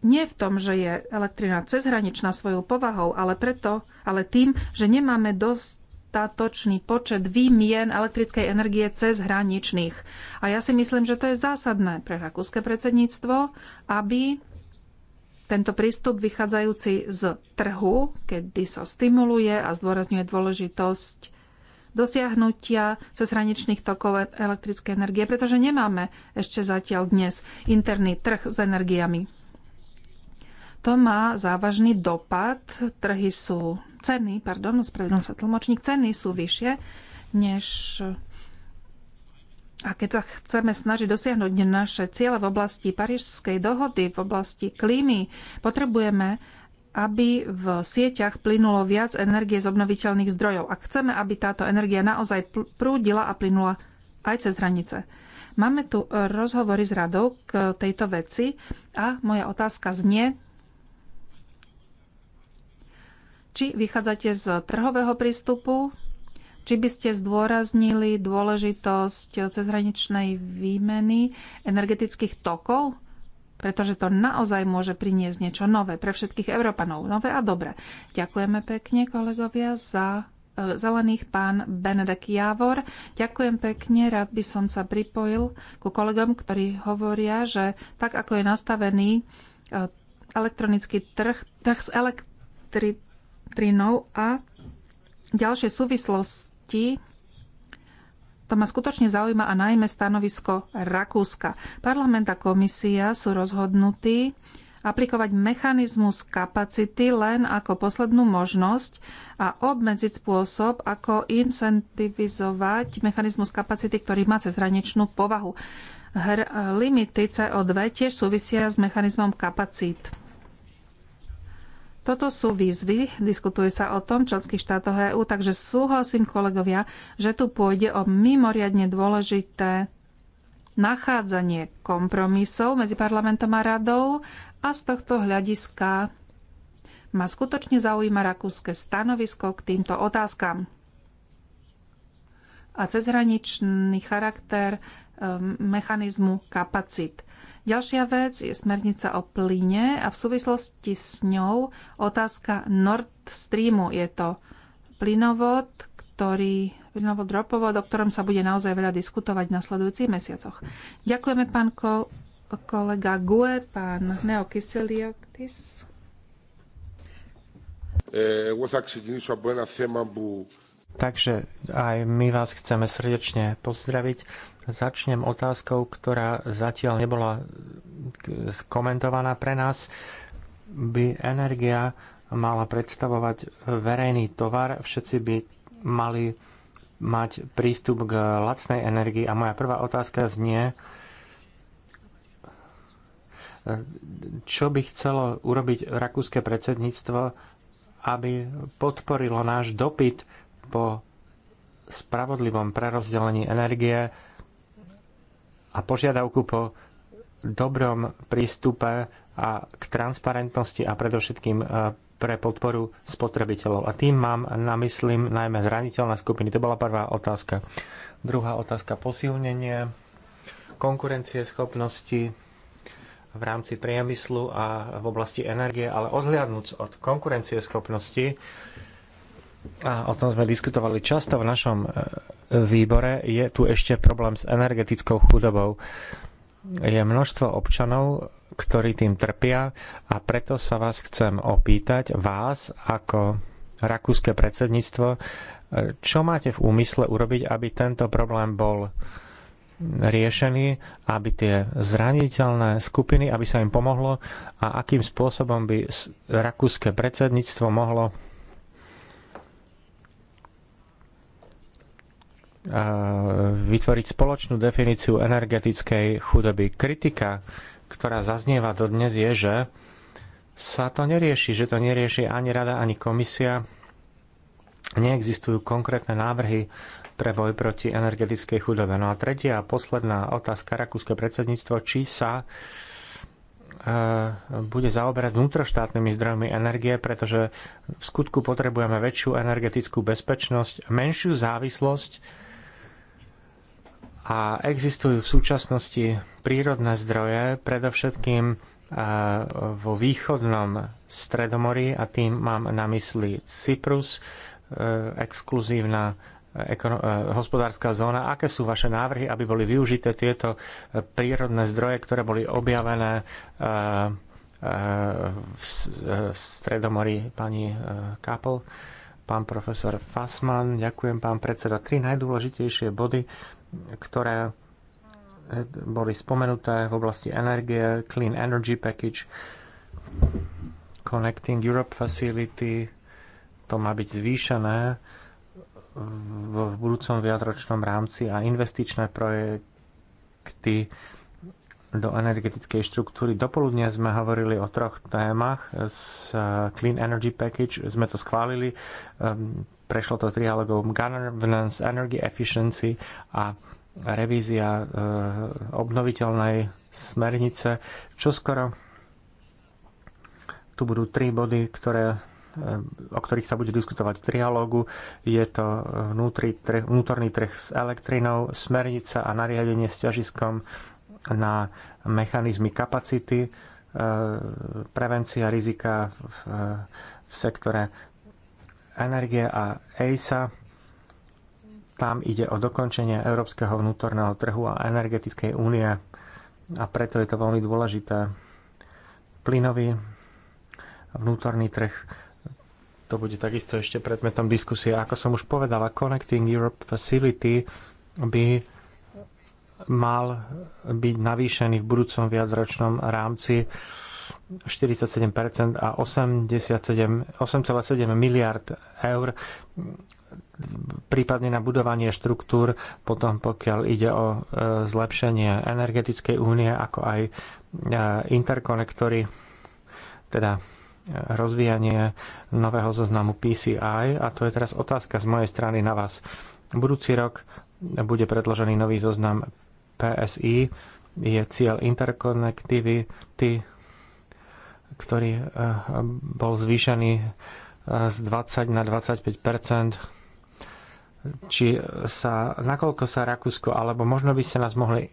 S2: nie v tom, že je elektrina cezhraničná svojou povahou, ale, preto, ale tým, že nemáme dosť dostatočný počet výmien elektrickej energie cez hraničných. A ja si myslím, že to je zásadné pre rakúske predsedníctvo, aby tento prístup vychádzajúci z trhu, kedy sa stimuluje a zdôrazňuje dôležitosť dosiahnutia cezhraničných tokov elektrickej energie, pretože nemáme ešte zatiaľ dnes interný trh s energiami. To má závažný dopad. Trhy sú ceny, pardon, spravedlňujem sa tlmočník, ceny sú vyššie, než a keď sa chceme snažiť dosiahnuť naše ciele v oblasti Parížskej dohody, v oblasti klímy, potrebujeme, aby v sieťach plynulo viac energie z obnoviteľných zdrojov. A chceme, aby táto energia naozaj prúdila a plynula aj cez hranice. Máme tu rozhovory s radou k tejto veci a moja otázka znie, či vychádzate z trhového prístupu, či by ste zdôraznili dôležitosť cezhraničnej výmeny energetických tokov, pretože to naozaj môže priniesť niečo nové pre všetkých Európanov. Nové a dobré. Ďakujeme pekne, kolegovia, za e, zelených pán Benedek Javor. Ďakujem pekne, rád by som sa pripojil ku kolegom, ktorí hovoria, že tak ako je nastavený e, elektronický trh, trh s elektrickým doktrínou a ďalšie súvislosti to ma skutočne zaujíma a najmä stanovisko Rakúska. Parlament a komisia sú rozhodnutí aplikovať mechanizmus kapacity len ako poslednú možnosť a obmedziť spôsob, ako incentivizovať mechanizmus kapacity, ktorý má cezhraničnú povahu. Hr, limity CO2 tiež súvisia s mechanizmom kapacít. Toto sú výzvy, diskutuje sa o tom v členských štátoch EÚ, takže súhlasím kolegovia, že tu pôjde o mimoriadne dôležité nachádzanie kompromisov medzi parlamentom a radou a z tohto hľadiska ma skutočne zaujíma rakúske stanovisko k týmto otázkam. A cezhraničný charakter ehm, mechanizmu kapacit. Ďalšia vec je smernica o plyne a v súvislosti s ňou otázka Nord Streamu. Je to plynovod, ktorý plynovod ropovod, o ktorom sa bude naozaj veľa diskutovať v nasledujúcich mesiacoch. Ďakujeme pán ko- kolega Gue, pán Neo eh,
S1: Takže aj my vás chceme srdečne pozdraviť. Začnem otázkou, ktorá zatiaľ nebola komentovaná pre nás. By energia mala predstavovať verejný tovar, všetci by mali mať prístup k lacnej energii. A moja prvá otázka znie, čo by chcelo urobiť rakúske predsedníctvo, aby podporilo náš dopyt po spravodlivom prerozdelení energie a požiadavku po dobrom prístupe a k transparentnosti a predovšetkým e, pre podporu spotrebiteľov. A tým mám na mysli najmä zraniteľné skupiny. To bola prvá otázka. Druhá otázka posilnenie konkurencie schopnosti v rámci priemyslu a v oblasti energie, ale odhliadnúc od konkurencie schopnosti, a o tom sme diskutovali často v našom e, výbore, je tu ešte problém s energetickou chudobou. Je množstvo občanov, ktorí tým trpia a preto sa vás chcem opýtať, vás ako rakúske predsedníctvo, e, čo máte v úmysle urobiť, aby tento problém bol riešený, aby tie zraniteľné skupiny, aby sa im pomohlo a akým spôsobom by rakúske predsedníctvo mohlo vytvoriť spoločnú definíciu energetickej chudoby. Kritika, ktorá zaznieva dodnes, je, že sa to nerieši, že to nerieši ani rada, ani komisia. Neexistujú konkrétne návrhy pre boj proti energetickej chudobe. No a tretia a posledná otázka rakúske predsedníctvo, či sa e, bude zaoberať vnútroštátnymi zdrojmi energie, pretože v skutku potrebujeme väčšiu energetickú bezpečnosť, menšiu závislosť a existujú v súčasnosti prírodné zdroje, predovšetkým e, vo východnom Stredomorí a tým mám na mysli Cyprus, e, exkluzívna e, hospodárska zóna. Aké sú vaše návrhy, aby boli využité tieto prírodné zdroje, ktoré boli objavené v Stredomorí pani Kapel? Pán profesor Fasman, ďakujem pán predseda. Tri najdôležitejšie body ktoré eh, boli spomenuté v oblasti energie, Clean Energy Package, Connecting Europe Facility, to má byť zvýšené v, v budúcom viacročnom rámci a investičné projekty do energetickej štruktúry. Dopoludne sme hovorili o troch témach z eh, Clean Energy Package, sme to schválili, ehm, prešlo to trialogom governance, energy efficiency a revízia e, obnoviteľnej smernice. Čo skoro tu budú tri body, ktoré, e, o ktorých sa bude diskutovať v trialógu. Je to vnútri, trh, vnútorný trh s elektrinou, smernica a nariadenie s ťažiskom na mechanizmy kapacity, e, prevencia rizika v, v sektore energie a EISA. Tam ide o dokončenie európskeho vnútorného trhu a energetickej únie a preto je to veľmi dôležité. Plynový vnútorný trh to bude takisto ešte predmetom diskusie. Ako som už povedala, Connecting Europe Facility by mal byť navýšený v budúcom viacročnom rámci 47% a 8,7 miliard eur prípadne na budovanie štruktúr, potom pokiaľ ide o e, zlepšenie energetickej únie, ako aj e, interkonektory, teda e, rozvíjanie nového zoznamu PCI. A to je teraz otázka z mojej strany na vás. Budúci rok bude predložený nový zoznam PSI, je cieľ interkonektivity ktorý eh, bol zvýšený eh, z 20 na 25 či sa, nakoľko sa Rakúsko, alebo možno by ste nás mohli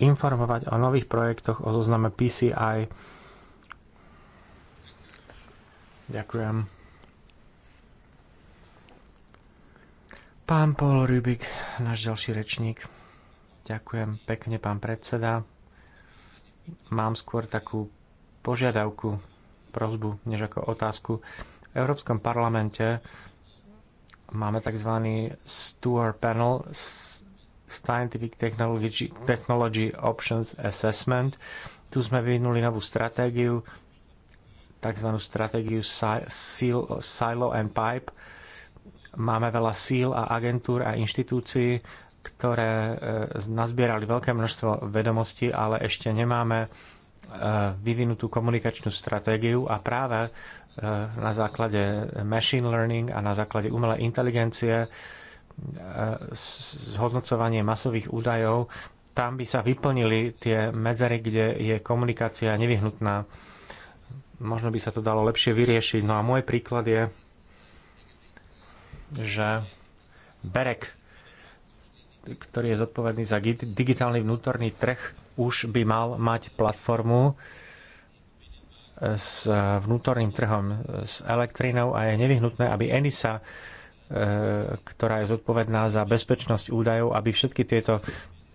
S1: informovať o nových projektoch o zozname PCI. Ďakujem. Pán Paul Rubik, náš ďalší rečník. Ďakujem pekne, pán predseda. Mám skôr takú požiadavku, prozbu, než ako otázku. V Európskom parlamente máme tzv. Steward Panel Scientific Technology, Technology Options Assessment. Tu sme vyvinuli novú stratégiu, tzv. stratégiu Silo and Pipe. Máme veľa síl a agentúr a inštitúcií, ktoré e, nazbierali veľké množstvo vedomostí, ale ešte nemáme Eh, vyvinutú komunikačnú stratégiu a práve eh, na základe machine learning a na základe umelej inteligencie zhodnocovanie eh, masových údajov, tam by sa vyplnili tie medzery, kde je komunikácia nevyhnutná. Možno by sa to dalo lepšie vyriešiť. No a môj príklad je, že Berek ktorý je zodpovedný za digitálny vnútorný trh, už by mal mať platformu e, s vnútorným trhom e, s elektrínou a je nevyhnutné, aby ENISA, e, ktorá je zodpovedná za bezpečnosť údajov, aby všetky tieto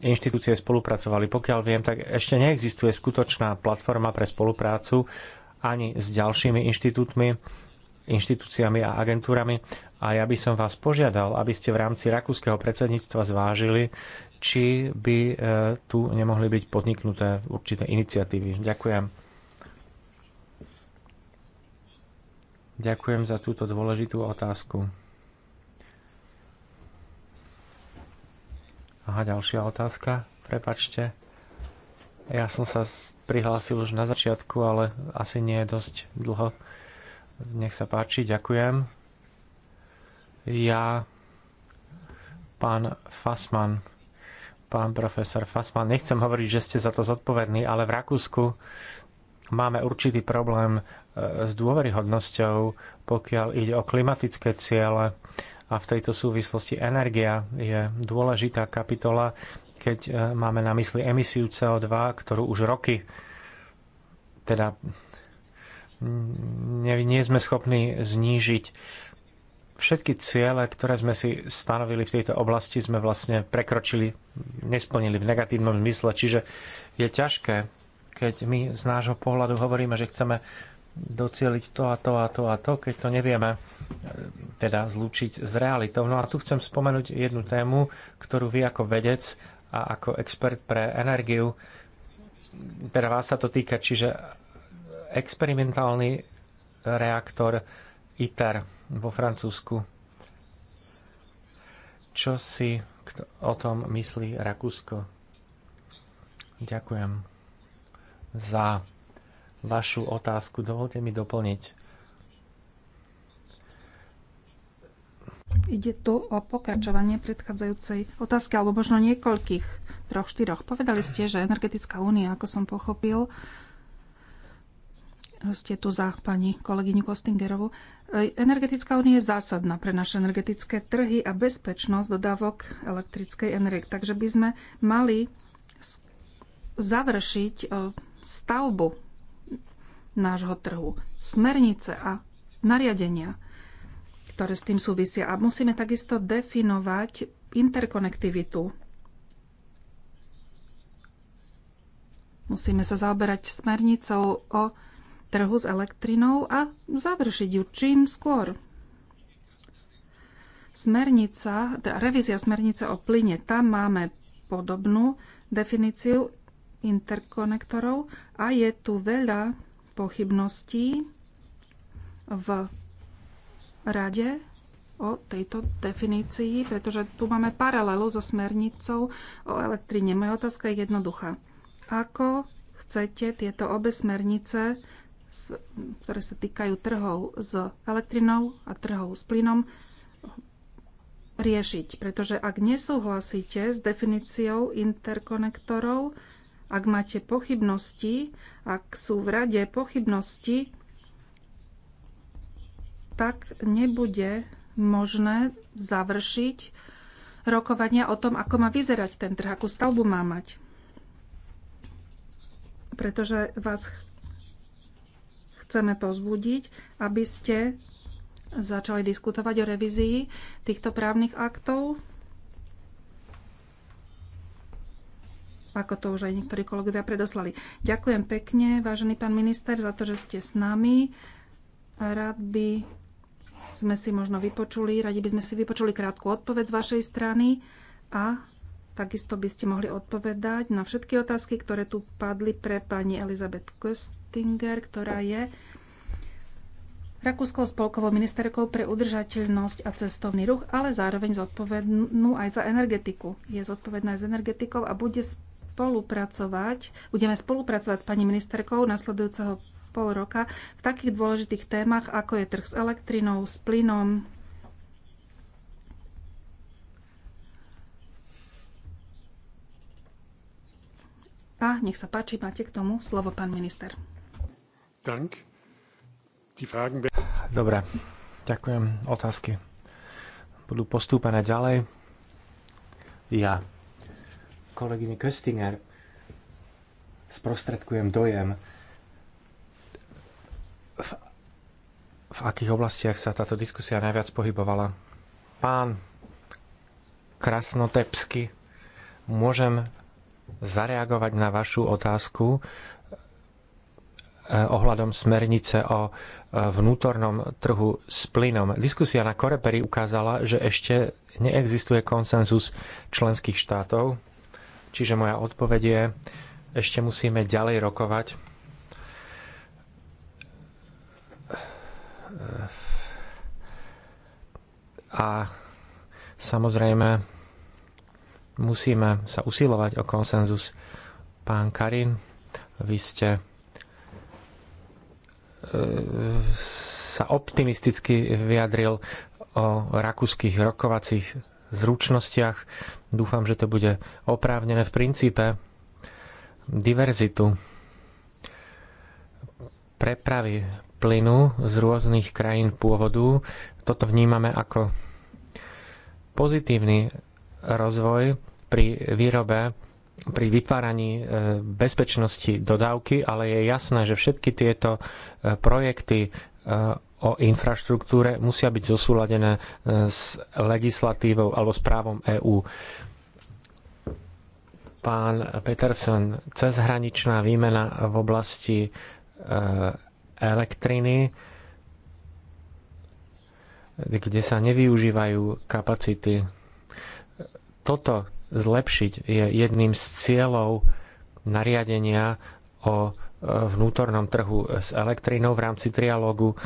S1: inštitúcie spolupracovali. Pokiaľ viem, tak ešte neexistuje skutočná platforma pre spoluprácu ani s ďalšími inštitútmi, inštitúciami a agentúrami a ja by som vás požiadal, aby ste v rámci rakúskeho predsedníctva zvážili, či by e, tu nemohli byť podniknuté určité iniciatívy. Ďakujem. Ďakujem za túto dôležitú otázku. Aha, ďalšia otázka. Prepačte. Ja som sa prihlásil už na začiatku, ale asi nie je dosť dlho. Nech sa páči, ďakujem. Ja, pán Fasman, pán profesor Fasman, nechcem hovoriť, že ste za to zodpovední, ale v Rakúsku máme určitý problém e, s dôveryhodnosťou, pokiaľ ide o klimatické ciele a v tejto súvislosti energia je dôležitá kapitola, keď e, máme na mysli emisiu CO2, ktorú už roky teda nie, nie sme schopní znížiť všetky ciele, ktoré sme si stanovili v tejto oblasti, sme vlastne prekročili, nesplnili v negatívnom zmysle. Čiže je ťažké, keď my z nášho pohľadu hovoríme, že chceme docieliť to a to a to a to, keď to nevieme e, teda zlúčiť s realitou. No a tu chcem spomenúť jednu tému, ktorú vy ako vedec a ako expert pre energiu, pre teda vás sa to týka, čiže experimentálny reaktor ITAR vo Francúzsku. Čo si o tom myslí Rakúsko? Ďakujem za vašu otázku. Dovolte mi doplniť.
S2: Ide tu o pokračovanie predchádzajúcej otázky, alebo možno niekoľkých, troch, štyroch. Povedali ste, že Energetická únia, ako som pochopil, ste tu za pani kolegyňu Kostingerovu. Energetická únia je zásadná pre naše energetické trhy a bezpečnosť dodávok elektrickej energie. Takže by sme mali završiť e, stavbu nášho trhu. Smernice a nariadenia, ktoré s tým súvisia. A musíme takisto definovať interkonektivitu. Musíme sa zaoberať smernicou o trhu s elektrinou a završiť ju čím skôr. Smernica, teda revízia smernice o plyne, tam máme podobnú definíciu interkonektorov a je tu veľa pochybností v rade o tejto definícii, pretože tu máme paralelu so smernicou o elektrine. Moja otázka je jednoduchá. Ako chcete tieto obe smernice ktoré sa týkajú trhov s elektrinou a trhov s plynom, riešiť. Pretože ak nesúhlasíte s definíciou interkonektorov, ak máte pochybnosti, ak sú v rade pochybnosti, tak nebude možné završiť rokovania o tom, ako má vyzerať ten trh, akú stavbu má mať. Pretože vás chceme pozbudiť, aby ste začali diskutovať o revízii týchto právnych aktov. Ako to už aj niektorí kolegovia predoslali. Ďakujem pekne, vážený pán minister, za to, že ste s nami. Rád by sme si možno vypočuli, radi by sme si vypočuli krátku odpoveď z vašej strany a Takisto by ste mohli odpovedať na všetky otázky, ktoré tu padli pre pani Elizabeth Köstinger, ktorá je Rakúskou spolkovou ministerkou pre udržateľnosť a cestovný ruch, ale zároveň zodpovednú aj za energetiku. Je zodpovedná aj s energetikou a bude spolupracovať, budeme spolupracovať s pani ministerkou nasledujúceho pol roka v takých dôležitých témach, ako je trh s elektrinou, s plynom, A nech sa páči, máte k tomu slovo, pán minister.
S1: Dank. Dobre, ďakujem. Otázky budú postúpené ďalej. Ja, kolegyne Köstinger, sprostredkujem dojem, v, v akých oblastiach sa táto diskusia najviac pohybovala. Pán Krasnotepsky, môžem zareagovať na vašu otázku e, ohľadom smernice o e, vnútornom trhu s plynom. Diskusia na Koreperi ukázala, že ešte neexistuje konsenzus členských štátov, čiže moja odpoveď je, ešte musíme ďalej rokovať. A samozrejme, musíme sa usilovať o konsenzus. Pán Karin, vy ste e, sa optimisticky vyjadril o rakúskych rokovacích zručnostiach. Dúfam, že to bude oprávnené v princípe. Diverzitu prepravy plynu z rôznych krajín pôvodu. Toto vnímame ako pozitívny rozvoj pri výrobe, pri vytváraní e, bezpečnosti dodávky, ale je jasné, že všetky tieto e, projekty e, o infraštruktúre musia byť zosúladené s legislatívou alebo s právom EÚ. Pán Peterson, cezhraničná výmena v oblasti elektriny, kde sa nevyužívajú kapacity toto zlepšiť je jedným z cieľov nariadenia o e, vnútornom trhu s elektrínou v rámci trialógu.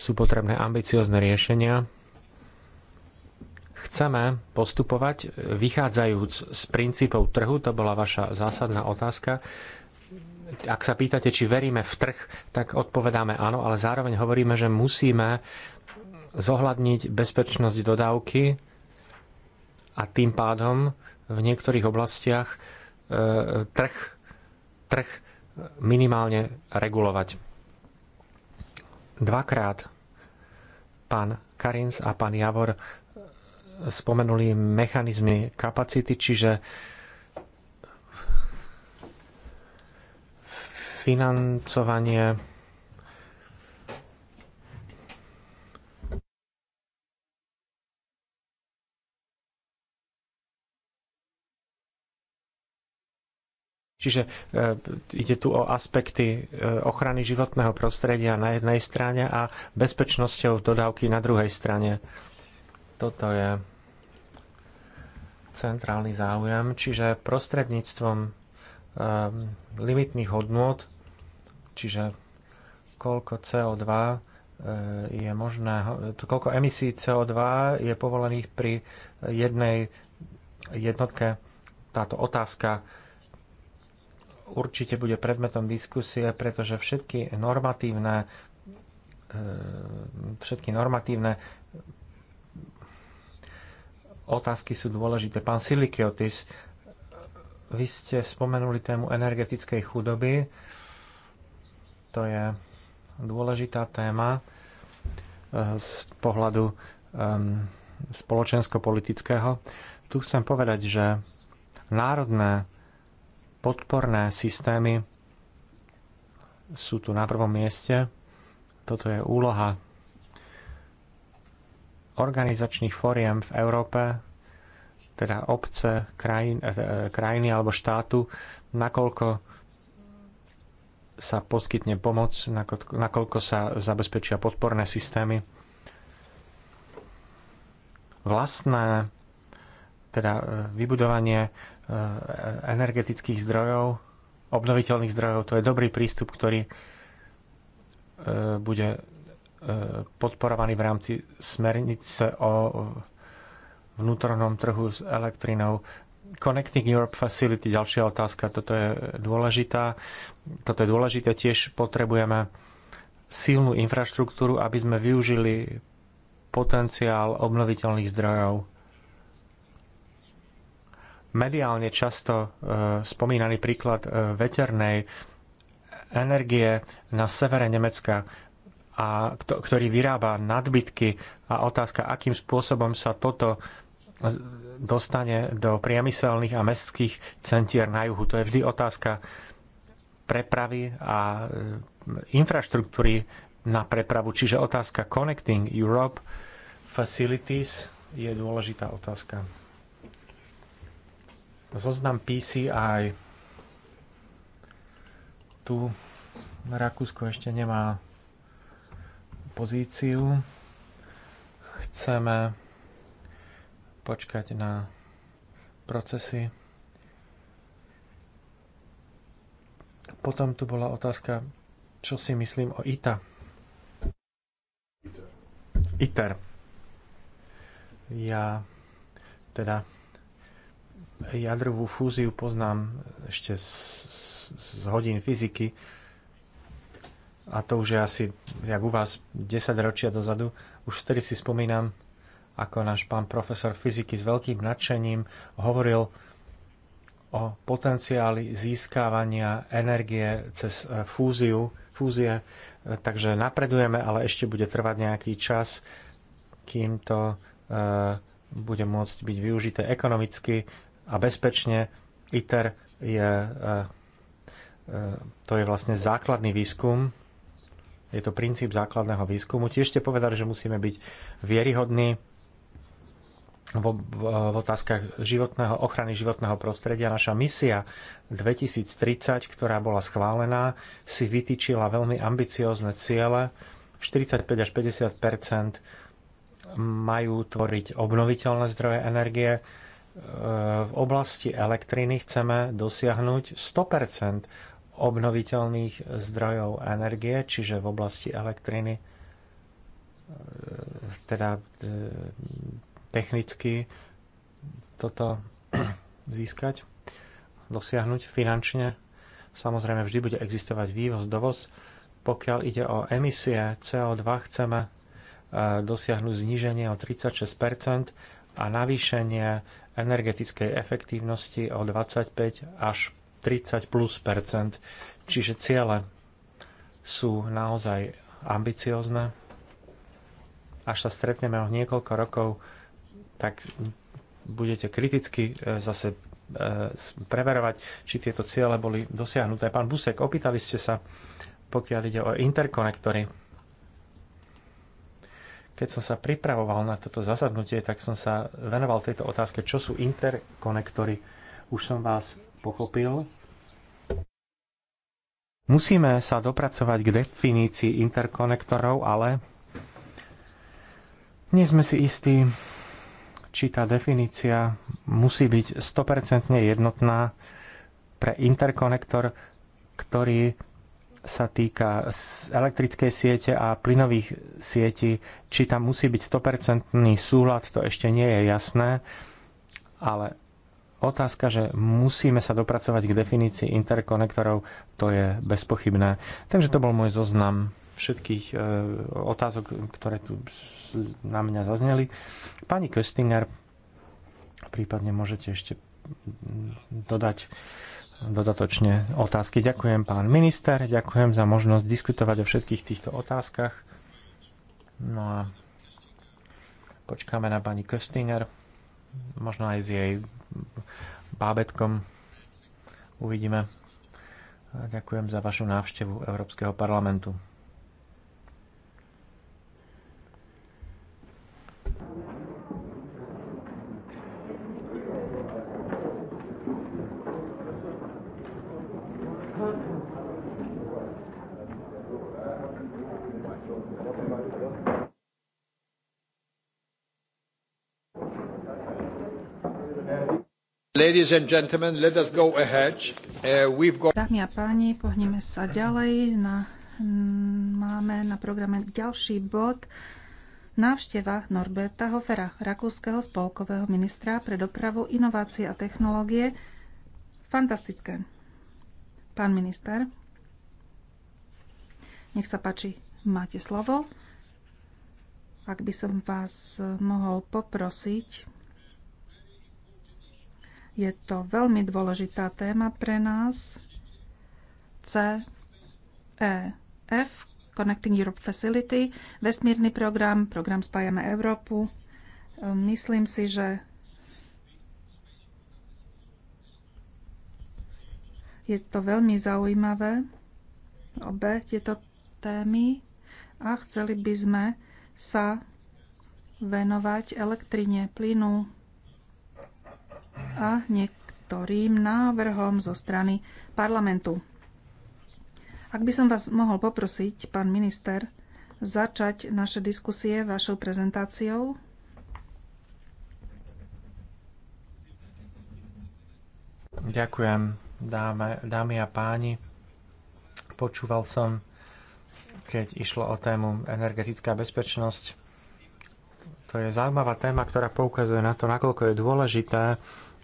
S1: Sú potrebné ambiciozne riešenia. Chceme postupovať vychádzajúc z princípov trhu, to bola vaša zásadná otázka. Ak sa pýtate, či veríme v trh, tak odpovedáme áno, ale zároveň hovoríme, že musíme zohľadniť bezpečnosť dodávky a tým pádom v niektorých oblastiach e, trh, trh minimálne regulovať. Dvakrát pán Karins a pán Javor spomenuli mechanizmy kapacity, čiže financovanie Čiže e, ide tu o aspekty e, ochrany životného prostredia na jednej strane a bezpečnosťou dodávky na druhej strane. Toto je centrálny záujem, čiže prostredníctvom e, limitných hodnôt, čiže koľko CO2 je možné, koľko emisí CO2 je povolených pri jednej jednotke. Táto otázka určite bude predmetom diskusie, pretože všetky normatívne e, všetky normatívne otázky sú dôležité. Pán Silikiotis, vy ste spomenuli tému energetickej chudoby. To je dôležitá téma e, z pohľadu spoločensko-politického. Tu chcem povedať, že národné podporné systémy sú tu na prvom mieste. Toto je úloha organizačných fóriem v Európe, teda obce, krajin, eh, krajiny alebo štátu, nakoľko sa poskytne pomoc, nakoľko sa zabezpečia podporné systémy. Vlastné, teda eh, vybudovanie Eh, energetických zdrojov, obnoviteľných zdrojov. To je dobrý prístup, ktorý eh, bude eh, podporovaný v rámci smernice o vnútornom trhu s elektrinou. Connecting Europe Facility, ďalšia otázka, toto je dôležitá. Toto je dôležité, tiež potrebujeme silnú infraštruktúru, aby sme využili potenciál obnoviteľných zdrojov mediálne často e, spomínaný príklad e, veternej energie na severe Nemecka, a ktorý vyrába nadbytky a otázka, akým spôsobom sa toto dostane do priemyselných a mestských centier na juhu. To je vždy otázka prepravy a e, infraštruktúry na prepravu. Čiže otázka Connecting Europe Facilities je dôležitá otázka zoznam PCI. Tu Rakúsku ešte nemá pozíciu. Chceme počkať na procesy. Potom tu bola otázka, čo si myslím o ITA. ITER. Ja teda jadrovú fúziu poznám ešte z, z hodín fyziky a to už je asi, jak u vás, 10 ročia dozadu. Už vtedy si spomínam, ako náš pán profesor fyziky s veľkým nadšením hovoril o potenciáli získávania energie cez e, fúziu, fúzie. E, takže napredujeme, ale ešte bude trvať nejaký čas, kým to e, bude môcť byť využité ekonomicky a bezpečne. ITER je, e, e, to je vlastne základný výskum, je to princíp základného výskumu. Tiež ste povedali, že musíme byť vieryhodní v, v, v otázkach životného, ochrany životného prostredia. Naša misia 2030, ktorá bola schválená, si vytýčila veľmi ambiciózne ciele. 45 až 50 majú tvoriť obnoviteľné zdroje energie v oblasti elektriny chceme dosiahnuť 100 obnoviteľných zdrojov energie, čiže v oblasti elektriny e, teda e, technicky toto získať, dosiahnuť finančne. Samozrejme, vždy bude existovať vývoz, dovoz. Pokiaľ ide o emisie CO2, chceme e, dosiahnuť zníženie o 36 a navýšenie energetickej efektívnosti o 25 až 30 plus percent. Čiže ciele sú naozaj ambiciozne. Až sa stretneme o niekoľko rokov, tak budete kriticky e, zase e, preverovať, či tieto ciele boli dosiahnuté. Pán Busek, opýtali ste sa, pokiaľ ide o interkonektory. Keď som sa pripravoval na toto zasadnutie, tak som sa venoval tejto otázke, čo sú interkonektory. Už som vás pochopil. Musíme sa dopracovať k definícii interkonektorov, ale nie sme si istí, či tá definícia musí byť 100% jednotná pre interkonektor, ktorý sa týka elektrickej siete a plynových sietí, či tam musí byť 100% súhľad, to ešte nie je jasné, ale otázka, že musíme sa dopracovať k definícii interkonektorov, to je bezpochybné. Takže to bol môj zoznam všetkých e, otázok, ktoré tu na mňa zazneli. Pani Köstinger, prípadne môžete ešte dodať dodatočne otázky. Ďakujem pán minister, ďakujem za možnosť diskutovať o všetkých týchto otázkach. No a počkáme na pani Köstinger, možno aj s jej bábetkom. Uvidíme. A ďakujem za vašu návštevu Európskeho parlamentu.
S3: Uh,
S2: Dámy a páni, pohneme sa ďalej. Na, máme na programe ďalší bod. Návšteva Norberta Hofera, rakúskeho spolkového ministra pre dopravu, inovácie a technológie. Fantastické. Pán minister, nech sa páči, máte slovo. Ak by som vás mohol poprosiť, je to veľmi dôležitá téma pre nás. C, E, F, Connecting Europe Facility, vesmírny program, program Spájame Európu. Myslím si, že je to veľmi zaujímavé, obe tieto témy a chceli by sme sa venovať elektrine, plynu, a niektorým návrhom zo strany parlamentu. Ak by som vás mohol poprosiť, pán minister, začať naše diskusie vašou prezentáciou.
S1: Ďakujem, dáme, dámy a páni. Počúval som, keď išlo o tému energetická bezpečnosť. To je zaujímavá téma, ktorá poukazuje na to, nakoľko je dôležité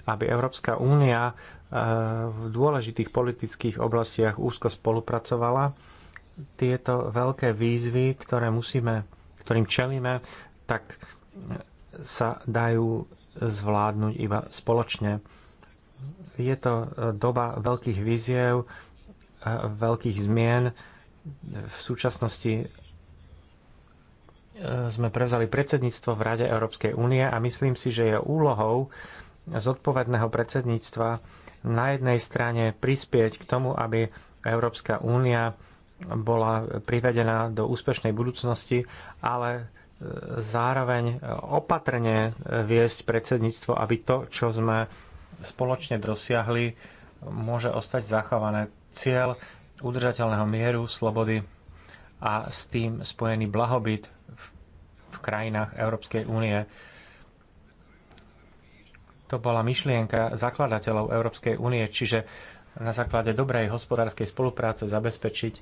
S1: aby Európska únia e, v dôležitých politických oblastiach úzko spolupracovala. Tieto veľké výzvy, ktoré musíme, ktorým čelíme, tak sa dajú zvládnuť iba spoločne. Je to doba veľkých víziev, e, veľkých zmien. V súčasnosti e, sme prevzali predsedníctvo v Rade Európskej únie a myslím si, že je úlohou zodpovedného predsedníctva na jednej strane prispieť k tomu, aby Európska únia bola privedená do úspešnej budúcnosti, ale e, zároveň opatrne viesť predsedníctvo, aby to, čo sme spoločne dosiahli, môže ostať zachované. Cieľ udržateľného mieru, slobody a s tým spojený blahobyt v, v krajinách Európskej únie to bola myšlienka zakladateľov Európskej únie, čiže na základe dobrej hospodárskej spolupráce zabezpečiť,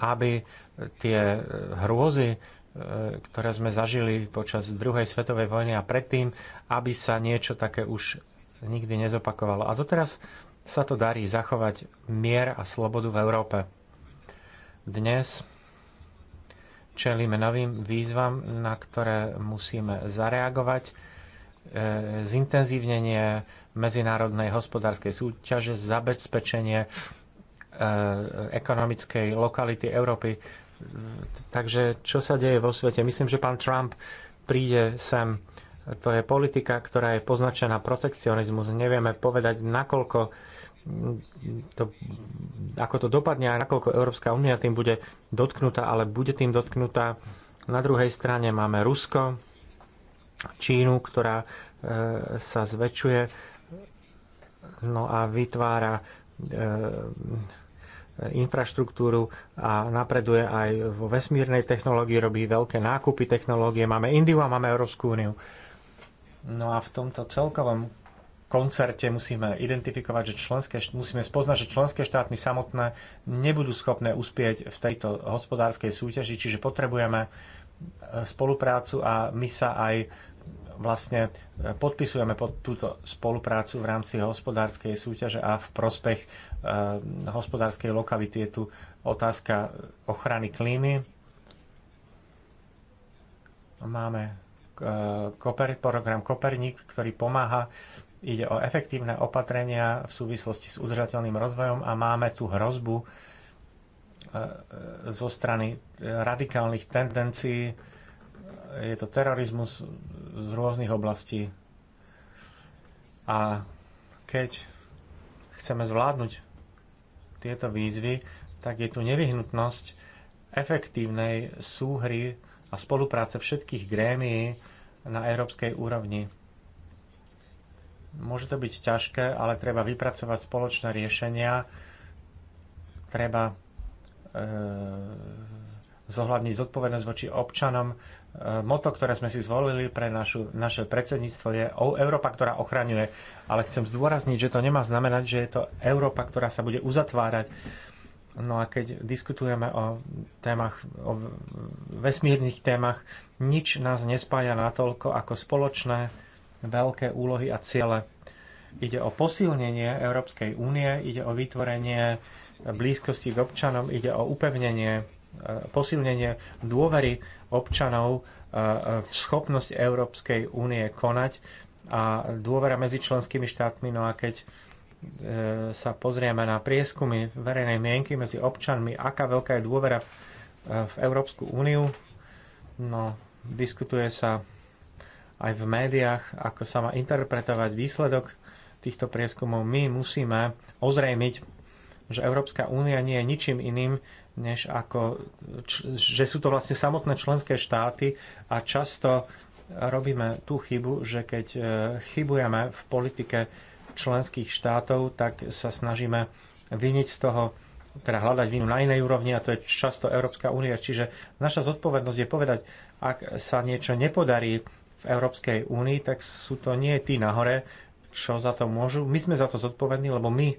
S1: aby tie hrôzy, e, ktoré sme zažili počas druhej svetovej vojny a predtým, aby sa niečo také už nikdy nezopakovalo. A doteraz sa to darí zachovať mier a slobodu v Európe. Dnes čelíme novým výzvam, na ktoré musíme zareagovať. E, zintenzívnenie medzinárodnej hospodárskej súťaže, zabezpečenie e, ekonomickej lokality Európy. Takže čo sa deje vo svete? Myslím, že pán Trump príde sem. To je politika, ktorá je poznačená protekcionizmus. Nevieme povedať, nakoľko to, ako to dopadne a nakoľko Európska únia tým bude dotknutá, ale bude tým dotknutá. Na druhej strane máme Rusko, Čínu, ktorá e, sa zväčšuje no a vytvára e, infraštruktúru a napreduje aj vo vesmírnej technológii, robí veľké nákupy technológie. Máme Indiu a máme Európsku úniu. No a v tomto celkovom koncerte musíme identifikovať, že členské, musíme spoznať, že členské štáty samotné nebudú schopné uspieť v tejto hospodárskej súťaži, čiže potrebujeme e, spoluprácu a my sa aj vlastne e, podpisujeme pod túto spoluprácu v rámci hospodárskej súťaže a v prospech e, hospodárskej lokality je tu otázka ochrany klímy. Máme program Koperník, ktorý pomáha Ide o efektívne opatrenia v súvislosti s udržateľným rozvojom a máme tu hrozbu e, e, zo strany radikálnych tendencií. Je to terorizmus z rôznych oblastí. A keď chceme zvládnuť tieto výzvy, tak je tu nevyhnutnosť efektívnej súhry a spolupráce všetkých grémií na európskej úrovni Môže to byť ťažké, ale treba vypracovať spoločné riešenia, treba e, zohľadniť zodpovednosť voči občanom. E, moto, ktoré sme si zvolili pre našu, naše predsedníctvo je o Európa, ktorá ochraňuje. Ale chcem zdôrazniť, že to nemá znamenať, že je to Európa, ktorá sa bude uzatvárať. No a keď diskutujeme o témach, o vesmírnych témach, nič nás nespája natoľko ako spoločné veľké úlohy a ciele. Ide o posilnenie Európskej únie, ide o vytvorenie blízkosti k občanom, ide o upevnenie, e, posilnenie dôvery občanov e, v schopnosť Európskej únie konať a dôvera medzi členskými štátmi. No a keď e, sa pozrieme na prieskumy verejnej mienky medzi občanmi, aká veľká je dôvera v Európsku úniu, no, diskutuje sa aj v médiách, ako sa má interpretovať výsledok týchto prieskumov. My musíme ozrejmiť, že Európska únia nie je ničím iným, než ako, že sú to vlastne samotné členské štáty a často robíme tú chybu, že keď e, chybujeme v politike členských štátov, tak sa snažíme vyniť z toho, teda hľadať vinu na inej úrovni a to je často Európska únia. Čiže naša zodpovednosť je povedať, ak sa niečo nepodarí v Európskej únii, tak sú to nie tí nahore, čo za to môžu. My sme za to zodpovední, lebo my,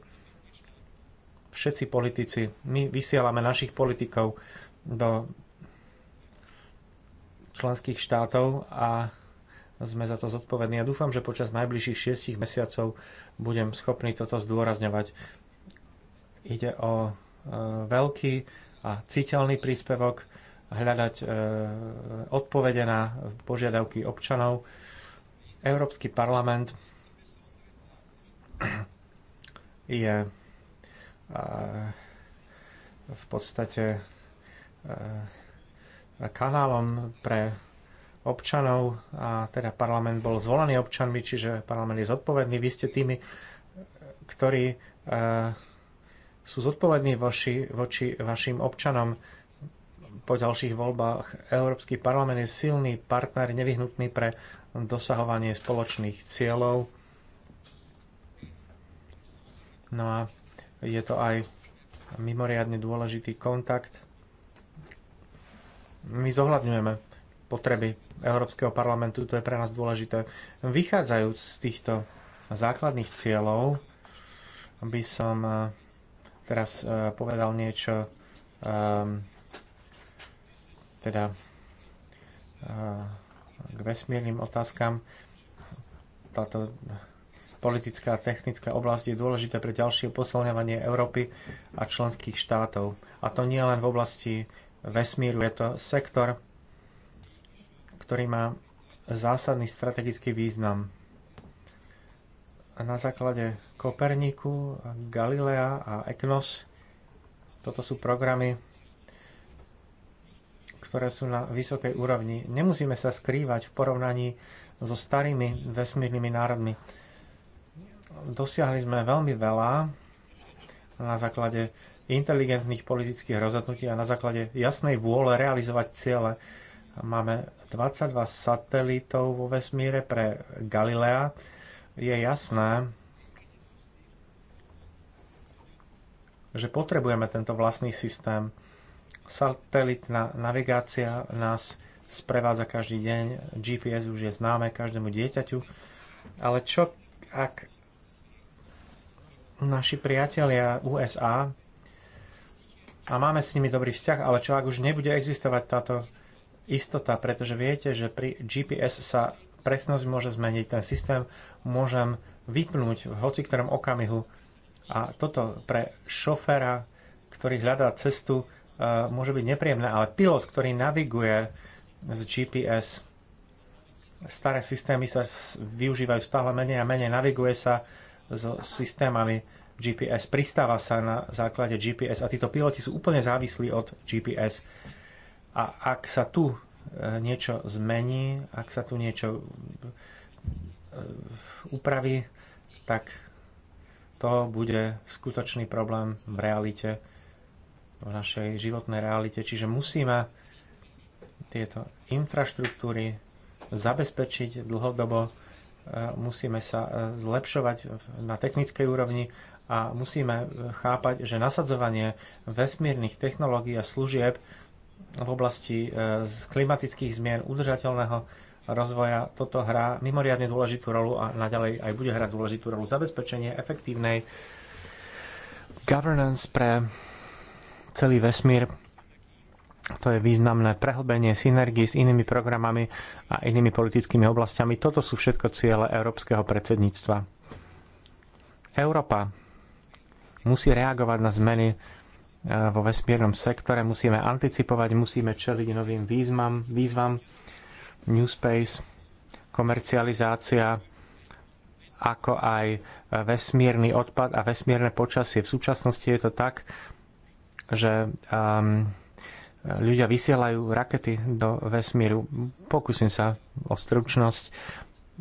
S1: všetci politici, my vysielame našich politikov do členských štátov a sme za to zodpovední. Ja dúfam, že počas najbližších 6 mesiacov budem schopný toto zdôrazňovať. Ide o e, veľký a citeľný príspevok hľadať e, odpovede na požiadavky občanov. Európsky parlament je e, v podstate e, kanálom pre občanov a teda parlament bol zvolený občanmi, čiže parlament je zodpovedný. Vy ste tými, ktorí sú zodpovední voči, voči vašim občanom po ďalších voľbách. Európsky parlament je silný partner, nevyhnutný pre dosahovanie spoločných cieľov. No a je to aj mimoriadne dôležitý kontakt. My zohľadňujeme potreby Európskeho parlamentu, to je pre nás dôležité. Vychádzajúc z týchto základných cieľov, by som eh, teraz eh, povedal niečo eh, teda eh, k vesmírnym otázkam. Táto politická a technická oblasť je dôležitá pre ďalšie posilňovanie Európy a členských štátov. A to nie len v oblasti vesmíru. Je to sektor, ktorý má zásadný strategický význam. Na základe Koperniku, Galilea a Eknos toto sú programy, ktoré sú na vysokej úrovni. Nemusíme sa skrývať v porovnaní so starými vesmírnymi národmi. Dosiahli sme veľmi veľa na základe inteligentných politických rozhodnutí a na základe jasnej vôle realizovať ciele. Máme 22 satelitov vo vesmíre pre Galilea. Je jasné, že potrebujeme tento vlastný systém Satelitná navigácia nás sprevádza každý deň, GPS už je známe každému dieťaťu, ale čo ak naši priatelia USA a máme s nimi dobrý vzťah, ale čo ak už nebude existovať táto istota, pretože viete, že pri GPS sa presnosť môže zmeniť, ten systém môžem vypnúť v hoci ktorom okamihu a toto pre šoféra, ktorý hľadá cestu, Eh, môže byť nepríjemné, ale pilot, ktorý naviguje z GPS, staré systémy sa využívajú stále menej a menej, naviguje sa s systémami GPS, pristáva sa na základe GPS a títo piloti sú úplne závislí od GPS. A ak sa tu eh, niečo zmení, ak sa tu niečo eh, upraví, tak to bude skutočný problém v realite v našej životnej realite. Čiže musíme tieto infraštruktúry zabezpečiť dlhodobo, e, musíme sa e, zlepšovať na technickej úrovni a musíme e, chápať, že nasadzovanie vesmírnych technológií a služieb v oblasti klimatických zmien udržateľného rozvoja toto hrá mimoriadne dôležitú rolu a naďalej aj bude hrať dôležitú rolu zabezpečenie efektívnej governance pre celý vesmír. To je významné prehlbenie synergii s inými programami a inými politickými oblastiami. Toto sú všetko ciele európskeho predsedníctva. Európa musí reagovať na zmeny eh, vo vesmírnom sektore, musíme anticipovať, musíme čeliť novým výzvam, výzvam New Space, komercializácia, ako aj eh, vesmírny odpad a vesmírne počasie. V súčasnosti je to tak, že um, ľudia vysielajú rakety do vesmíru. Pokúsim sa o stručnosť.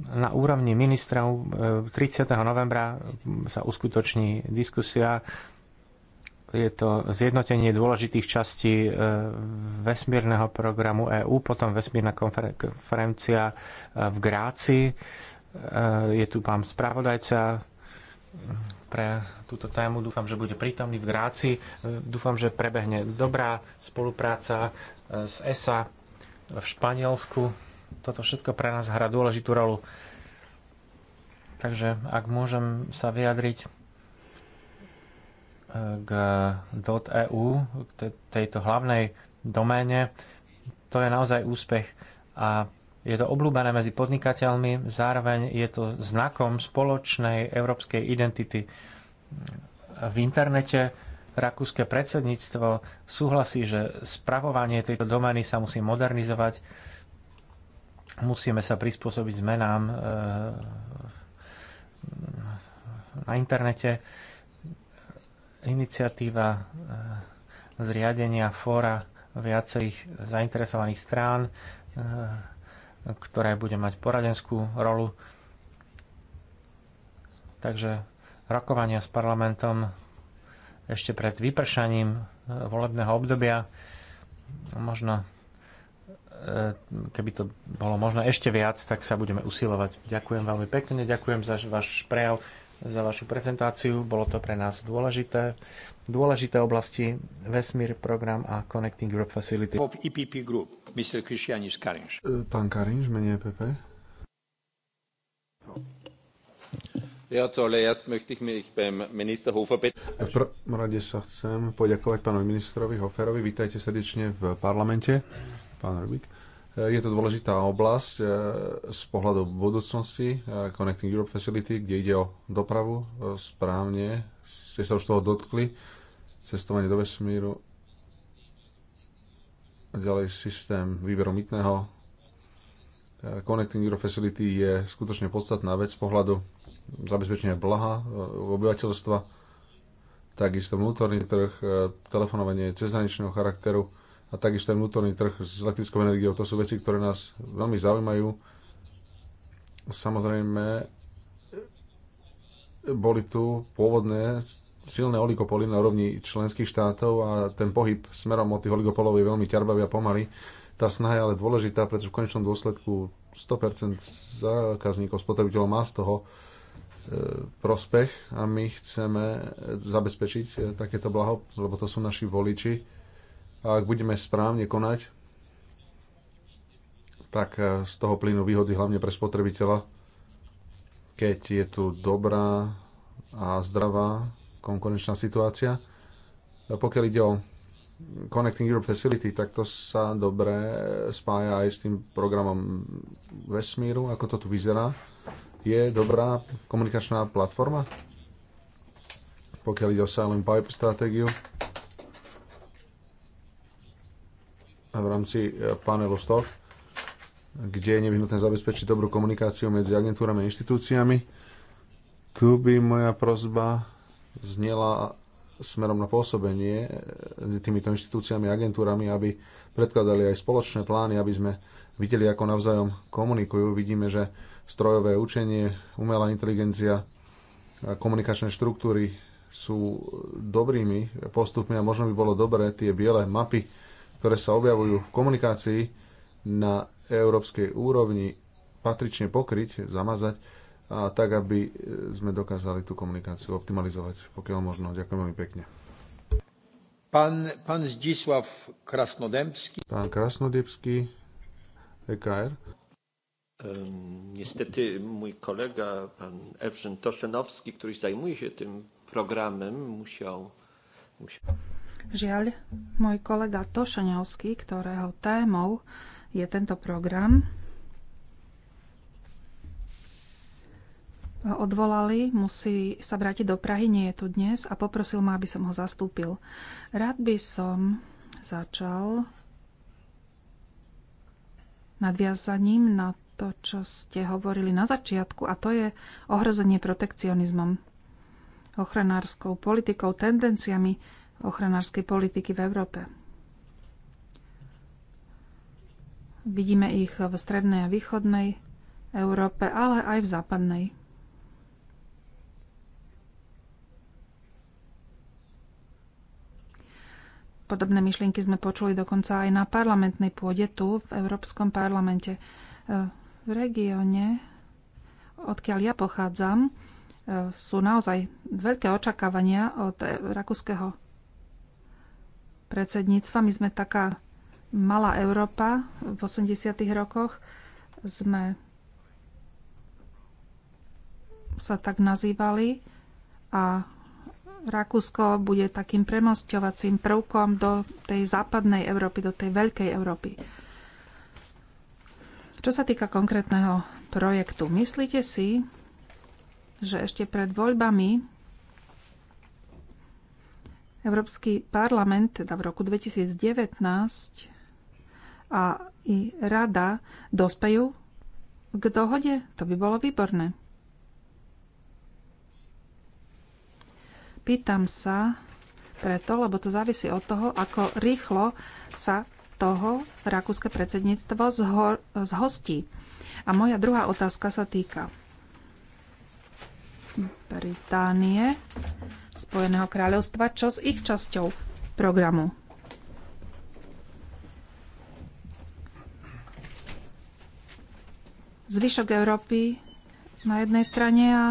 S1: Na úrovni ministrov 30. E, novembra sa uskutoční diskusia. Je to zjednotenie dôležitých častí e, vesmírneho programu EÚ, potom vesmírna konferencia e, v Gráci. Je tu pán spravodajca pre túto tému. Dúfam, že bude prítomný v Gráci. Dúfam, že prebehne dobrá spolupráca eh, s ESA v Španielsku. Toto všetko pre nás hrá dôležitú rolu. Takže ak môžem sa vyjadriť eh, k .eu, k tejto hlavnej doméne, to je naozaj úspech a je to obľúbené medzi podnikateľmi, zároveň je to znakom spoločnej európskej identity. V internete rakúske predsedníctvo súhlasí, že spravovanie tejto domény sa musí modernizovať, musíme sa prispôsobiť zmenám eh, na internete. Iniciatíva eh, zriadenia fóra viacerých zainteresovaných strán eh, ktoré bude mať poradenskú rolu. Takže rokovania s parlamentom ešte pred vypršaním e, volebného obdobia možno e, keby to bolo možno ešte viac, tak sa budeme usilovať. Ďakujem veľmi pekne, ďakujem za váš prejav, za vašu prezentáciu, bolo to pre nás dôležité dôležité oblasti vesmír program a Connecting Europe Facility. EPP
S3: Group, Mr. Kristianis Karinš. E, pán Karinš, menej EPP. Ja, Zolle, erst möchte ich mich beim Minister Hofer V prvom rade sa chcem poďakovať pánovi ministrovi Hoferovi. Vítajte srdečne v parlamente, pán Rubik. E, je to dôležitá oblasť e, z pohľadu budúcnosti Connecting Europe Facility, kde ide o dopravu. Správne ste sa už toho dotkli, cestovanie do vesmíru, a ďalej systém výberu mytného. E, connecting Euro Facility je skutočne podstatná vec z pohľadu zabezpečenia blaha e, obyvateľstva, takisto vnútorný trh, e, telefonovanie cezhraničného charakteru a takisto aj vnútorný trh s elektrickou energiou. To sú veci, ktoré nás veľmi zaujímajú. Samozrejme, boli tu pôvodné silné oligopoly na úrovni členských štátov a ten pohyb smerom od tých oligopolov je veľmi ťarbavý a pomalý. Tá snaha je ale dôležitá, pretože v konečnom dôsledku 100% zákazníkov, spotrebiteľov má z toho e, prospech a my chceme zabezpečiť e, takéto blaho, lebo to sú naši voliči. A ak budeme správne konať, tak e, z toho plynu výhody hlavne pre spotrebiteľa, keď je tu dobrá a zdravá konkurenčná situácia. A pokiaľ ide o Connecting Europe Facility, tak to sa dobre spája aj s tým programom vesmíru, ako to tu vyzerá. Je dobrá komunikačná platforma, pokiaľ ide o Silent Pipe stratégiu. A v rámci e, panelu 100, kde je nevyhnutné zabezpečiť dobrú komunikáciu medzi agentúrami a inštitúciami. Tu by moja prozba znela smerom na pôsobenie eh, týmito inštitúciami a agentúrami, aby predkladali aj spoločné plány, aby sme videli, ako navzájom komunikujú. Vidíme, že strojové učenie, umelá inteligencia, komunikačné štruktúry sú dobrými postupmi a možno by bolo dobré tie biele mapy, ktoré sa objavujú v komunikácii na európskej úrovni patrične pokryť, zamazať, a tak, aby e, sme dokázali tú komunikáciu optimalizovať, pokiaľ možno. Ďakujem veľmi pekne.
S1: Pán, pán Zdislav Krasnodębski.
S3: Pán Krasnodębski, EKR.
S1: Um, niestety mój kolega, pan Evžen Toszenowski, ktorý zajmuje się tym programem, musiał...
S2: musiał... Žiaľ, môj kolega Tošenovský, ktorého témou je tento program, odvolali, musí sa vrátiť do Prahy, nie je tu dnes a poprosil ma, aby som ho zastúpil. Rád by som začal nadviazaním na to, čo ste hovorili na začiatku, a to je ohrozenie protekcionizmom, ochranárskou politikou, tendenciami ochranárskej politiky v Európe. Vidíme ich v strednej a východnej Európe, ale aj v západnej. Podobné myšlienky sme počuli dokonca aj na parlamentnej pôde tu, v Európskom parlamente. E, v regióne, odkiaľ ja pochádzam, e, sú naozaj veľké očakávania od e, rakúskeho predsedníctva. My sme taká malá Európa v 80. rokoch. Sme sa tak nazývali a Rakúsko bude takým premostovacím prvkom do tej západnej Európy, do tej veľkej Európy. Čo sa týka konkrétneho projektu, myslíte si, že ešte pred voľbami Európsky parlament, teda v roku 2019 a i rada dospejú k dohode? To by bolo výborné. Pýtam sa preto, lebo to závisí od toho, ako rýchlo sa toho rakúske predsedníctvo zho- zhostí. A moja druhá otázka sa týka Británie, Spojeného kráľovstva, čo s ich časťou programu? Zvyšok Európy na jednej strane a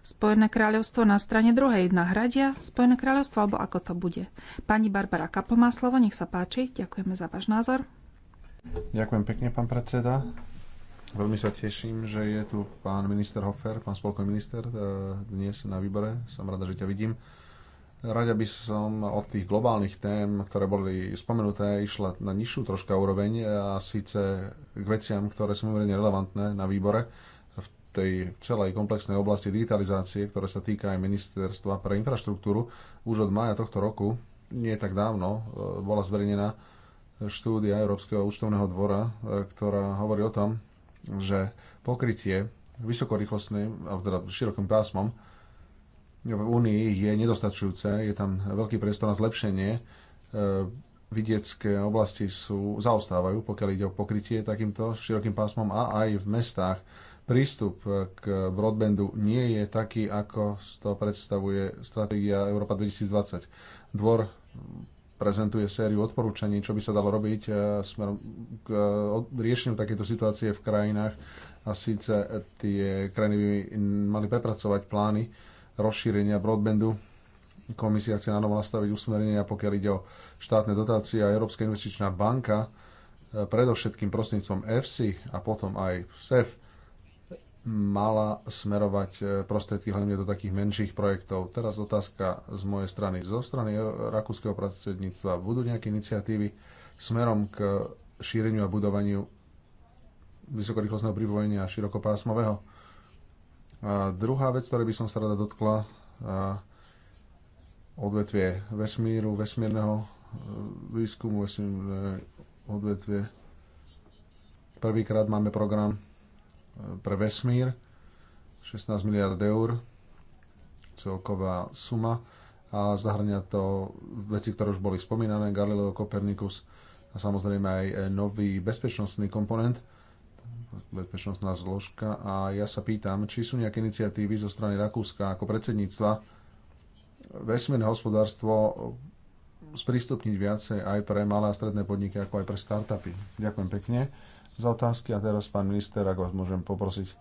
S2: Spojené kráľovstvo na strane druhej. Nahradia Spojené kráľovstvo, alebo ako to bude? Pani Barbara Kapo má slovo, nech sa páči. Ďakujeme za váš názor.
S3: Ďakujem pekne, pán predseda. Veľmi sa teším, že je tu pán minister Hofer, pán spolkový minister, e, dnes na výbore. Som rada, že ťa vidím. Rada by som od tých globálnych tém, ktoré boli spomenuté, išla na nižšiu troška úroveň a síce k veciam, ktoré sú mimoriadne relevantné na výbore tej celej komplexnej oblasti digitalizácie, ktoré sa týka aj ministerstva pre infraštruktúru, už od maja tohto roku, nie tak dávno, e, bola zverejnená štúdia Európskeho účtovného dvora, e, ktorá hovorí o tom, že pokrytie vysokorýchlostným, alebo teda širokým pásmom v Únii je nedostačujúce, je tam veľký priestor na zlepšenie e, vidiecké oblasti sú, zaostávajú, pokiaľ ide o pokrytie takýmto širokým pásmom a aj v mestách prístup k broadbandu nie je taký, ako to predstavuje stratégia Európa 2020. Dvor prezentuje sériu odporúčaní, čo by sa dalo robiť e, smerom k e, riešeniu takéto situácie v krajinách. A síce tie krajiny by mali prepracovať plány rozšírenia broadbandu. Komisia chce na nastaviť usmerenia, pokiaľ ide o štátne dotácie a Európska investičná banka, e, predovšetkým prostredníctvom EFSI a potom aj SEF mala smerovať e, prostriedky hlavne do takých menších projektov. Teraz otázka z mojej strany. Zo strany rakúskeho predsedníctva budú nejaké iniciatívy smerom k šíreniu a budovaniu vysokorýchlostného pripojenia širokopásmového? A druhá vec, ktorej by som sa rada dotkla, odvetvie vesmíru, vesmírneho e, výskumu, vesmírne odvetvie. Prvýkrát máme program pre vesmír, 16 miliard eur, celková suma a zahrňa to veci, ktoré už boli spomínané, Galileo, Copernicus a samozrejme aj e, nový bezpečnostný komponent, bezpečnostná zložka a ja sa pýtam, či sú nejaké iniciatívy zo strany Rakúska ako predsedníctva vesmírne hospodárstvo sprístupniť viacej aj pre malé a stredné podniky, ako aj pre startupy. Ďakujem pekne z otázky. A teraz, pán minister, ak vás môžem poprosiť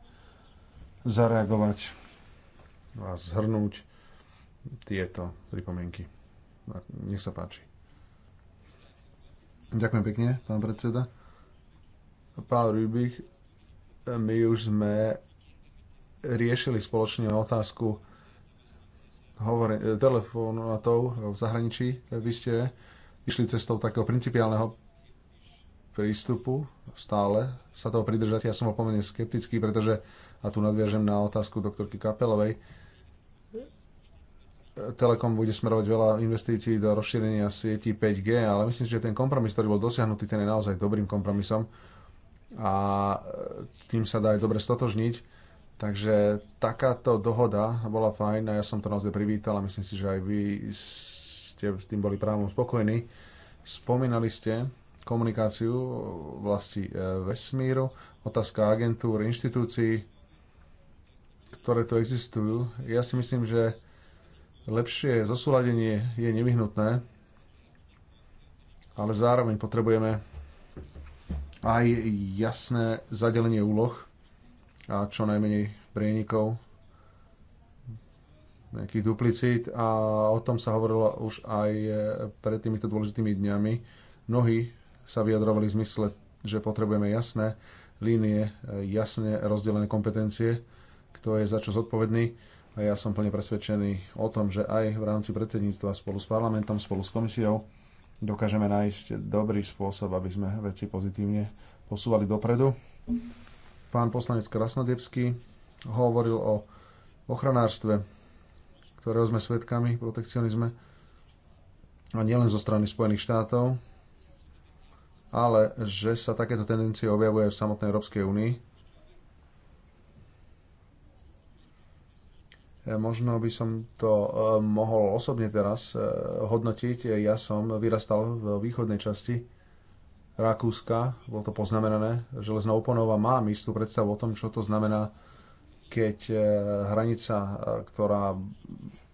S3: zareagovať a zhrnúť tieto pripomienky. Nech sa páči. Ďakujem pekne, pán predseda. Pán Rubik, my už sme riešili spoločne otázku hovore, telefonátov v zahraničí. Vy ste išli cestou takého principiálneho prístupu, stále sa toho pridržať. Ja som ho pomerne skeptický, pretože, a tu nadviažem na otázku doktorky Kapelovej, Telekom bude smerovať veľa investícií do rozšírenia sieti 5G, ale myslím, že ten kompromis, ktorý bol dosiahnutý, ten je naozaj dobrým kompromisom a e, tým sa dá aj dobre stotožniť. Takže takáto dohoda bola fajn a ja som to naozaj privítal a myslím si, že aj vy ste s tým boli právom spokojní. Spomínali ste komunikáciu vlasti e, vesmíru, otázka agentúr, inštitúcií, ktoré tu existujú. Ja si myslím, že lepšie zosúladenie je nevyhnutné, ale zároveň potrebujeme aj jasné zadelenie úloh a čo najmenej prienikov, nejakých duplicít a o tom sa hovorilo už aj pred týmito dôležitými dňami. Mnohí sa vyjadrovali v zmysle, že potrebujeme jasné línie, jasne rozdelené kompetencie, kto je za čo zodpovedný. A ja som plne presvedčený o tom, že aj v rámci predsedníctva spolu s parlamentom, spolu s komisiou dokážeme nájsť dobrý spôsob, aby sme veci pozitívne posúvali dopredu. Pán poslanec Krasnodebský hovoril o ochranárstve, ktorého sme svedkami, protekcionizme, a nielen zo strany Spojených štátov, ale že sa takéto tendencie objavuje v samotnej Európskej únii. E, možno by som to e, mohol osobne teraz e, hodnotiť. Ja som vyrastal v východnej časti Rakúska, bolo to poznamenané, železná oponova má istú predstavu o tom, čo to znamená, keď hranica, ktorá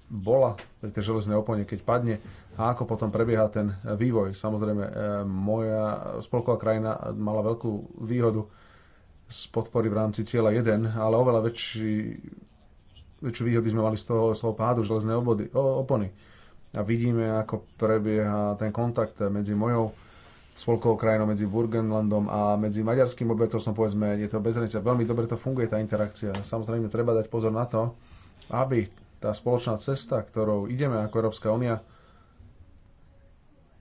S3: bola pri tej železnej opone, keď padne a ako potom prebieha ten vývoj. Samozrejme, e, moja spolková krajina mala veľkú výhodu z podpory v rámci cieľa 1, ale oveľa väčší, väčšiu výhody sme mali z toho, z toho pádu železnej obody, opony. A vidíme, ako prebieha ten kontakt medzi mojou spolkovou krajinou, medzi Burgenlandom a medzi maďarským obyvateľstvom, povedzme, je to bez Veľmi dobre to funguje, tá interakcia. Samozrejme, treba dať pozor na to, aby tá spoločná cesta, ktorou ideme ako Európska únia,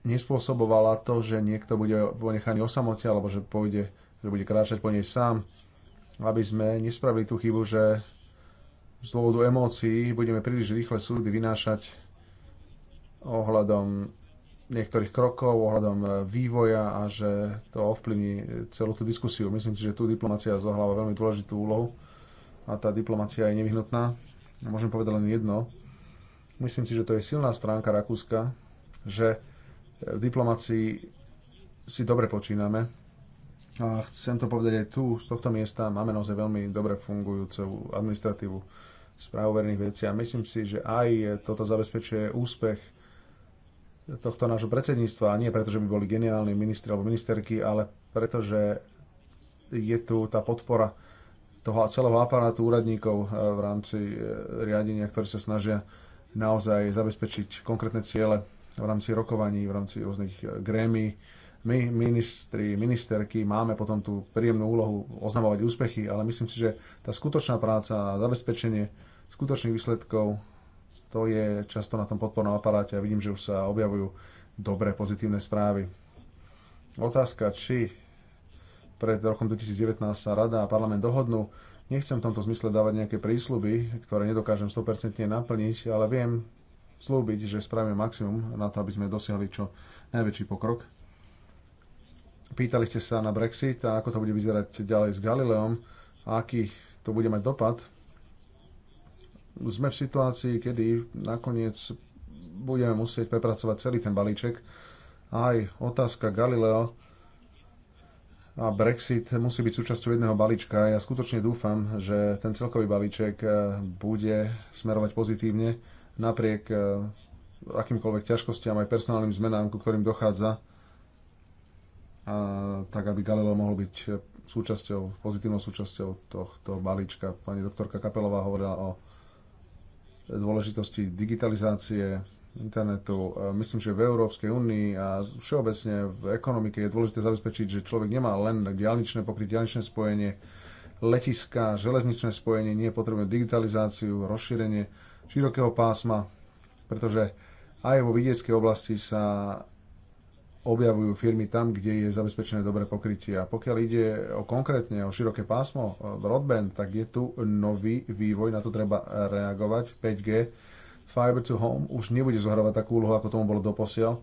S3: nespôsobovala to, že niekto bude ponechaný o samote, alebo že pôjde, že bude kráčať po nej sám, aby sme nespravili tú chybu, že z dôvodu emócií budeme príliš rýchle súdy vynášať ohľadom niektorých krokov, ohľadom e, vývoja a že to ovplyvní celú tú diskusiu. Myslím si, že tu diplomacia zohláva veľmi dôležitú úlohu a tá diplomacia je nevyhnutná No, môžem povedať len jedno. Myslím si, že to je silná stránka Rakúska, že e, v diplomácii si dobre počíname. A chcem to povedať aj tu, z tohto miesta máme naozaj veľmi dobre fungujúcu administratívu správu verejných vecí a myslím si, že aj toto zabezpečuje úspech tohto nášho predsedníctva, a nie preto, že by boli geniálni ministri alebo ministerky, ale preto, že je tu tá podpora toho celého aparátu úradníkov e, v rámci e, riadenia, ktorí sa snažia naozaj zabezpečiť konkrétne ciele v rámci rokovaní, v rámci rôznych e, grémy. My, ministri, ministerky, máme potom tú príjemnú úlohu oznamovať úspechy, ale myslím si, že tá skutočná práca a zabezpečenie skutočných výsledkov, to je často na tom podpornom aparáte a vidím, že už sa objavujú dobré pozitívne správy. Otázka, či pred rokom 2019 sa rada a parlament dohodnú. Nechcem v tomto zmysle dávať nejaké prísľuby, ktoré nedokážem 100% naplniť, ale viem slúbiť, že spravíme maximum na to, aby sme dosiahli čo najväčší pokrok. Pýtali ste sa na Brexit a ako to bude vyzerať ďalej s Galileom a aký to bude mať dopad. Sme v situácii, kedy nakoniec budeme musieť prepracovať celý ten balíček. Aj otázka Galileo a Brexit musí byť súčasťou jedného balíčka. Ja skutočne dúfam, že ten celkový balíček eh, bude smerovať pozitívne napriek eh, akýmkoľvek ťažkostiam aj personálnym zmenám, ku ktorým dochádza, a tak aby Galileo mohol byť eh, súčasťou, pozitívnou súčasťou tohto balíčka. Pani doktorka Kapelová hovorila o dôležitosti digitalizácie, internetu. E, myslím, že v Európskej únii a všeobecne v ekonomike je dôležité zabezpečiť, že človek nemá len diálničné pokryť diálničné spojenie, letiska, železničné spojenie, nie potrebuje digitalizáciu, rozšírenie širokého pásma, pretože aj vo vidieckej oblasti sa objavujú firmy tam, kde je zabezpečené dobré pokrytie. A pokiaľ ide o konkrétne o široké pásmo e, broadband, tak je tu nový vývoj, na to treba reagovať, 5G Fiber to Home už nebude zohrávať takú úlohu, ako tomu bolo doposiaľ.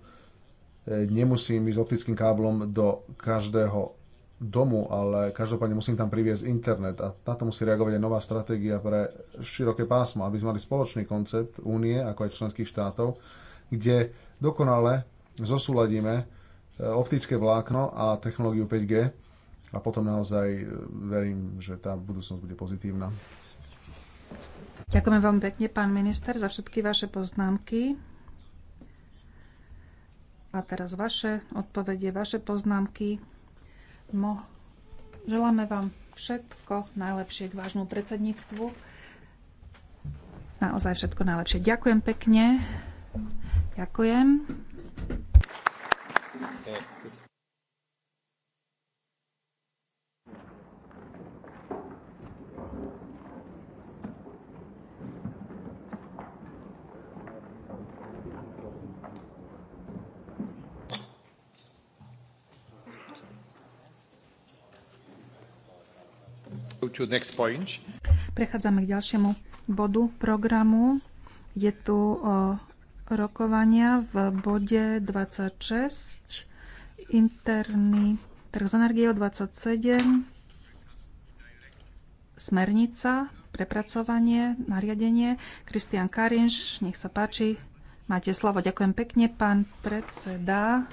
S3: E, nemusím ísť optickým káblom do každého domu, ale každopádne musím tam priviesť internet a na to musí reagovať aj nová stratégia pre široké pásmo, aby sme mali spoločný koncept únie, ako aj členských štátov, kde dokonale zosúladíme e, optické vlákno a technológiu 5G a potom naozaj e, verím, že tá budúcnosť bude pozitívna.
S2: Ďakujem vám pekne, pán minister, za všetky vaše poznámky. A teraz vaše odpovede, vaše poznámky. Mo- Želáme vám všetko najlepšie k vášmu predsedníctvu. Naozaj všetko najlepšie. Ďakujem pekne. Ďakujem.
S1: Okay. Eh,
S3: to next point.
S2: Prechádzame k ďalšiemu bodu programu. Je tu o rokovania v bode 26, interný trh s energiou 27, smernica, prepracovanie, nariadenie. Kristian Karinš, nech sa páči, máte slovo. Ďakujem pekne, pán predseda,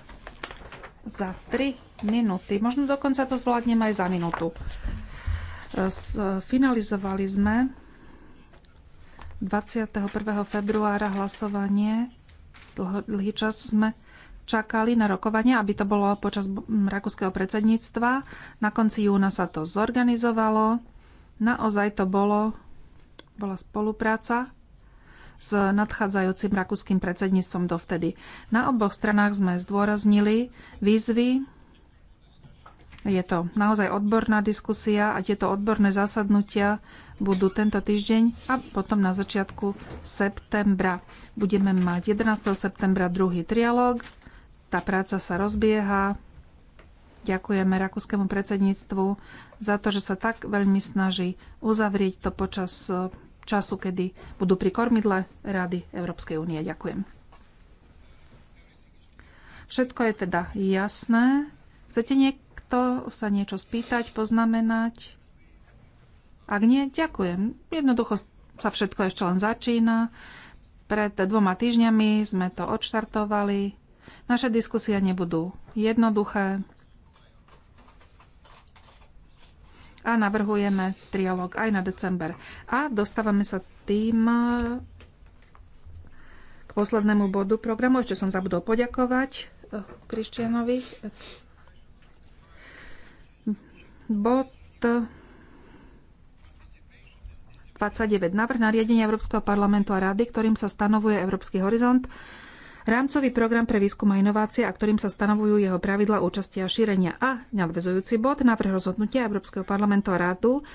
S2: za 3 minúty. Možno dokonca to zvládnem aj za minútu. Finalizovali sme 21. februára hlasovanie. Dlhý čas sme čakali na rokovanie, aby to bolo počas rakúskeho predsedníctva. Na konci júna sa to zorganizovalo. Naozaj to bolo, bola spolupráca s nadchádzajúcim rakúskym predsedníctvom dovtedy. Na oboch stranách sme zdôraznili výzvy, je to naozaj odborná diskusia a tieto odborné zasadnutia budú tento týždeň a potom na začiatku septembra. Budeme mať 11. septembra druhý trialog. Tá práca sa rozbieha. Ďakujeme rakúskému predsedníctvu za to, že sa tak veľmi snaží uzavrieť to počas e, času, kedy budú pri kormidle Rady Európskej únie. Ďakujem. Všetko je teda jasné. Chcete niekto? takto sa niečo spýtať, poznamenať? Ak nie, ďakujem. Jednoducho sa všetko ešte len začína. Pred dvoma týždňami sme to odštartovali. Naše diskusie nebudú jednoduché. A navrhujeme trialog aj na december. A dostávame sa tým e, k poslednému bodu programu. Ešte som zabudol poďakovať e, Krištianovi, Bod 29. Návrh nariadenia Európskeho parlamentu a rady, ktorým sa stanovuje Európsky horizont, rámcový program pre výskum a inovácie a ktorým sa stanovujú jeho pravidla účasti a šírenia. A nadvezujúci bod, návrh rozhodnutia Európskeho parlamentu a rádu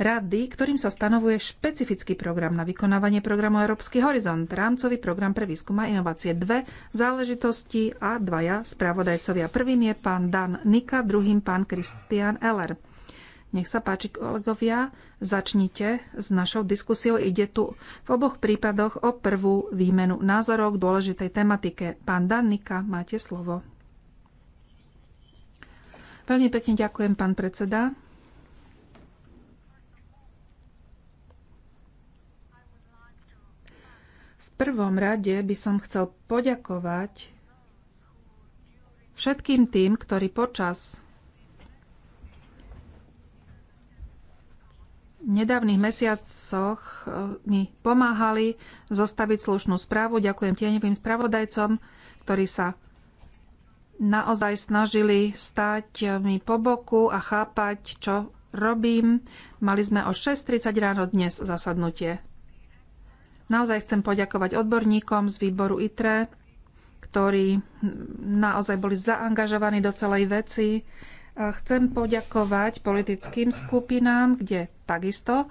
S2: Rady, ktorým sa stanovuje špecifický program na vykonávanie programu Európsky horizont, rámcový program pre výskum a inovácie. Dve záležitosti a dvaja správodajcovia. Prvým je pán Dan Nika, druhým pán Kristian Eller. Nech sa páči, kolegovia, začnite s našou diskusiou. Ide tu v oboch prípadoch o prvú výmenu názorov k dôležitej tematike. Pán Dan Nika, máte slovo. Veľmi pekne ďakujem, pán predseda. prvom rade by som chcel poďakovať všetkým tým, ktorí počas nedávnych mesiacoch eh, mi pomáhali zostaviť slušnú správu. Ďakujem tieňovým spravodajcom, ktorí sa naozaj snažili stať eh, mi po boku a chápať, čo robím. Mali sme o 6.30 ráno dnes zasadnutie. Naozaj chcem poďakovať odborníkom z výboru ITRE, ktorí naozaj boli zaangažovaní do celej veci. Chcem poďakovať politickým skupinám, kde takisto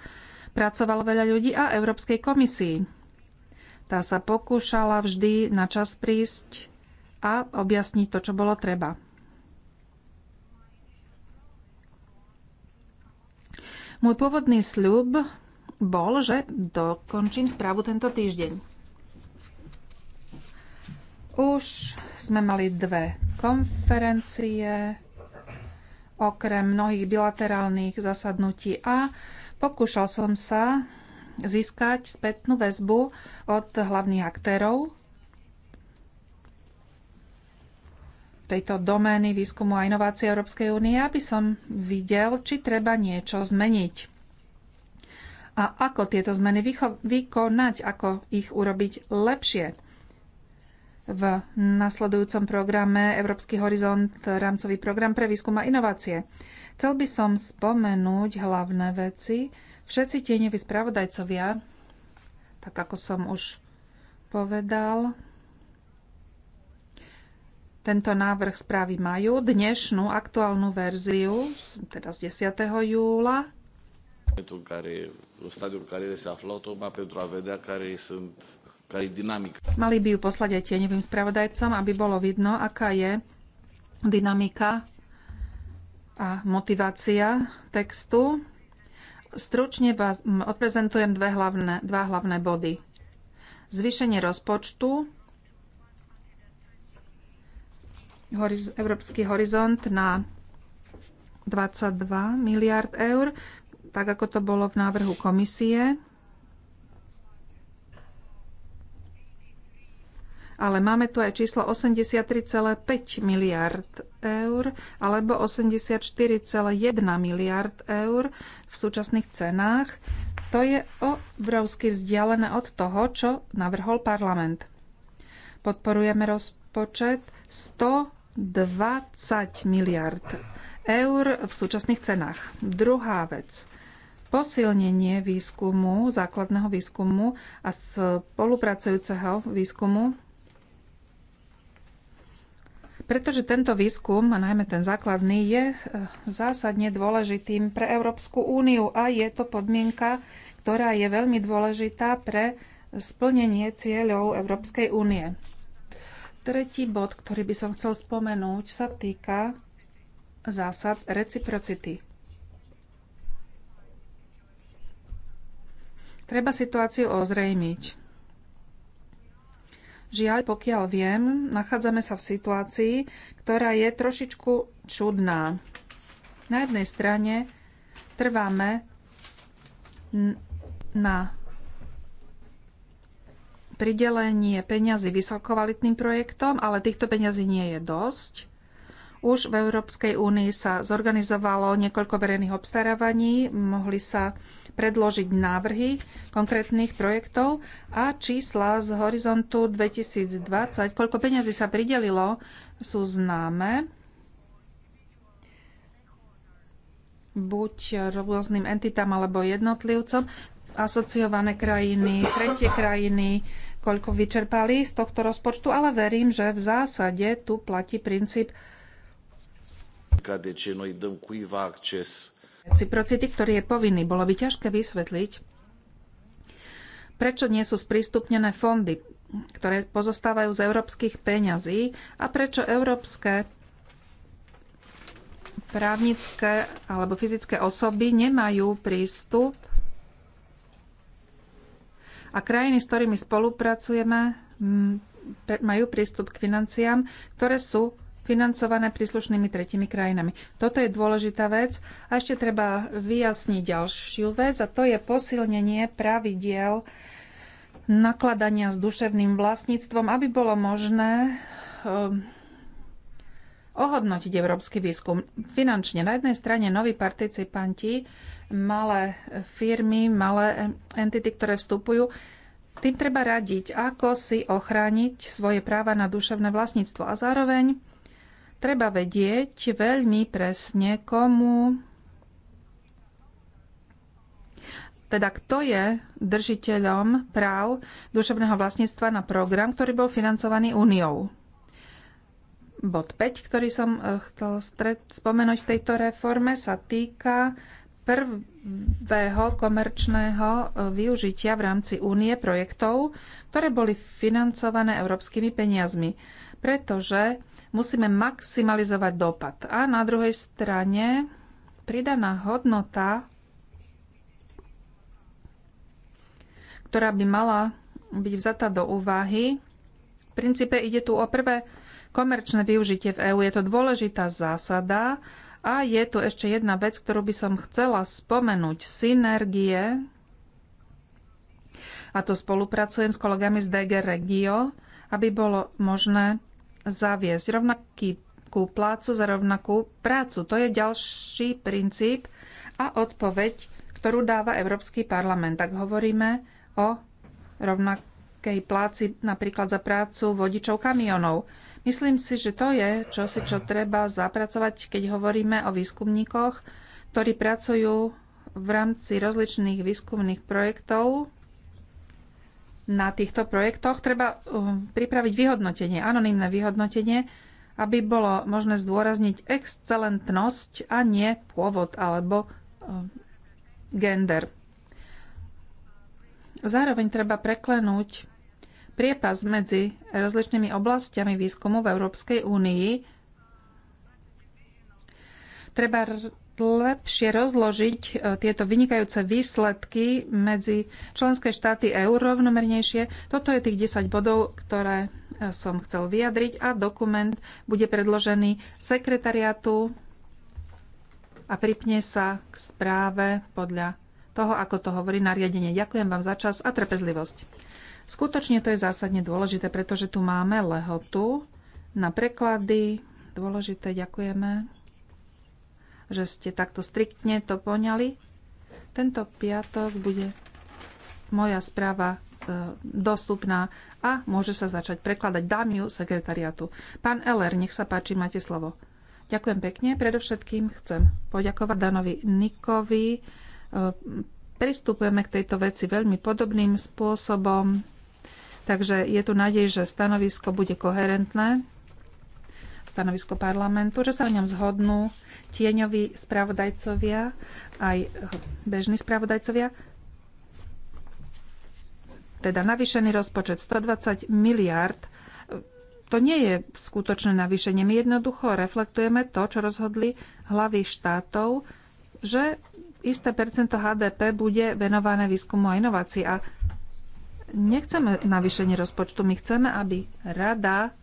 S2: pracovalo veľa ľudí, a Európskej komisii. Tá sa pokúšala vždy na čas prísť a objasniť to, čo bolo treba. Môj pôvodný sľub bol, že dokončím správu tento týždeň. Už sme mali dve konferencie, okrem mnohých bilaterálnych zasadnutí a pokúšal som sa získať spätnú väzbu od hlavných aktérov tejto domény výskumu a inovácie Európskej únie, aby som videl, či treba niečo zmeniť a ako tieto zmeny vykonať, ako ich urobiť lepšie. V nasledujúcom programe Európsky horizont rámcový program pre výskum a inovácie. Chcel by som spomenúť hlavné veci. Všetci tieňoví spravodajcovia, tak ako som už povedal, tento návrh správy majú dnešnú aktuálnu verziu, teda z 10. júla
S3: în stadiul în care se află tocmai pentru a vedea care sunt care je dynamika.
S2: Mali by ju poslať aj tieňovým spravodajcom, aby bolo vidno, aká je dynamika a motivácia textu. Stručne vás odprezentujem dve hlavné, dva hlavné body. Zvýšenie rozpočtu, Európsky horizont na 22 miliard eur, tak ako to bolo v návrhu komisie. ale máme tu aj číslo 83,5 miliard eur alebo 84,1 miliard eur v súčasných cenách. To je obrovsky vzdialené od toho, čo navrhol parlament. Podporujeme rozpočet 120 miliard eur v súčasných cenách. Druhá vec posilnenie výskumu, základného výskumu a spolupracujúceho výskumu, pretože tento výskum, a najmä ten základný, je eh, zásadne dôležitým pre Európsku úniu a je to podmienka, ktorá je veľmi dôležitá pre splnenie cieľov Európskej únie. Tretí bod, ktorý by som chcel spomenúť, sa týka zásad reciprocity. Treba situáciu ozrejmiť. Žiaľ, pokiaľ viem, nachádzame sa v situácii, ktorá je trošičku čudná. Na jednej strane trváme na pridelenie peňazí vysokokvalitným projektom, ale týchto peňazí nie je dosť. Už v Európskej únii sa zorganizovalo niekoľko verejných obstarávaní, mohli sa predložiť návrhy konkrétnych projektov a čísla z horizontu 2020, koľko peňazí sa pridelilo, sú známe. buď rôznym entitám alebo jednotlivcom, asociované krajiny, tretie krajiny, koľko vyčerpali z tohto rozpočtu, ale verím, že v zásade tu platí princíp.
S3: Deci noi dăm cuiva acces
S2: reciprocity, ktorý je povinný. Bolo by ťažké vysvetliť, prečo nie sú sprístupnené fondy, ktoré pozostávajú z európskych peňazí a prečo európske právnické alebo fyzické osoby nemajú prístup a krajiny, s ktorými spolupracujeme, majú prístup k financiám, ktoré sú financované príslušnými tretimi krajinami. Toto je dôležitá vec a ešte treba vyjasniť ďalšiu vec a to je posilnenie pravidiel nakladania s duševným vlastníctvom, aby bolo možné ehm, ohodnotiť európsky výskum finančne. Na jednej strane noví participanti, malé firmy, malé entity, ktoré vstupujú, tým treba radiť, ako si ochrániť svoje práva na duševné vlastníctvo a zároveň Treba vedieť veľmi presne, komu teda kto je držiteľom práv duševného vlastníctva na program, ktorý bol financovaný úniou. Bod 5, ktorý som e, chcel spomenúť v tejto reforme, sa týka prvého komerčného e, využitia v rámci únie projektov, ktoré boli financované európskymi peniazmi. Pretože Musíme maximalizovať dopad. A na druhej strane pridaná hodnota, ktorá by mala byť vzata do úvahy, v princípe ide tu o prvé komerčné využitie v EÚ. Je to dôležitá zásada a je tu ešte jedna vec, ktorú by som chcela spomenúť. Synergie. A to spolupracujem s kolegami z DG Regio, aby bolo možné zaviesť rovnaký rovnakú plácu za rovnakú prácu. To je ďalší princíp a odpoveď, ktorú dáva Európsky parlament. Ak hovoríme o rovnakej pláci napríklad za prácu vodičov kamionov. Myslím si, že to je čosi, čo treba zapracovať, keď hovoríme o výskumníkoch, ktorí pracujú v rámci rozličných výskumných projektov na týchto projektoch treba um, pripraviť vyhodnotenie, anonimné vyhodnotenie, aby bolo možné zdôrazniť excelentnosť a nie pôvod alebo um, gender. Zároveň treba preklenúť priepas medzi rozličnými oblastiami výskumu v Európskej únii. Treba lepšie rozložiť e, tieto vynikajúce výsledky medzi členské štáty EÚ rovnomernejšie. Toto je tých 10 bodov, ktoré e, som chcel vyjadriť a dokument bude predložený sekretariatu a pripne sa k správe podľa toho, ako to hovorí nariadenie. Ďakujem vám za čas a trpezlivosť. Skutočne to je zásadne dôležité, pretože tu máme lehotu na preklady. Dôležité, ďakujeme že ste takto striktne to poňali. Tento piatok bude moja správa e, dostupná a môže sa začať prekladať. dámiu sekretariatu. Pán Eller, nech sa páči, máte slovo. Ďakujem pekne. Predovšetkým chcem poďakovať Danovi Nikovi. E, pristupujeme k tejto veci veľmi podobným spôsobom, takže je tu nádej, že stanovisko bude koherentné, stanovisko parlamentu, že sa o ňom zhodnú tieňoví spravodajcovia, aj bežní spravodajcovia. Teda navýšený rozpočet 120 miliárd. To nie je skutočné navýšenie. My jednoducho reflektujeme to, čo rozhodli hlavy štátov, že isté percento HDP bude venované výskumu a inovácii. A nechceme navýšenie rozpočtu, my chceme, aby rada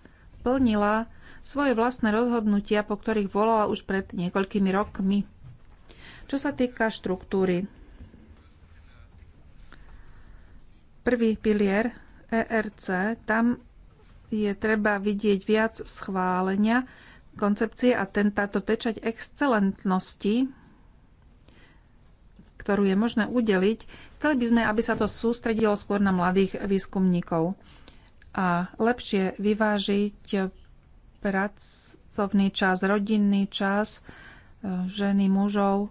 S2: plnila svoje vlastné rozhodnutia, po ktorých volala už pred niekoľkými rokmi. Čo sa týka štruktúry, prvý pilier ERC, tam je treba vidieť viac schválenia koncepcie a ten, táto pečať excelentnosti, ktorú je možné udeliť, chceli by sme, aby sa to sústredilo skôr na mladých výskumníkov a lepšie vyvážiť pracovný čas, rodinný čas e, ženy, mužov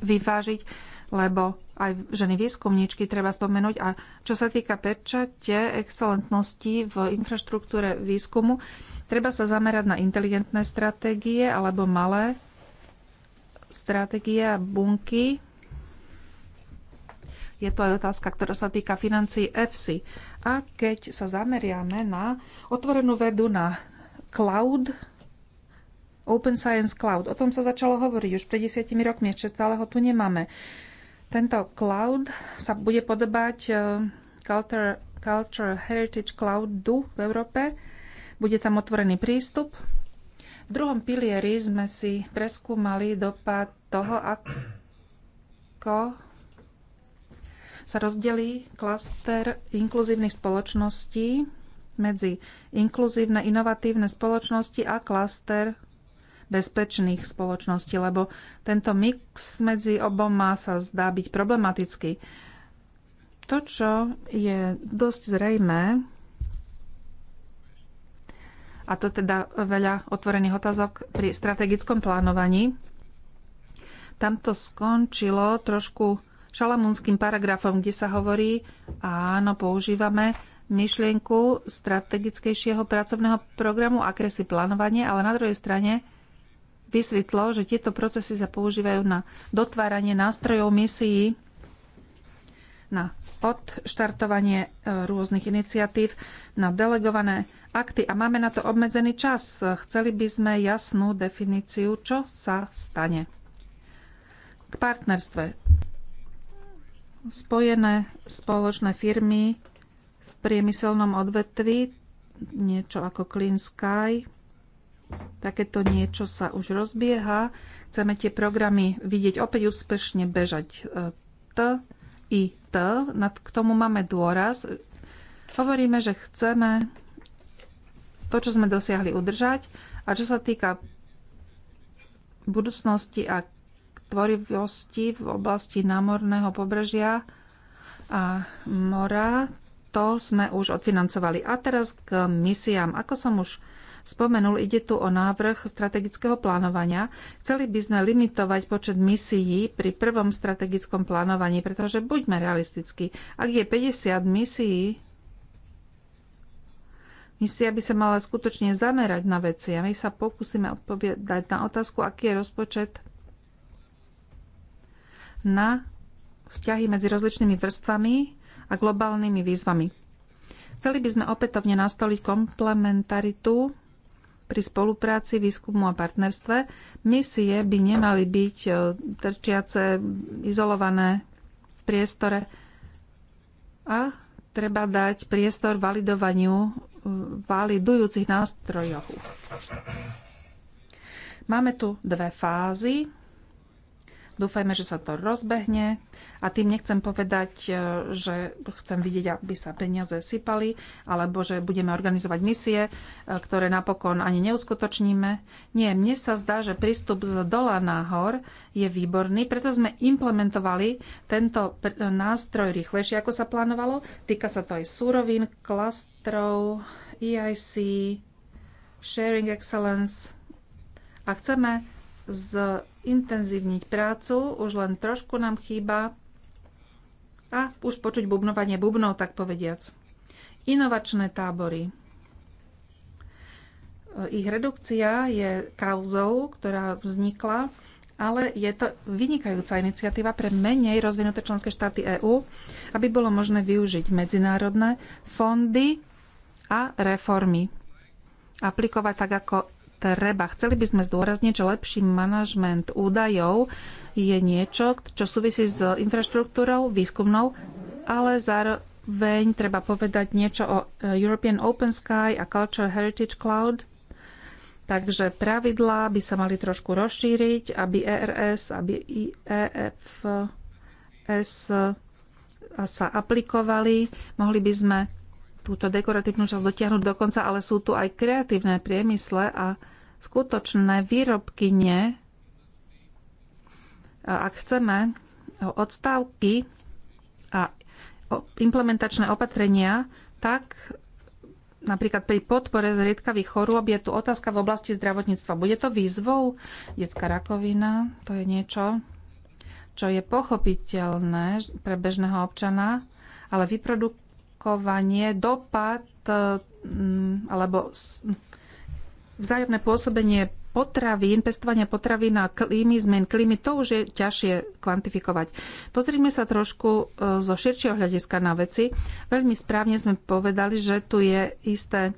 S2: vyvážiť, lebo aj ženy výskumníčky treba spomenúť. A čo sa týka pečate excelentnosti v infraštruktúre výskumu, treba sa zamerať na inteligentné stratégie alebo malé stratégie a bunky je to aj otázka, ktorá sa týka financií EFSI. A keď sa zameriame na otvorenú vedu na cloud, Open Science Cloud, o tom sa začalo hovoriť už pred desiatimi rokmi, ešte stále ho tu nemáme. Tento cloud sa bude podobať e, Culture, Culture Heritage Cloudu v Európe. Bude tam otvorený prístup, v druhom pilieri sme si preskúmali dopad toho, ako sa rozdelí klaster inkluzívnych spoločností medzi inkluzívne inovatívne spoločnosti a klaster bezpečných spoločností, lebo tento mix medzi oboma sa zdá byť problematický. To, čo je dosť zrejmé, a to teda veľa otvorených otázok pri strategickom plánovaní, Tamto skončilo trošku šalamúnským paragrafom, kde sa hovorí, áno, používame myšlienku strategickejšieho pracovného programu, akési plánovanie, ale na druhej strane vysvetlo, že tieto procesy sa používajú na dotváranie nástrojov misií, na odštartovanie e, rôznych iniciatív, na delegované akty a máme na to obmedzený čas. Chceli by sme jasnú definíciu, čo sa stane. K partnerstve spojené spoločné firmy v priemyselnom odvetvi, niečo ako Clean Sky, takéto niečo sa už rozbieha. Chceme tie programy vidieť opäť úspešne bežať. E, T, I, T, k tomu máme dôraz. Hovoríme, že chceme to, čo sme dosiahli, udržať. A čo sa týka budúcnosti a tvorivosti v oblasti námorného pobrežia a mora. To sme už odfinancovali. A teraz k misiám. Ako som už spomenul, ide tu o návrh strategického plánovania. Chceli by sme limitovať počet misií pri prvom strategickom plánovaní, pretože buďme realistickí. Ak je 50 misií, Misia by sa mala skutočne zamerať na veci a my sa pokúsime odpovedať na otázku, aký je rozpočet na vzťahy medzi rozličnými vrstvami a globálnymi výzvami. Chceli by sme opätovne nastoliť komplementaritu pri spolupráci, výskumu a partnerstve. Misie by nemali byť e, trčiace, izolované v priestore a treba dať priestor validovaniu e, validujúcich nástrojov. Máme tu dve fázy Dúfajme, že sa to rozbehne a tým nechcem povedať, e, že chcem vidieť, aby sa peniaze sypali alebo že budeme organizovať misie, e, ktoré napokon ani neuskutočníme. Nie, mne sa zdá, že prístup z dola nahor je výborný, preto sme implementovali tento nástroj rýchlejšie, ako sa plánovalo. Týka sa to aj súrovín, klastrov, EIC, Sharing Excellence a chceme z zintenzívniť prácu, už len trošku nám chýba a už počuť bubnovanie bubnov, tak povediac. Inovačné tábory. Ich redukcia je kauzou, ktorá vznikla, ale je to vynikajúca iniciatíva pre menej rozvinuté členské štáty EÚ, aby bolo možné využiť medzinárodné fondy a reformy aplikovať tak ako treba. Chceli by sme zdôrazniť, že lepší manažment údajov je niečo, čo súvisí s infraštruktúrou výskumnou, ale zároveň treba povedať niečo o e, European Open Sky a Cultural Heritage Cloud. Takže pravidlá by sa mali trošku rozšíriť, aby ERS, aby EFS sa aplikovali. Mohli by sme túto dekoratívnu časť dotiahnuť do konca, ale sú tu aj kreatívne priemysle a skutočné výrobkyne. Ak chceme odstávky a implementačné opatrenia, tak napríklad pri podpore zriedkavých chorôb je tu otázka v oblasti zdravotníctva. Bude to výzvou? Detská rakovina, to je niečo, čo je pochopiteľné pre bežného občana, ale vyprodukujú opakovanie dopad e, mm, alebo vzájomné pôsobenie potravín, pestovania potravín a klímy, zmen klímy, to už je ťažšie kvantifikovať. Pozrime sa trošku e, zo širšieho hľadiska na veci. Veľmi správne sme povedali, že tu je isté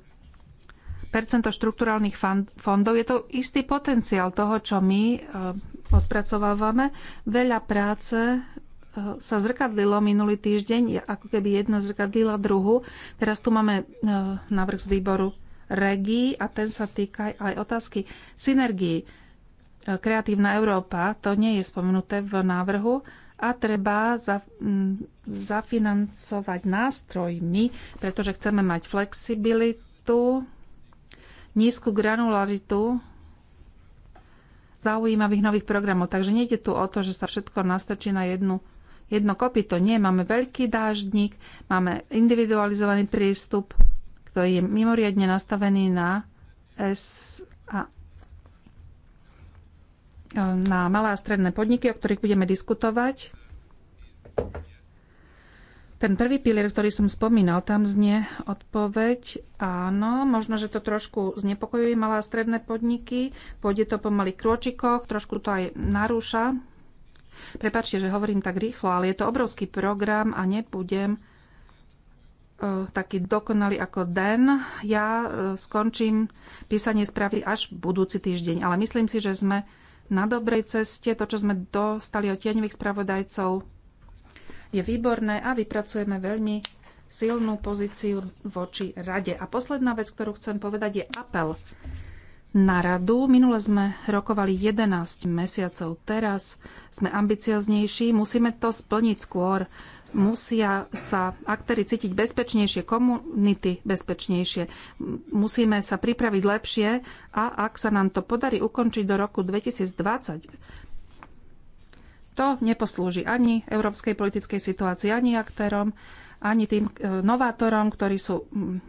S2: percento štrukturálnych fondov. Je to istý potenciál toho, čo my e, odpracovávame. Veľa práce sa zrkadlilo minulý týždeň, ako keby jedna zrkadlila druhu. Teraz tu máme e, návrh z výboru regí a ten sa týka aj otázky synergii. E, Kreatívna Európa, to nie je spomenuté v návrhu a treba za, m, zafinancovať nástrojmi, pretože chceme mať flexibilitu, nízku granularitu zaujímavých nových programov. Takže nejde tu o to, že sa všetko nastrčí na jednu jedno kopyto. Nie, máme veľký dáždnik, máme individualizovaný prístup, ktorý je mimoriadne nastavený na S a e, na malé a stredné podniky, o ktorých budeme diskutovať. Ten prvý pilier, ktorý som spomínal, tam znie odpoveď áno, možno, že to trošku znepokojuje malé a stredné podniky, pôjde to malých krôčikoch, trošku to aj narúša Prepačte, že hovorím tak rýchlo, ale je to obrovský program a nebudem e, taký dokonalý ako den. Ja e, skončím písanie správy až budúci týždeň, ale myslím si, že sme na dobrej ceste. To, čo sme dostali od tieňových spravodajcov, je výborné a vypracujeme veľmi silnú pozíciu voči rade. A posledná vec, ktorú chcem povedať, je apel na radu. Minule sme rokovali 11 mesiacov, teraz sme ambicioznejší, musíme to splniť skôr. Musia sa aktéry cítiť bezpečnejšie, komunity bezpečnejšie. Musíme sa pripraviť lepšie a ak sa nám to podarí ukončiť do roku 2020, to neposlúži ani európskej politickej situácii, ani aktérom, ani tým e, novátorom, ktorí sú mm,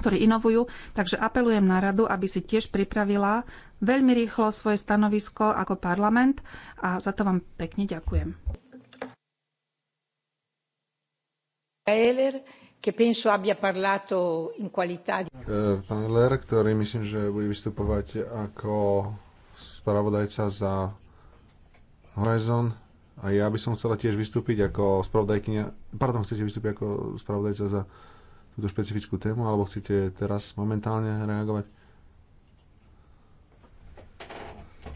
S2: ktorí inovujú. Takže apelujem na radu, aby si tiež pripravila veľmi rýchlo svoje stanovisko ako parlament a za to vám pekne ďakujem. Eh,
S3: pán Ler, ktorý myslím, že bude vystupovať ako spravodajca za Horizon a ja by som chcela tiež vystúpiť ako spravodajkynia, pardon, chcete vystúpiť ako spravodajca za túto špecifickú tému, alebo chcete teraz momentálne reagovať?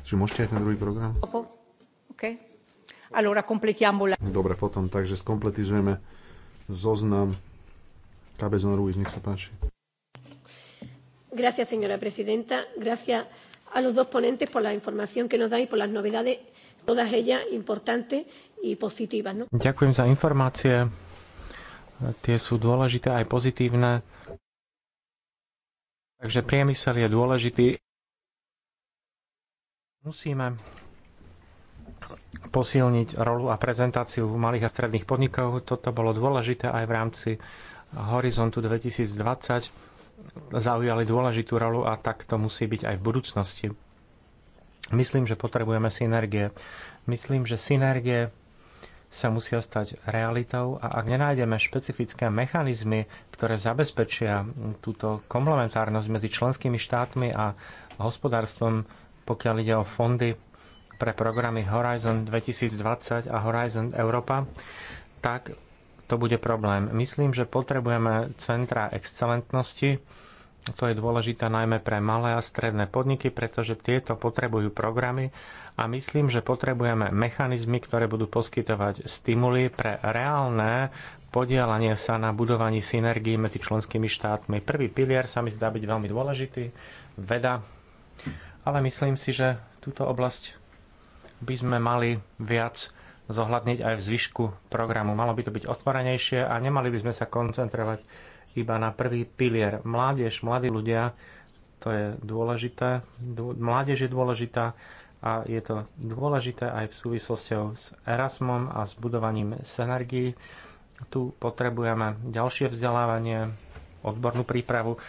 S3: Čiže môžete aj ten druhý program?
S2: OK. Allora completiamo la... Dobre,
S3: potom, takže skompletizujeme zoznam Cabezon Ruiz, nech sa páči.
S1: Gracias, señora presidenta. Gracias a los dos ponentes por la información que nos dan y por las novedades, todas ellas importantes y positivas. No? Ďakujem za informácie Tie sú dôležité aj pozitívne. Takže priemysel je dôležitý. Musíme posilniť rolu a prezentáciu malých a stredných podnikov. Toto bolo dôležité aj v rámci Horizontu 2020. Zaujali dôležitú rolu a tak to musí byť aj v budúcnosti. Myslím, že potrebujeme synergie. Myslím, že synergie sa musia stať realitou a ak nenájdeme špecifické mechanizmy, ktoré zabezpečia túto komplementárnosť medzi členskými štátmi a hospodárstvom, pokiaľ ide o fondy pre programy Horizon 2020 a Horizon Európa, tak to bude problém. Myslím, že potrebujeme centra excelentnosti. To je dôležité najmä pre malé a stredné podniky, pretože tieto potrebujú programy, a myslím, že potrebujeme mechanizmy, ktoré budú poskytovať stimuly pre reálne podielanie sa na budovaní synergií medzi členskými štátmi. Prvý pilier sa mi zdá byť veľmi dôležitý, veda, ale myslím si, že túto oblasť by sme mali viac zohľadniť aj v zvyšku programu. Malo by to byť otvorenejšie a nemali by sme sa koncentrovať iba na prvý pilier. Mládež, mladí ľudia, to je dôležité. Mládež je dôležitá a je to dôležité aj v súvislosti s Erasmom a s budovaním synergií. Tu potrebujeme ďalšie vzdelávanie, odbornú prípravu.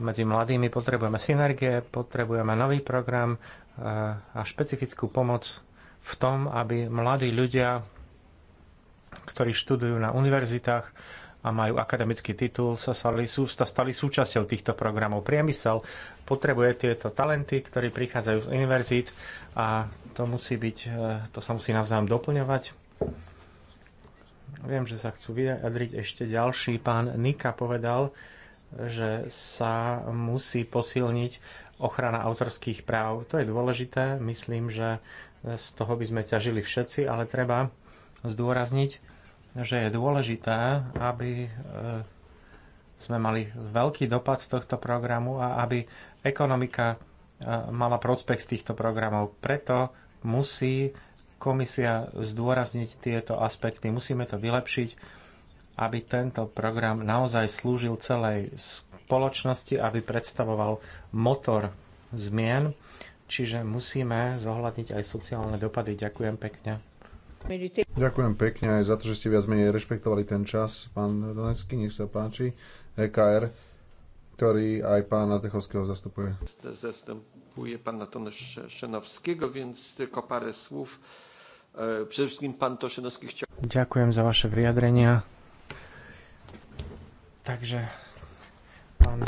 S1: Medzi mladými potrebujeme synergie, potrebujeme nový program eh, a špecifickú pomoc v tom, aby mladí ľudia, ktorí študujú na univerzitách, a majú akademický titul, sa stali, sú, sa stali súčasťou týchto programov. Priemysel potrebuje tieto talenty, ktorí prichádzajú z univerzít a to musí byť, e, to sa musí navzájom doplňovať. Viem, že sa chcú vyjadriť ešte ďalší. Pán Nika povedal, že sa musí posilniť ochrana autorských práv. To je dôležité, myslím, že z toho by sme ťažili všetci, ale treba zdôrazniť, že je dôležité, aby e, sme mali veľký dopad z tohto programu a aby ekonomika e, mala prospech z týchto programov. Preto musí komisia zdôrazniť tieto aspekty. Musíme to vylepšiť, aby tento program naozaj slúžil celej spoločnosti, aby predstavoval motor zmien. Čiže musíme zohľadniť aj sociálne dopady. Ďakujem pekne.
S3: Ďakujem pekne aj za to, že ste viac menej rešpektovali ten čas. Pán Donetsky, nech sa páči. EKR, ktorý aj pána Zdechovského zastupuje.
S1: Zastupuje pana Tomáša Šenovského, więc tylko parę słów. E, przede wszystkim pan Toszenowski chciał...
S3: Ďakujem za vaše
S1: vyjadrenia. Takže, pán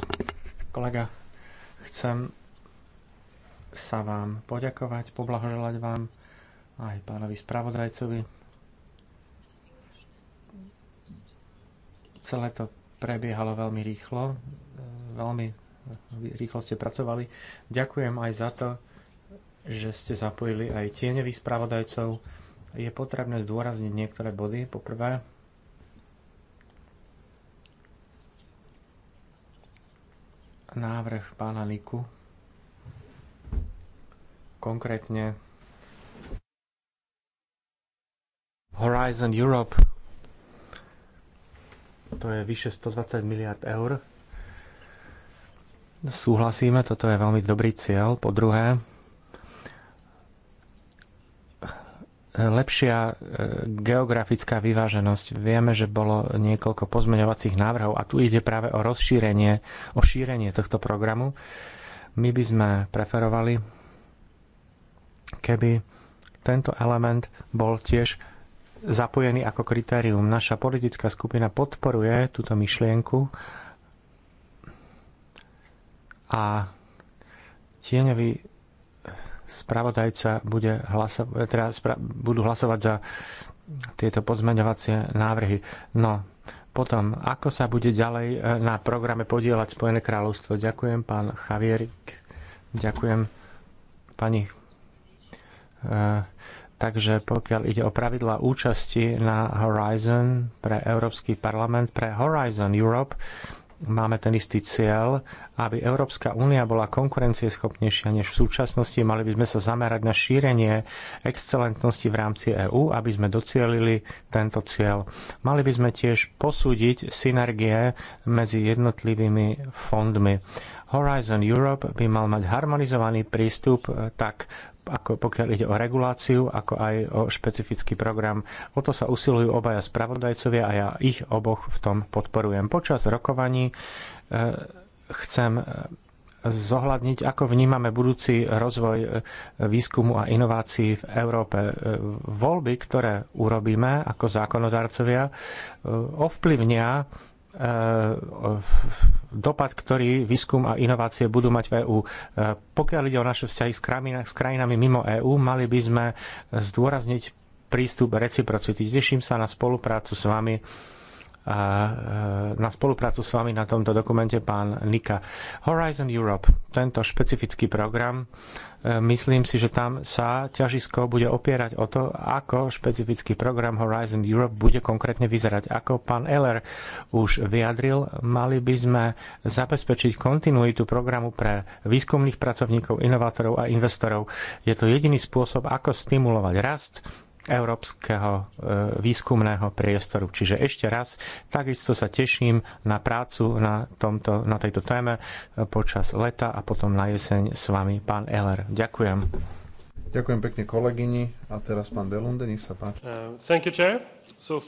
S1: kolega, chcem sa vám poďakovať, poblahoželať vám aj pánovi spravodajcovi. Celé to prebiehalo veľmi rýchlo, veľmi rýchlo ste pracovali. Ďakujem aj za to, že ste zapojili aj tieňových spravodajcov. Je potrebné zdôrazniť niektoré body. Poprvé, návrh pána Liku. Konkrétne Horizon Europe. To je vyše 120 miliard eur. Súhlasíme, toto je veľmi dobrý cieľ. Po druhé, lepšia e, geografická vyváženosť. Vieme, že bolo niekoľko pozmeňovacích návrhov a tu ide práve o rozšírenie, o šírenie tohto programu. My by sme preferovali, keby tento element bol tiež zapojený ako kritérium. Naša politická skupina podporuje túto myšlienku a tieňový spravodajca bude hlasovať, teda spra, budú hlasovať za tieto pozmeňovacie návrhy. No, potom, ako sa bude ďalej eh, na programe podielať Spojené kráľovstvo? Ďakujem, pán Javierik. Ďakujem, pani eh, Takže pokiaľ ide o pravidlá účasti na Horizon pre Európsky parlament, pre Horizon Europe máme ten istý cieľ, aby Európska únia bola konkurencieschopnejšia než v súčasnosti. Mali by sme sa zamerať na šírenie excelentnosti v rámci EÚ, aby sme docielili tento cieľ. Mali by sme tiež posúdiť synergie medzi jednotlivými fondmi. Horizon Europe by mal mať harmonizovaný prístup tak ako pokiaľ ide o reguláciu, ako aj o špecifický program. O to sa usilujú obaja spravodajcovia a ja ich oboch v tom podporujem. Počas rokovaní e, chcem e, zohľadniť, ako vnímame budúci rozvoj e, výskumu a inovácií v Európe. Voľby, ktoré urobíme ako zákonodarcovia, ovplyvnia E, dopad, ktorý výskum a inovácie budú mať v EÚ. E, pokiaľ ide o naše vzťahy s, krajinami, s krajinami mimo EÚ, mali by sme zdôrazniť prístup reciprocity. Teším sa na spoluprácu s vami E, na spoluprácu s vami na tomto dokumente, pán Nika. Horizon Europe, tento špecifický program, e, myslím si, že tam sa ťažisko bude opierať o to, ako špecifický program Horizon Europe bude konkrétne vyzerať. Ako pán Eller už vyjadril, mali by sme zabezpečiť kontinuitu programu pre výskumných pracovníkov, inovátorov a investorov. Je to jediný spôsob, ako stimulovať rast, európskeho e, výskumného priestoru. Čiže ešte raz, takisto sa teším na prácu na, tomto, na tejto téme e, počas leta a potom na jeseň s vami, pán Eller. Ďakujem. Ďakujem
S3: pekne kolegyni a teraz pán Delunde, nech sa páči. Uh, thank you, chair. So...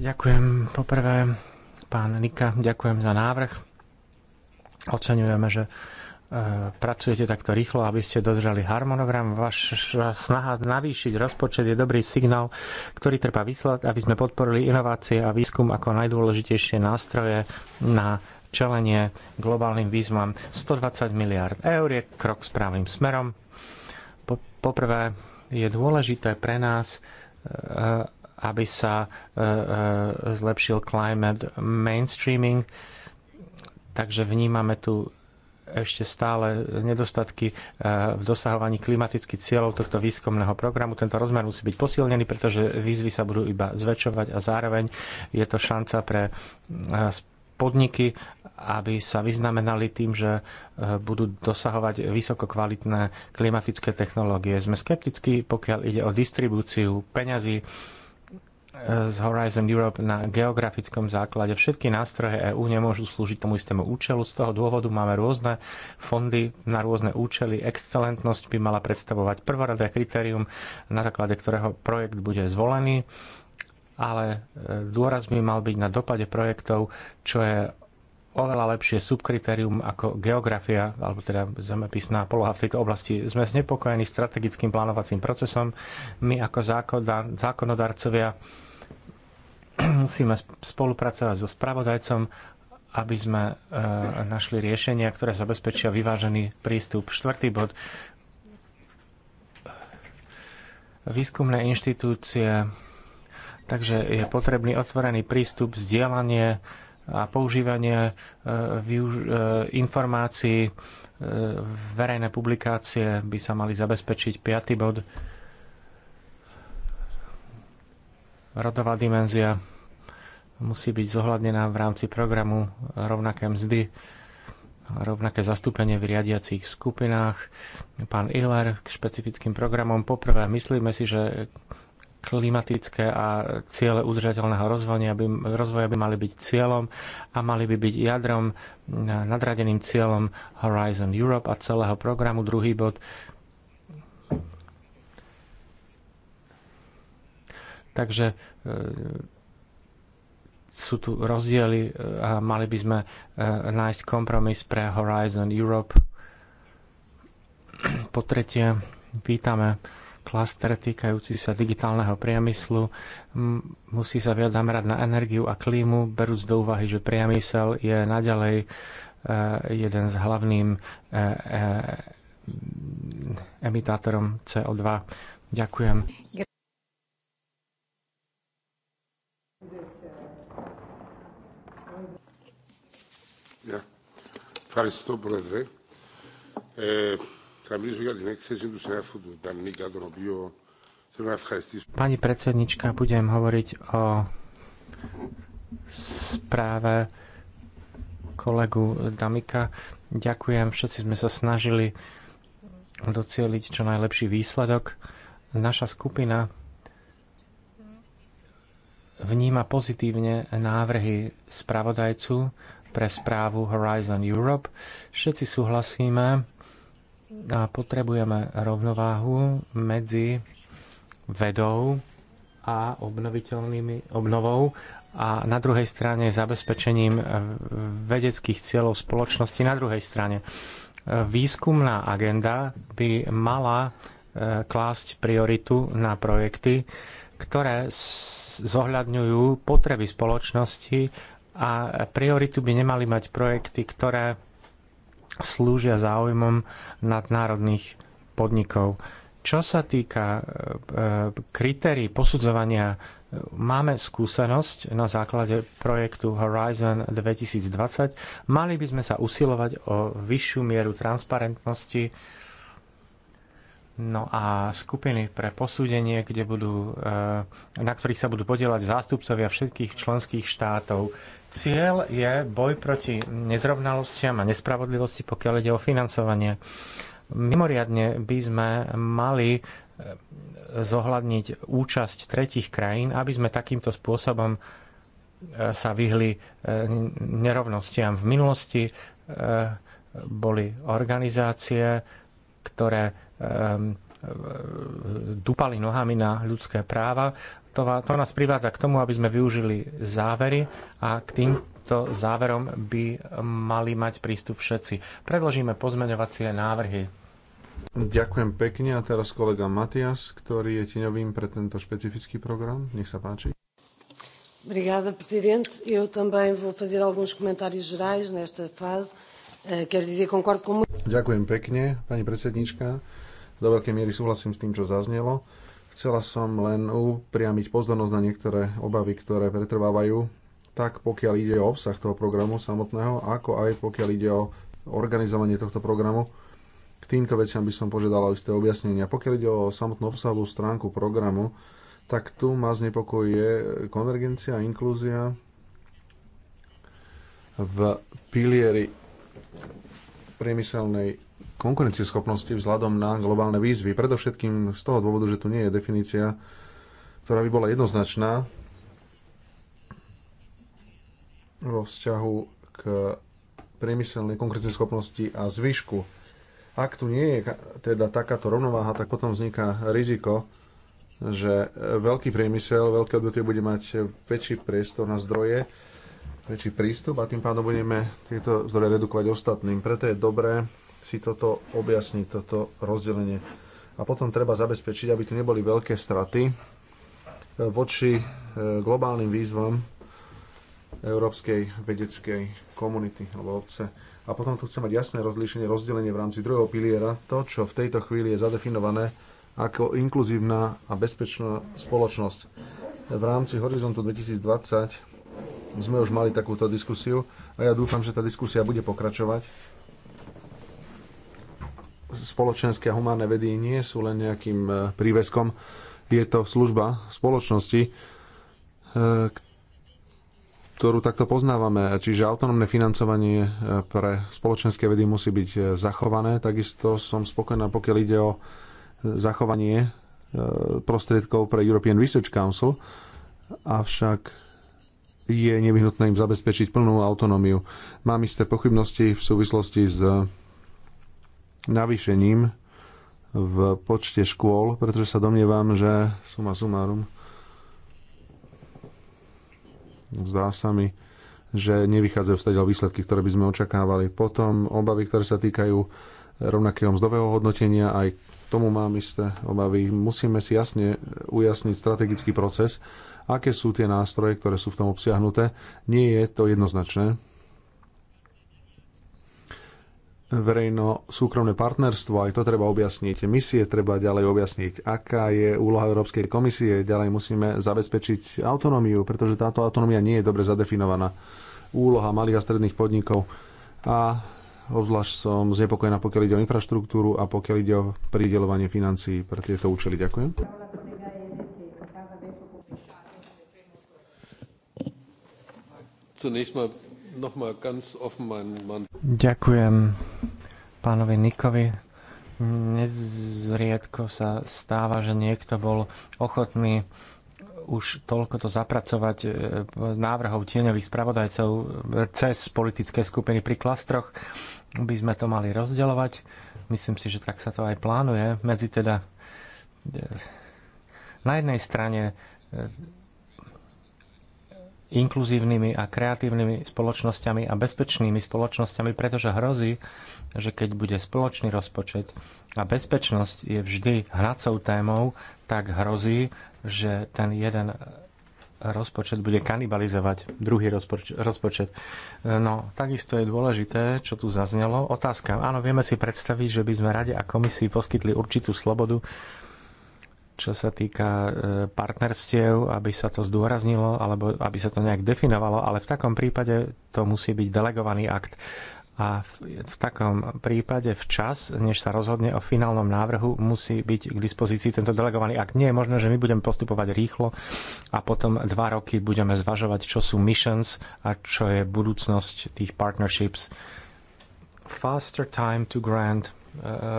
S1: Ďakujem poprvé, pán Nika, ďakujem za návrh. Oceňujeme, že Eh, pracujete takto rýchlo, aby ste dodržali harmonogram. Vaša snaha navýšiť rozpočet je dobrý signál, ktorý treba vyslať, aby sme podporili inovácie a výskum ako najdôležitejšie nástroje na čelenie globálnym výzvam. 120 miliard eur je krok správnym smerom. Poprvé je dôležité pre nás, eh, aby sa eh, zlepšil climate mainstreaming, takže vnímame tu ešte stále nedostatky eh, v dosahovaní klimatických cieľov tohto výskumného programu. Tento rozmer musí byť posilnený, pretože výzvy sa budú iba zväčšovať a zároveň je to šanca pre eh, podniky, aby sa vyznamenali tým, že eh, budú dosahovať vysokokvalitné klimatické technológie. Sme skeptickí, pokiaľ ide o distribúciu peňazí z Horizon Europe na geografickom základe. Všetky nástroje EÚ nemôžu slúžiť tomu istému účelu. Z toho dôvodu máme rôzne fondy na rôzne účely. Excelentnosť by mala predstavovať prvoradé kritérium, na základe ktorého projekt bude zvolený, ale e, dôraz by mal byť na dopade projektov, čo je oveľa lepšie subkritérium ako geografia, alebo teda zemepisná poloha v tejto oblasti. Sme znepokojení strategickým plánovacím procesom. My ako zákonodarcovia musíme spolupracovať so spravodajcom, aby sme e, našli riešenia, ktoré zabezpečia vyvážený prístup. Štvrtý bod. Výskumné inštitúcie. Takže je potrebný otvorený prístup, vzdielanie a používanie e, e, informácií. Verejné publikácie by sa mali zabezpečiť. Piatý bod rodová dimenzia musí byť zohľadnená v rámci programu rovnaké mzdy, rovnaké zastúpenie v riadiacich skupinách. Pán Ihler k špecifickým programom. Poprvé, myslíme si, že klimatické a ciele udržateľného rozvoja by, rozvoja by mali byť cieľom a mali by byť jadrom, nadradeným cieľom Horizon Europe a celého programu. Druhý bod, Takže e, sú tu rozdiely e, a mali by sme e, nájsť kompromis pre Horizon Europe. Po tretie, vítame klaster týkajúci sa digitálneho priemyslu. Musí sa viac zamerať na energiu a klímu, berúc do úvahy, že priemysel je naďalej jeden z hlavným emitátorom CO2. Ďakujem.
S3: Ευχαριστώ, Πρόεδρε. Ε, θα μιλήσω για την έκθεση του συνάδελφου του Ντανίκα, τον οποίο θέλω να ευχαριστήσω.
S1: Πάνη Πρετσενίτσκα, που είχαμε hovoriť o správe kolegu Damika. Ďakujem, všetci sme sa snažili docieliť čo najlepší výsledok. Naša skupina vníma pozitívne návrhy spravodajcu pre správu Horizon Europe. Všetci súhlasíme a potrebujeme rovnováhu medzi vedou a obnoviteľnými obnovou a na druhej strane zabezpečením vedeckých cieľov spoločnosti na druhej strane. Výskumná agenda by mala e, klásť prioritu na projekty, ktoré zohľadňujú potreby spoločnosti a prioritu by nemali mať projekty, ktoré slúžia záujmom nadnárodných podnikov. Čo sa týka e, e, kritérií posudzovania, e, máme skúsenosť na základe projektu Horizon 2020. Mali by sme sa usilovať o vyššiu mieru transparentnosti, No a skupiny pre posúdenie, kde budú, na ktorých sa budú podielať zástupcovia všetkých členských štátov. Cieľ je boj proti nezrovnalostiam a nespravodlivosti, pokiaľ ide o financovanie. Mimoriadne by sme mali e, zohľadniť účasť tretich krajín, aby sme takýmto spôsobom e, sa vyhli e, nerovnostiam. V minulosti boli organizácie, ktoré dupali nohami na ľudské práva to, to nás privádza k tomu, aby sme využili závery a k týmto záverom by mali
S3: mať prístup všetci. Predložíme pozmeňovacie návrhy. Ďakujem pekne a teraz kolega Matias, ktorý je tiňovým pre tento špecifický program. Nech sa páči.
S2: Obrigada, Presidente. Eu também vou fazer alguns comentários gerais nesta fase. Eh, quero dizer, concordo com...
S3: Ďakujem pekne, pani predsednička. Do veľkej miery súhlasím s tým, čo zaznelo. Chcela som len upriamiť pozornosť na niektoré obavy, ktoré pretrvávajú, tak pokiaľ ide o obsah toho programu samotného, ako aj pokiaľ ide o organizovanie tohto programu. K týmto veciam by som požiadala isté objasnenia. Pokiaľ ide o samotnú obsahovú stránku programu, tak tu ma znepokojuje konvergencia a inklúzia v pilieri priemyselnej konkurencieschopnosti vzhľadom na globálne výzvy. Predovšetkým z toho dôvodu, že tu nie je definícia, ktorá by bola jednoznačná vo vzťahu k priemyselnej konkurencieschopnosti a zvyšku. Ak tu nie je teda takáto rovnováha, tak potom vzniká riziko, že veľký priemysel, veľké odvetvie bude mať väčší priestor na zdroje, väčší prístup a tým pádom budeme tieto zdroje redukovať ostatným. Preto je dobré si toto objasniť, toto rozdelenie. A potom treba zabezpečiť, aby tu neboli veľké straty eh, voči eh, globálnym výzvam európskej vedeckej komunity alebo obce. A potom tu chcem mať jasné rozlíšenie, rozdelenie v rámci druhého piliera, to, čo v tejto chvíli je zadefinované ako inkluzívna a bezpečná spoločnosť. V rámci Horizontu 2020 sme už mali takúto diskusiu a ja dúfam, že tá diskusia bude pokračovať spoločenské a humánne vedy nie sú len nejakým e, príveskom. Je to služba spoločnosti, e, ktorú takto poznávame. Čiže autonómne financovanie e, pre spoločenské vedy musí byť zachované. Takisto som spokojná, pokiaľ ide o zachovanie prostriedkov pre European Research Council, avšak je nevyhnutné im zabezpečiť plnú autonómiu. Mám isté pochybnosti v súvislosti s navýšením v počte škôl, pretože sa domnievam, že suma sumárum zdá sa mi, že nevychádzajú vstadiaľ výsledky, ktoré by sme očakávali. Potom obavy, ktoré sa týkajú rovnakého mzdového hodnotenia, aj tomu mám isté obavy. Musíme si jasne ujasniť strategický proces, aké sú tie nástroje, ktoré sú v tom obsiahnuté. Nie je to jednoznačné verejno-súkromné partnerstvo, aj to treba objasniť, misie treba ďalej objasniť, aká je úloha Európskej komisie, ďalej musíme zabezpečiť autonómiu, pretože táto autonómia nie je dobre zadefinovaná. Úloha malých a stredných podnikov a obzvlášť som znepokojená, pokiaľ ide o infraštruktúru a pokiaľ ide o pridelovanie financií pre tieto účely. Ďakujem. Zunächst mal
S1: Ďakujem pánovi Nikovi. Nezriedko sa stáva, že niekto bol ochotný už toľko to zapracovať e, návrhov tieňových spravodajcov e, cez politické skupiny pri klastroch, by sme to mali rozdeľovať. Myslím si, že tak sa to aj plánuje. Medzi teda e, na jednej strane inkluzívnymi a kreatívnymi spoločnosťami a bezpečnými spoločnosťami, pretože hrozí, že keď bude spoločný rozpočet a bezpečnosť je vždy hnacou témou, tak hrozí, že ten jeden rozpočet bude kanibalizovať druhý rozpoč- rozpočet. No, takisto je dôležité, čo tu zaznelo. Otázka. Áno, vieme si predstaviť, že by sme rade a komisii poskytli určitú slobodu čo sa týka e, partnerstiev, aby sa to zdôraznilo alebo aby sa to nejak definovalo, ale v takom prípade to musí byť delegovaný akt. A v, v takom prípade včas, než sa rozhodne o finálnom návrhu, musí byť k dispozícii tento delegovaný akt. Nie je možné, že my budeme postupovať rýchlo a potom dva roky budeme zvažovať, čo sú missions a čo je budúcnosť tých partnerships. Faster time to grant, e, e,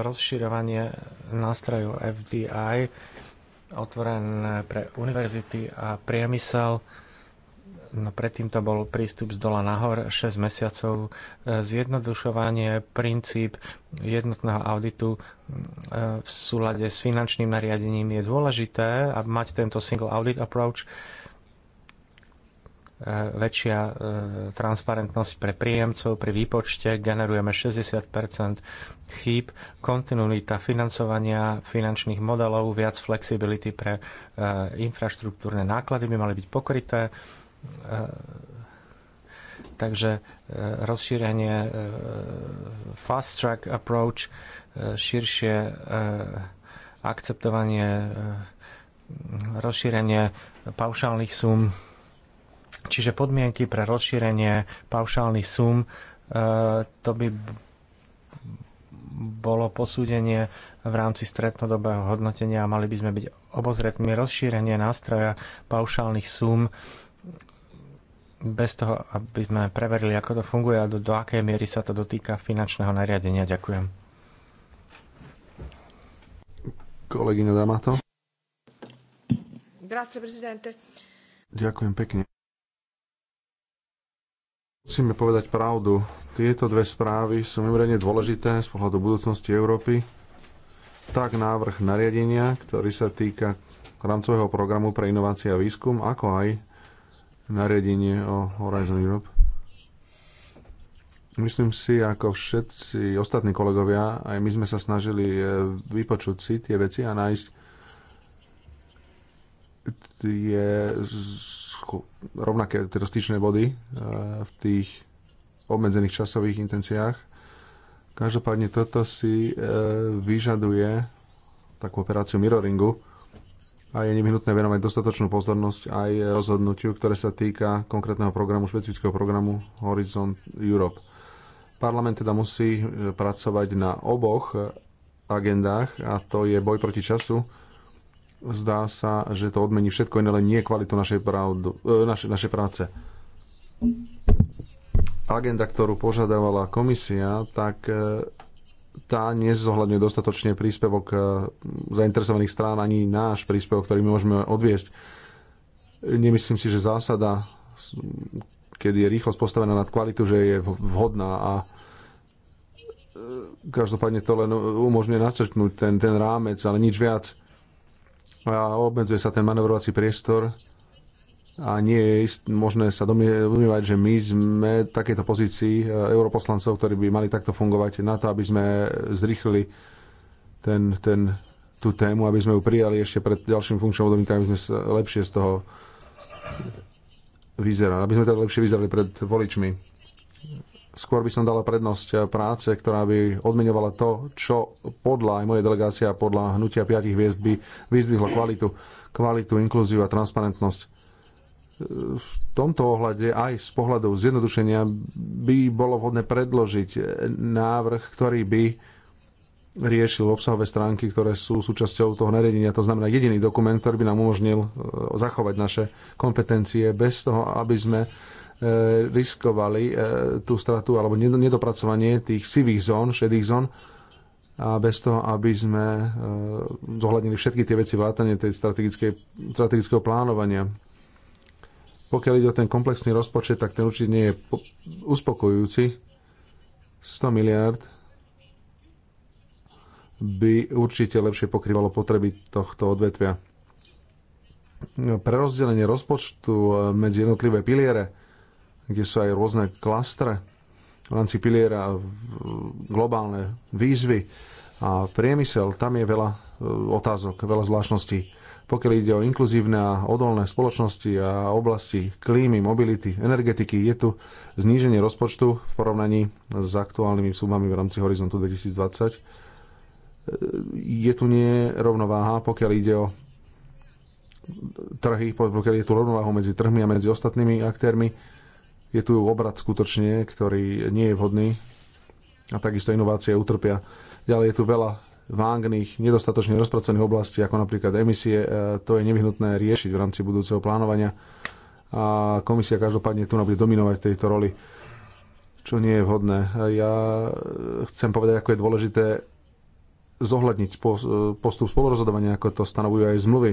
S1: rozširovanie nástrojov FDI, otvorené pre univerzity a priemysel. No predtým to bol prístup z dola nahor 6 mesiacov, e, zjednodušovanie, princíp jednotného auditu e, v súlade s finančným nariadením je dôležité a mať tento single audit approach Eh, väčšia eh, transparentnosť pre príjemcov pri výpočte, generujeme 60 chýb, kontinuita financovania finančných modelov, viac flexibility pre eh, infraštruktúrne náklady by mali byť pokryté. Takže rozšírenie fast track approach, širšie akceptovanie, rozšírenie paušálnych sum Čiže podmienky pre rozšírenie paušálnych sum, e, to by bolo posúdenie v rámci stretnodobého hodnotenia a mali by sme byť obozretní. Rozšírenie nástroja paušálnych súm bez toho, aby sme preverili, ako to funguje a do, do akej miery sa to dotýka finančného nariadenia. Ďakujem.
S3: Kolegyňa Damato.
S2: Grazie, prezidente.
S3: Ďakujem pekne. Musíme povedať pravdu. Tieto dve správy sú mimoriadne dôležité z pohľadu budúcnosti Európy. Tak návrh nariadenia, ktorý sa týka rámcového programu pre inovácie a výskum, ako aj nariadenie o Horizon Europe. Myslím si, ako všetci ostatní kolegovia, aj my sme sa snažili eh, vypočuť si tie veci a nájsť tie rovnaké teda styčné body e, v tých obmedzených časových intenciách. Každopádne toto si e, vyžaduje takú operáciu mirroringu a je nevyhnutné venovať dostatočnú pozornosť aj rozhodnutiu, ktoré sa týka konkrétneho programu, špecifického programu Horizon Europe. Parlament teda musí e, pracovať na oboch agendách a to je boj proti času Zdá sa, že to odmení všetko iné, len nie kvalitu našej, pravdu, e, naše, našej práce. Agenda, ktorú požadovala komisia, tak e, tá nezohľadňuje dostatočne príspevok e, zainteresovaných strán ani náš príspevok, ktorý my môžeme odviesť. Nemyslím si, že zásada, keď je rýchlosť postavená nad kvalitu, že je vhodná a každopádne to len umožňuje načrtnúť ten, ten rámec, ale nič viac a obmedzuje sa ten manevrovací priestor a nie je ist, možné sa domnievať, že my sme v takejto pozícii e, europoslancov, ktorí by mali takto fungovať na to, aby sme zrýchlili ten, ten, tú tému, aby sme ju prijali ešte pred ďalším funkčným obdobím, tak aby sme sa lepšie z toho vyzerali, aby sme teda lepšie vyzerali pred voličmi skôr by som dala prednosť eh, práce, ktorá by odmenovala to, čo podľa aj mojej delegácia podľa hnutia piatich hviezd by vyzdvihlo kvalitu, kvalitu, inklúziu a transparentnosť. Eh, v tomto ohľade aj z pohľadu zjednodušenia by bolo vhodné predložiť eh, návrh, ktorý by riešil obsahové stránky, ktoré sú súčasťou toho nariadenia. To znamená jediný dokument, ktorý by nám umožnil zachovať naše kompetencie bez toho, aby sme E, riskovali e, tú stratu alebo nedopracovanie tých sivých zón, šedých zón a bez toho, aby sme e, zohľadnili všetky tie veci vrátane tej strategického plánovania. Pokiaľ ide o ten komplexný rozpočet, tak ten určite nie je uspokojujúci. 100 miliard by určite lepšie pokrývalo potreby tohto odvetvia. Prerozdelenie rozpočtu medzi jednotlivé piliere kde sú aj rôzne klastre v rámci piliera, globálne výzvy a priemysel, tam je veľa e, otázok, veľa zvláštností. Pokiaľ ide o inkluzívne a odolné spoločnosti a oblasti klímy, mobility, energetiky, je tu zníženie rozpočtu v porovnaní s aktuálnymi sumami v rámci Horizontu 2020. E, je tu nerovnováha, pokiaľ ide o trhy, pokiaľ je tu rovnováhu medzi trhmi a medzi ostatnými aktérmi je tu obrad skutočne, ktorý nie je vhodný a takisto inovácie utrpia. Ďalej je tu veľa vágných, nedostatočne rozpracovaných oblastí, ako napríklad emisie. E, to je nevyhnutné riešiť v rámci budúceho plánovania a komisia každopádne tu bude dominovať tejto roli, čo nie je vhodné. Ja chcem povedať, ako je dôležité zohľadniť postup spolurozhodovania, ako to stanovujú aj zmluvy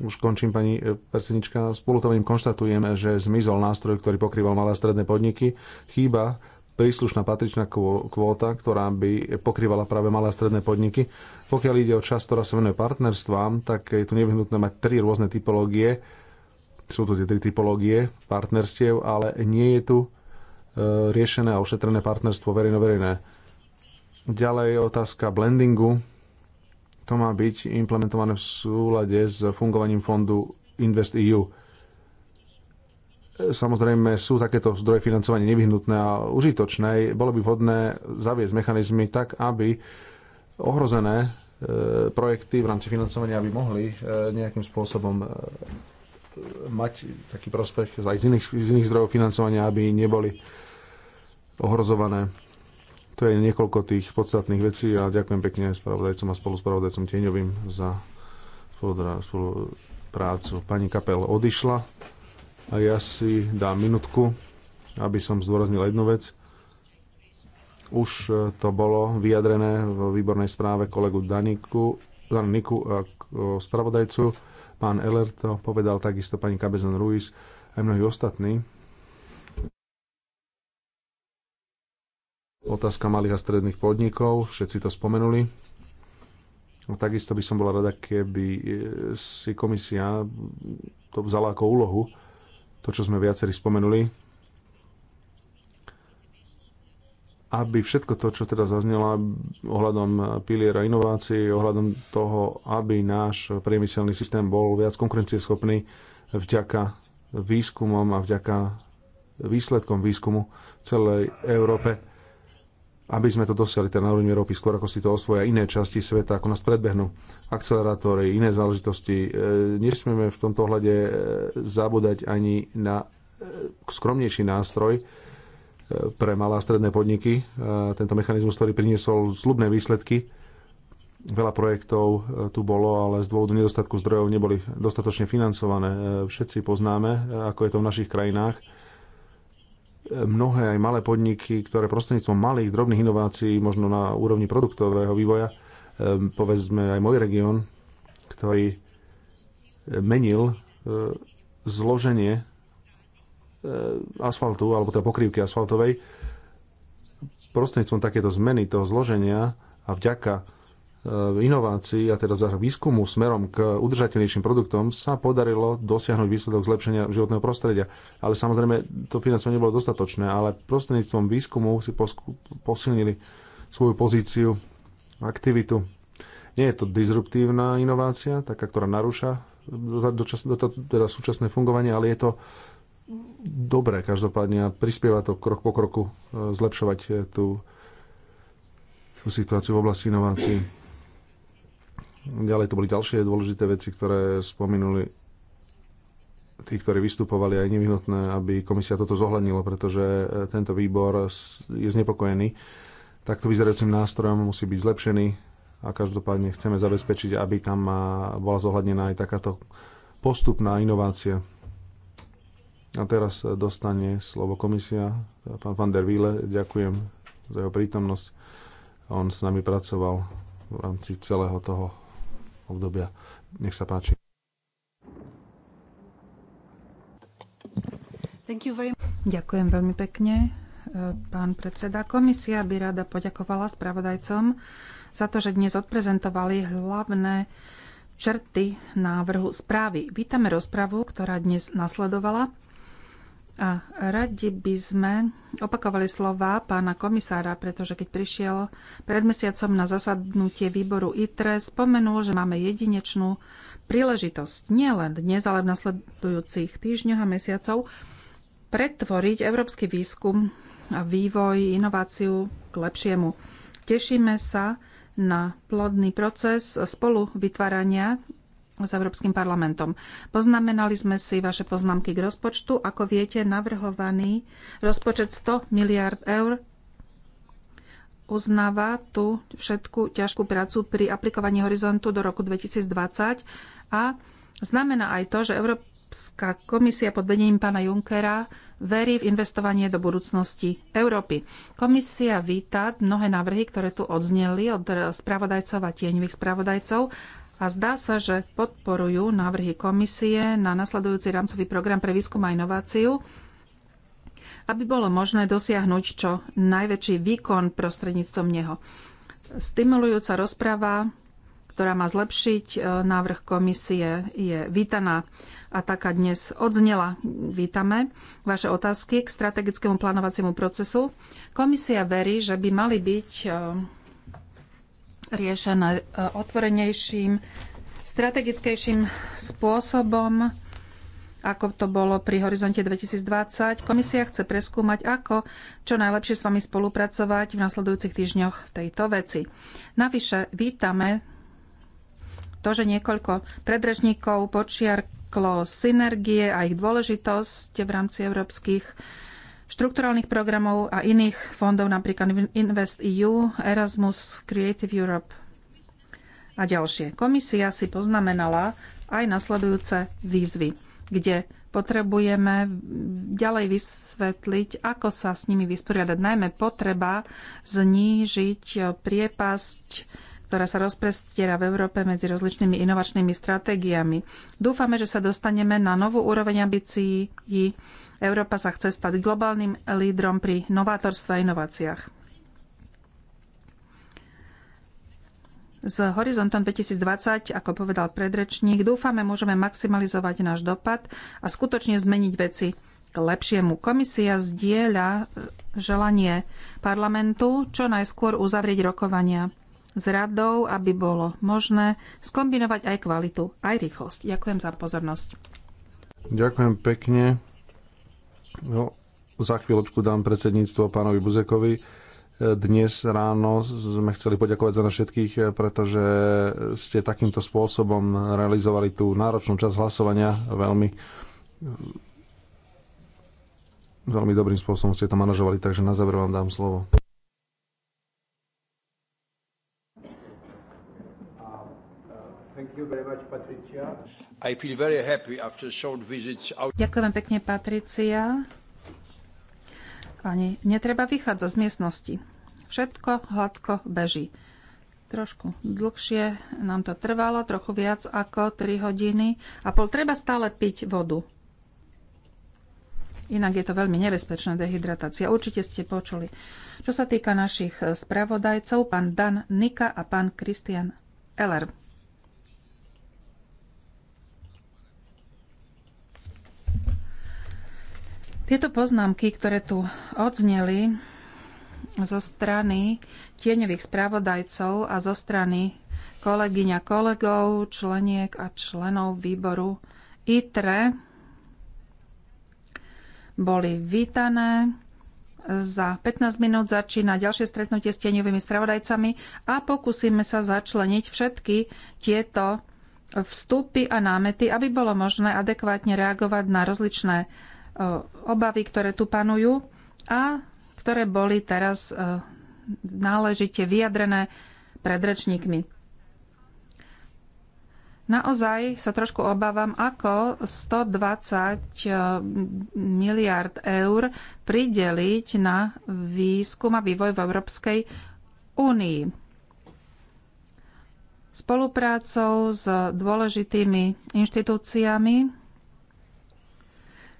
S3: už končím, pani e, predsednička. S polutovaním konštatujem, že zmizol nástroj, ktorý pokrýval malé a stredné podniky. Chýba príslušná patričná kvóta, ktorá by pokrývala práve malé a stredné podniky. Pokiaľ ide o čas, ktorá sa venuje partnerstvám, tak je tu nevyhnutné mať tri rôzne typológie. Sú tu tie tri typológie partnerstiev, ale nie je tu e, riešené a ošetrené partnerstvo verejno-verejné. Ďalej je otázka blendingu to má byť implementované v súlade s fungovaním fondu InvestEU. Samozrejme sú takéto zdroje financovania nevyhnutné a užitočné. Bolo by vhodné zaviesť mechanizmy tak, aby ohrozené e, projekty v rámci financovania by mohli e, nejakým spôsobom e, mať taký prospech aj z iných, z iných zdrojov financovania, aby neboli ohrozované to je niekoľko tých podstatných vecí a ďakujem pekne spravodajcom a spoluspravodajcom Tieňovým za spoluprácu. Pani Kapel odišla a ja si dám minutku, aby som zdôraznil jednu vec. Už e, to bolo vyjadrené v výbornej správe kolegu Daniku, Daniku e, spravodajcu. Pán Eller to povedal takisto pani Kabezon Ruiz aj mnohí ostatní Otázka malých a stredných podnikov, všetci to spomenuli. No, takisto by som bola rada, keby e, si komisia to vzala ako úlohu, to, čo sme viacerí spomenuli, aby všetko to, čo teda zaznelo ohľadom piliera inovácií, ohľadom toho, aby náš priemyselný systém bol viac konkurencieschopný vďaka výskumom a vďaka výsledkom výskumu celej Európe, aby sme to dosiahli teda na úrovni Európy, skôr ako si to osvoja iné časti sveta, ako nás predbehnú akcelerátory, iné záležitosti. E, nesmieme v tomto ohľade e, zabúdať ani na e, skromnejší nástroj e, pre malé a stredné podniky. E, tento mechanizmus, ktorý priniesol slubné výsledky, veľa projektov e, tu bolo, ale z dôvodu nedostatku zdrojov neboli dostatočne financované. E, všetci poznáme, e, ako je to v našich krajinách mnohé aj malé podniky, ktoré prostredníctvom malých, drobných inovácií, možno na úrovni produktového vývoja, povedzme aj môj región, ktorý menil zloženie asfaltu, alebo teda pokrývky asfaltovej, prostredníctvom takéto zmeny toho zloženia a vďaka inovácií a teda za výskumu smerom k udržateľnejším produktom sa podarilo dosiahnuť výsledok zlepšenia životného prostredia. Ale samozrejme to financovanie nebolo dostatočné, ale prostredníctvom výskumu si posilnili svoju pozíciu, aktivitu. Nie je to disruptívna inovácia, taká, ktorá narúša teda súčasné fungovanie, ale je to dobré každopádne a prispieva to krok po kroku e, zlepšovať e, tú, tú situáciu v oblasti inovácií. Ďalej tu boli ďalšie dôležité veci, ktoré spomenuli tí, ktorí vystupovali, aj nevyhnutné, aby komisia toto zohľadnila, pretože e, tento výbor je znepokojený. Takto vyzerajúcim nástrojom musí byť zlepšený a každopádne chceme zabezpečiť, aby tam e, bola zohľadnená aj takáto postupná inovácia. A teraz dostane slovo komisia. Pán van der Wiele, ďakujem za jeho prítomnosť. On s nami pracoval v rámci celého toho obdobia. Nech sa páči.
S2: Ďakujem veľmi pekne, e, pán predseda. Komisia by rada poďakovala spravodajcom za to, že dnes odprezentovali hlavné črty návrhu správy. Vítame rozpravu, ktorá dnes nasledovala a radi by sme opakovali slova pána komisára, pretože keď prišiel pred mesiacom na zasadnutie výboru ITRE, spomenul, že máme jedinečnú príležitosť nielen dnes, ale v nasledujúcich týždňoch a mesiacov pretvoriť európsky výskum a vývoj, inováciu k lepšiemu. Tešíme sa na plodný proces spolu vytvárania s Európskym parlamentom. Poznamenali sme si vaše poznámky k rozpočtu. Ako viete, navrhovaný rozpočet 100 miliard eur uznáva tú všetku ťažkú prácu pri aplikovaní horizontu do roku 2020 a znamená aj to, že Európska komisia pod vedením pána Junckera verí v investovanie do budúcnosti Európy. Komisia víta mnohé návrhy, ktoré tu odzneli od spravodajcov a tieňových spravodajcov a zdá sa, že podporujú návrhy komisie na nasledujúci rámcový program pre výskum a inováciu, aby bolo možné dosiahnuť čo najväčší výkon prostredníctvom neho. Stimulujúca rozprava, ktorá má zlepšiť e, návrh komisie, je vítaná a taká dnes odznela. Vítame vaše otázky k strategickému plánovaciemu procesu. Komisia verí, že by mali byť e, riešené e, otvorenejším, strategickejším spôsobom, ako to bolo pri Horizonte 2020. Komisia chce preskúmať, ako čo najlepšie s vami spolupracovať v nasledujúcich týždňoch v tejto veci. Navyše vítame to, že niekoľko predrežníkov počiarklo synergie a ich dôležitosť v rámci európskych štrukturálnych programov a iných fondov, napríklad Invest EU, Erasmus, Creative Europe a ďalšie. Komisia si poznamenala aj nasledujúce výzvy, kde potrebujeme ďalej vysvetliť, ako sa s nimi vysporiadať. Najmä potreba znížiť priepasť, ktorá sa rozprestiera v Európe medzi rozličnými inovačnými stratégiami. Dúfame, že sa dostaneme na novú úroveň ambícií Európa sa chce stať globálnym lídrom pri novátorstve a inováciách. S Horizontom 2020, ako povedal predrečník, dúfame, môžeme maximalizovať náš dopad a skutočne zmeniť veci k lepšiemu. Komisia zdieľa e, želanie parlamentu čo najskôr uzavrieť rokovania s radou, aby bolo možné skombinovať aj kvalitu, aj rýchlosť. Ďakujem za pozornosť.
S3: Ďakujem pekne. No, za chvíľočku dám predsedníctvo pánovi Buzekovi. Dnes ráno sme chceli poďakovať za na všetkých, pretože ste takýmto spôsobom realizovali tú náročnú časť hlasovania veľmi veľmi dobrým spôsobom ste to manažovali, takže na záver vám dám slovo. Thank you very much, Patricia.
S2: Ďakujem pekne, Patricia. Ani netreba vychádzať z miestnosti. Všetko hladko beží. Trošku dlhšie nám to trvalo, trochu viac ako 3 hodiny a pol treba stále piť vodu. Inak je to veľmi nebezpečná dehydratácia. Určite ste počuli. Čo sa týka našich spravodajcov, pán Dan Nika a pán Kristian Eller. Tieto poznámky, ktoré tu odzneli zo strany tieňových správodajcov a zo strany kolegyňa kolegov, členiek a členov výboru ITRE, boli vítané. Za 15 minút začína ďalšie stretnutie s tieňovými spravodajcami a pokúsime sa začleniť všetky tieto vstupy a námety, aby bolo možné adekvátne reagovať na rozličné obavy, ktoré tu panujú a ktoré boli teraz e, náležite vyjadrené pred rečníkmi. Naozaj sa trošku obávam, ako 120 e, miliard eur prideliť na výskum a vývoj v Európskej únii. Spoluprácou s dôležitými inštitúciami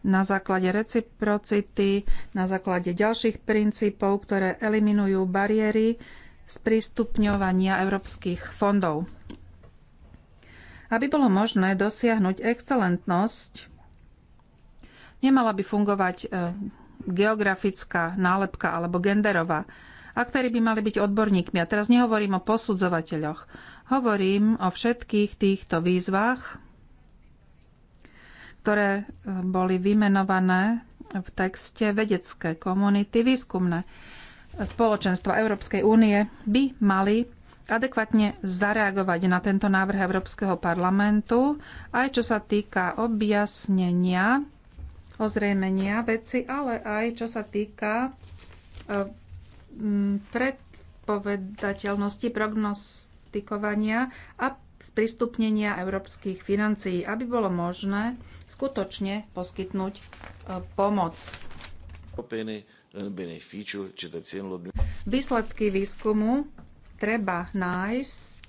S2: na základe reciprocity, na základe ďalších princípov, ktoré eliminujú bariéry sprístupňovania európskych fondov. Aby bolo možné dosiahnuť excelentnosť, nemala by fungovať e, geografická nálepka alebo genderová. Aktéry by mali byť odborníkmi. A teraz nehovorím o posudzovateľoch. Hovorím o všetkých týchto výzvach, ktoré e, boli vymenované v texte vedecké komunity, výskumné spoločenstva Európskej únie by mali adekvátne zareagovať na tento návrh Európskeho parlamentu, aj čo sa týka objasnenia, ozrejmenia veci, ale aj čo sa týka e, predpovedateľnosti, prognostikovania a sprístupnenia európskych financií, aby bolo možné skutočne poskytnúť e, pomoc. E, Výsledky výskumu treba nájsť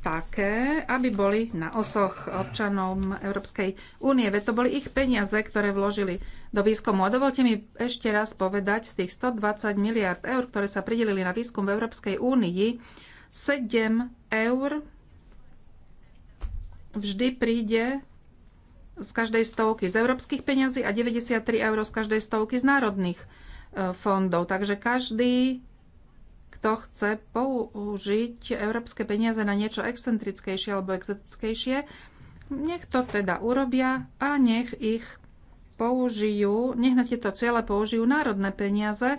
S2: také, aby boli na osoch občanom Európskej únie. Veď to boli ich peniaze, ktoré vložili do výskumu. A dovolte mi ešte raz povedať, z tých 120 miliard eur, ktoré sa pridelili na výskum v Európskej únii, 7 eur vždy príde z každej stovky z európskych peňazí a 93 eur z každej stovky z národných e, fondov. Takže každý, kto chce použiť európske peniaze na niečo excentrickejšie alebo exotickejšie, nech to teda urobia a nech ich použijú, nech na tieto ciele použijú národné peniaze,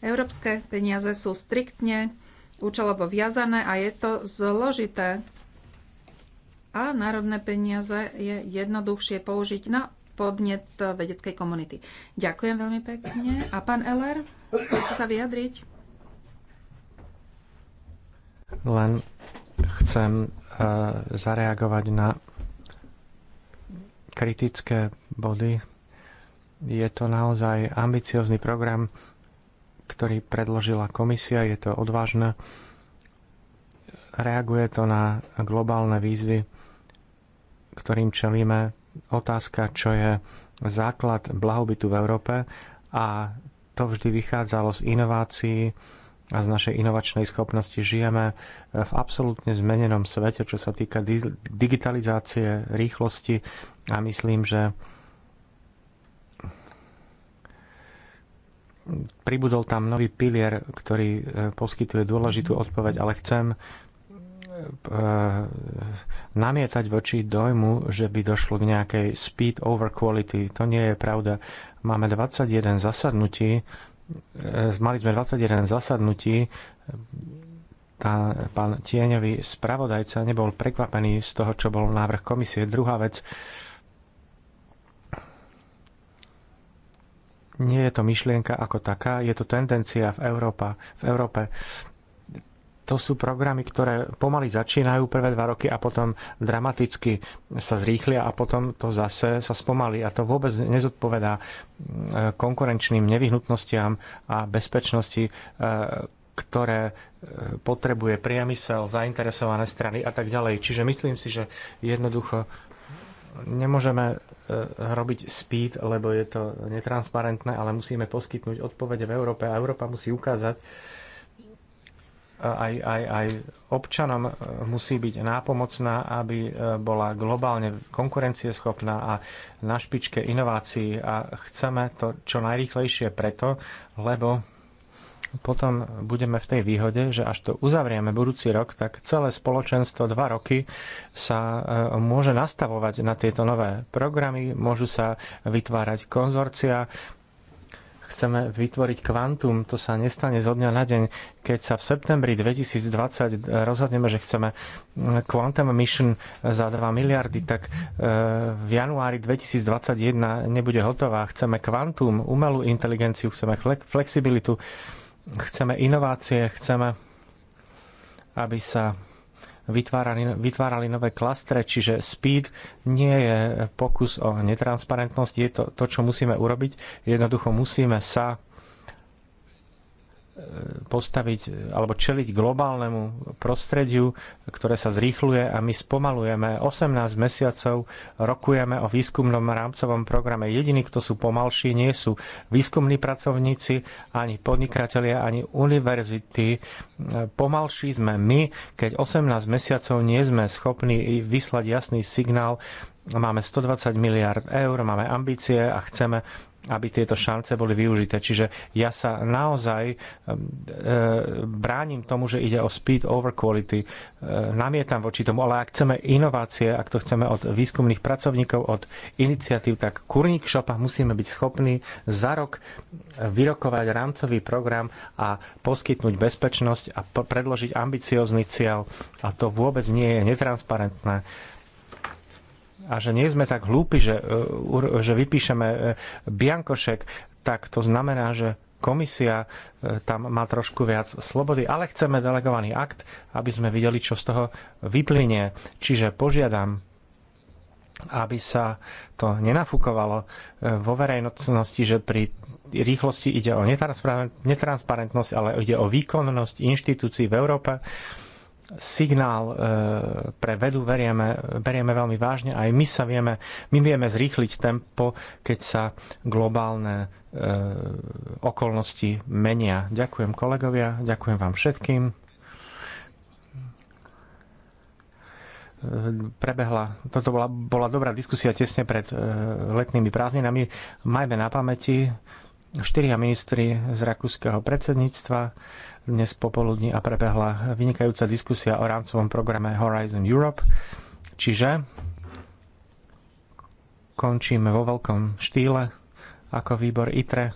S2: Európske peniaze sú striktne účelovo viazané a je to zložité a národné peniaze je jednoduchšie použiť na podnet vedeckej komunity. Ďakujem veľmi pekne. A pán Eller, chcete sa vyjadriť?
S1: Len chcem uh, zareagovať na kritické body. Je to naozaj ambiciozný program, ktorý predložila komisia. Je to odvážne. Reaguje to na globálne výzvy ktorým čelíme, otázka, čo je základ blahobytu v Európe a to vždy vychádzalo z inovácií a z našej inovačnej schopnosti. Žijeme v absolútne zmenenom svete, čo sa týka digitalizácie, rýchlosti a myslím, že pribudol tam nový pilier, ktorý e, poskytuje dôležitú odpoveď, ale chcem E, namietať voči dojmu, že by došlo k nejakej speed over quality. To nie je pravda. Máme 21 zasadnutí, e, mali sme 21 zasadnutí, tá, pán tieňový spravodajca nebol prekvapený z toho, čo bol návrh komisie. Druhá vec, nie je to myšlienka ako taká, je to tendencia v, Európa, v Európe. To sú programy, ktoré pomaly začínajú prvé dva roky a potom dramaticky sa zrýchlia a potom to zase sa spomalí. A to vôbec nezodpovedá e, konkurenčným nevyhnutnostiam a bezpečnosti, e, ktoré e, potrebuje priemysel, zainteresované strany a tak ďalej. Čiže myslím si, že jednoducho nemôžeme robiť speed, lebo je to netransparentné, ale musíme poskytnúť odpovede v Európe a Európa musí ukázať, aj, aj, aj občanom e, musí byť nápomocná, aby e, bola globálne konkurencieschopná a na špičke inovácií. A chceme to čo najrýchlejšie preto, lebo potom budeme v tej výhode, že až to uzavrieme budúci rok, tak celé spoločenstvo dva roky sa e, môže nastavovať na tieto nové programy, môžu sa vytvárať konzorcia, chceme vytvoriť kvantum, to sa nestane zo dňa na deň. Keď sa v septembri 2020 rozhodneme, že chceme Quantum Mission za 2 miliardy, tak e, v januári 2021 nebude hotová. Chceme kvantum, umelú inteligenciu, chceme flexibilitu, chceme inovácie, chceme, aby sa vytvárali, vytvárali nové klastre, čiže speed nie je pokus o netransparentnosť, je to to, čo musíme urobiť. Jednoducho musíme sa postaviť alebo čeliť globálnemu prostrediu, ktoré sa zrýchluje a my spomalujeme. 18 mesiacov rokujeme o výskumnom rámcovom programe. Jediní, kto sú pomalší, nie sú výskumní pracovníci, ani podnikatelia, ani univerzity. Pomalší sme my, keď 18 mesiacov nie sme schopní vyslať jasný signál, máme 120 miliard eur, máme ambície a chceme aby tieto šance boli využité. Čiže ja sa naozaj e, bránim tomu, že ide o speed over quality. E, namietam voči tomu, ale ak chceme inovácie, ak to chceme od výskumných pracovníkov, od iniciatív, tak kurník šopa musíme byť schopní za rok vyrokovať rámcový program a poskytnúť bezpečnosť a predložiť ambiciózny cieľ. A to vôbec nie je netransparentné a že nie sme tak hlúpi, že, e, že vypíšeme e, biankošek, tak to znamená, že komisia e, tam má trošku viac slobody, ale chceme delegovaný akt, aby sme videli, čo z toho vyplynie. Čiže požiadam, aby sa to nenafúkovalo vo verejnosti, že pri rýchlosti ide o netransparentnosť, ale ide o výkonnosť inštitúcií v Európe signál e, pre vedu verieme, berieme veľmi vážne. Aj my sa vieme, my vieme zrýchliť tempo, keď sa globálne e, okolnosti menia. Ďakujem kolegovia, ďakujem vám všetkým. E, prebehla, toto bola, bola dobrá diskusia tesne pred letnými prázdninami. Majme na pamäti štyria ministri z rakúskeho predsedníctva, dnes popoludní a prebehla vynikajúca diskusia o rámcovom programe Horizon Europe. Čiže končíme vo veľkom štýle ako výbor ITRE.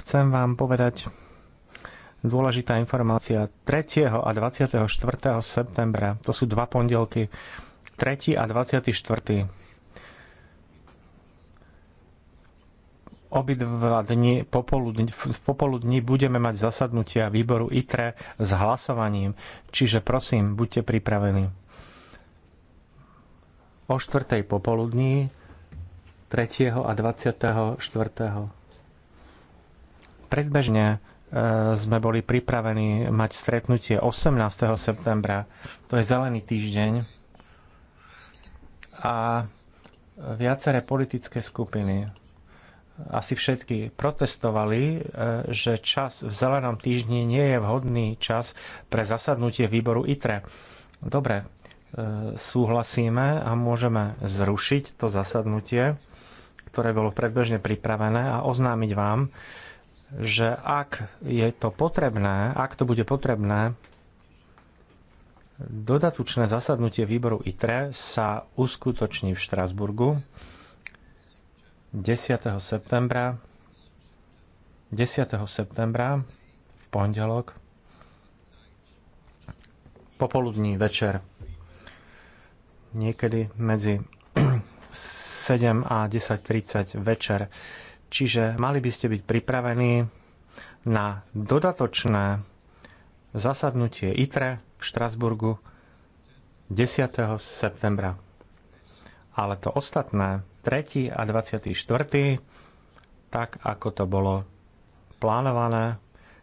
S1: Chcem vám povedať dôležitá informácia 3. a 24. septembra. To sú dva pondelky. 3. a 24 Obidva dni v popoludní budeme mať zasadnutia výboru ITRE s hlasovaním, čiže prosím, buďte pripravení. O 4. popoludní 3. a 24. Predbežne e, sme boli pripravení mať stretnutie 18. septembra, to je zelený týždeň. A viaceré politické skupiny asi všetky protestovali, e, že čas v zelenom týždni nie je vhodný čas pre zasadnutie výboru ITRE. Dobre, e, súhlasíme a môžeme zrušiť to zasadnutie, ktoré bolo predbežne pripravené a oznámiť vám, že ak je to potrebné, ak to bude potrebné, dodatočné zasadnutie výboru ITRE sa uskutoční v Štrasburgu 10. septembra 10. septembra v pondelok popoludní večer niekedy medzi 7 a 10.30 večer. Čiže mali by ste byť pripravení na dodatočné zasadnutie ITRE v Štrasburgu 10. septembra. Ale to ostatné a 24. tak, ako to bolo plánované.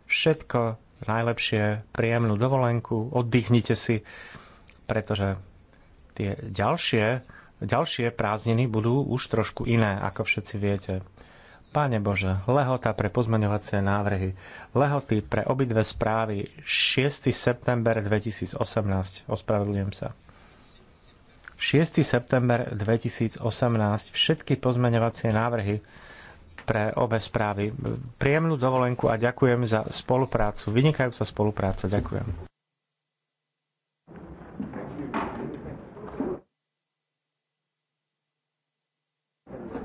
S1: Všetko najlepšie, príjemnú dovolenku, oddychnite si, pretože tie ďalšie, ďalšie prázdniny budú už trošku iné, ako všetci viete. Páne Bože, lehota pre pozmeňovacie návrhy. Lehoty pre obidve správy 6. september 2018. Ospravedlňujem sa. 6. september 2018 všetky pozmeňovacie návrhy pre obe správy. Príjemnú dovolenku a ďakujem za spoluprácu. Vynikajúca spolupráca. Ďakujem.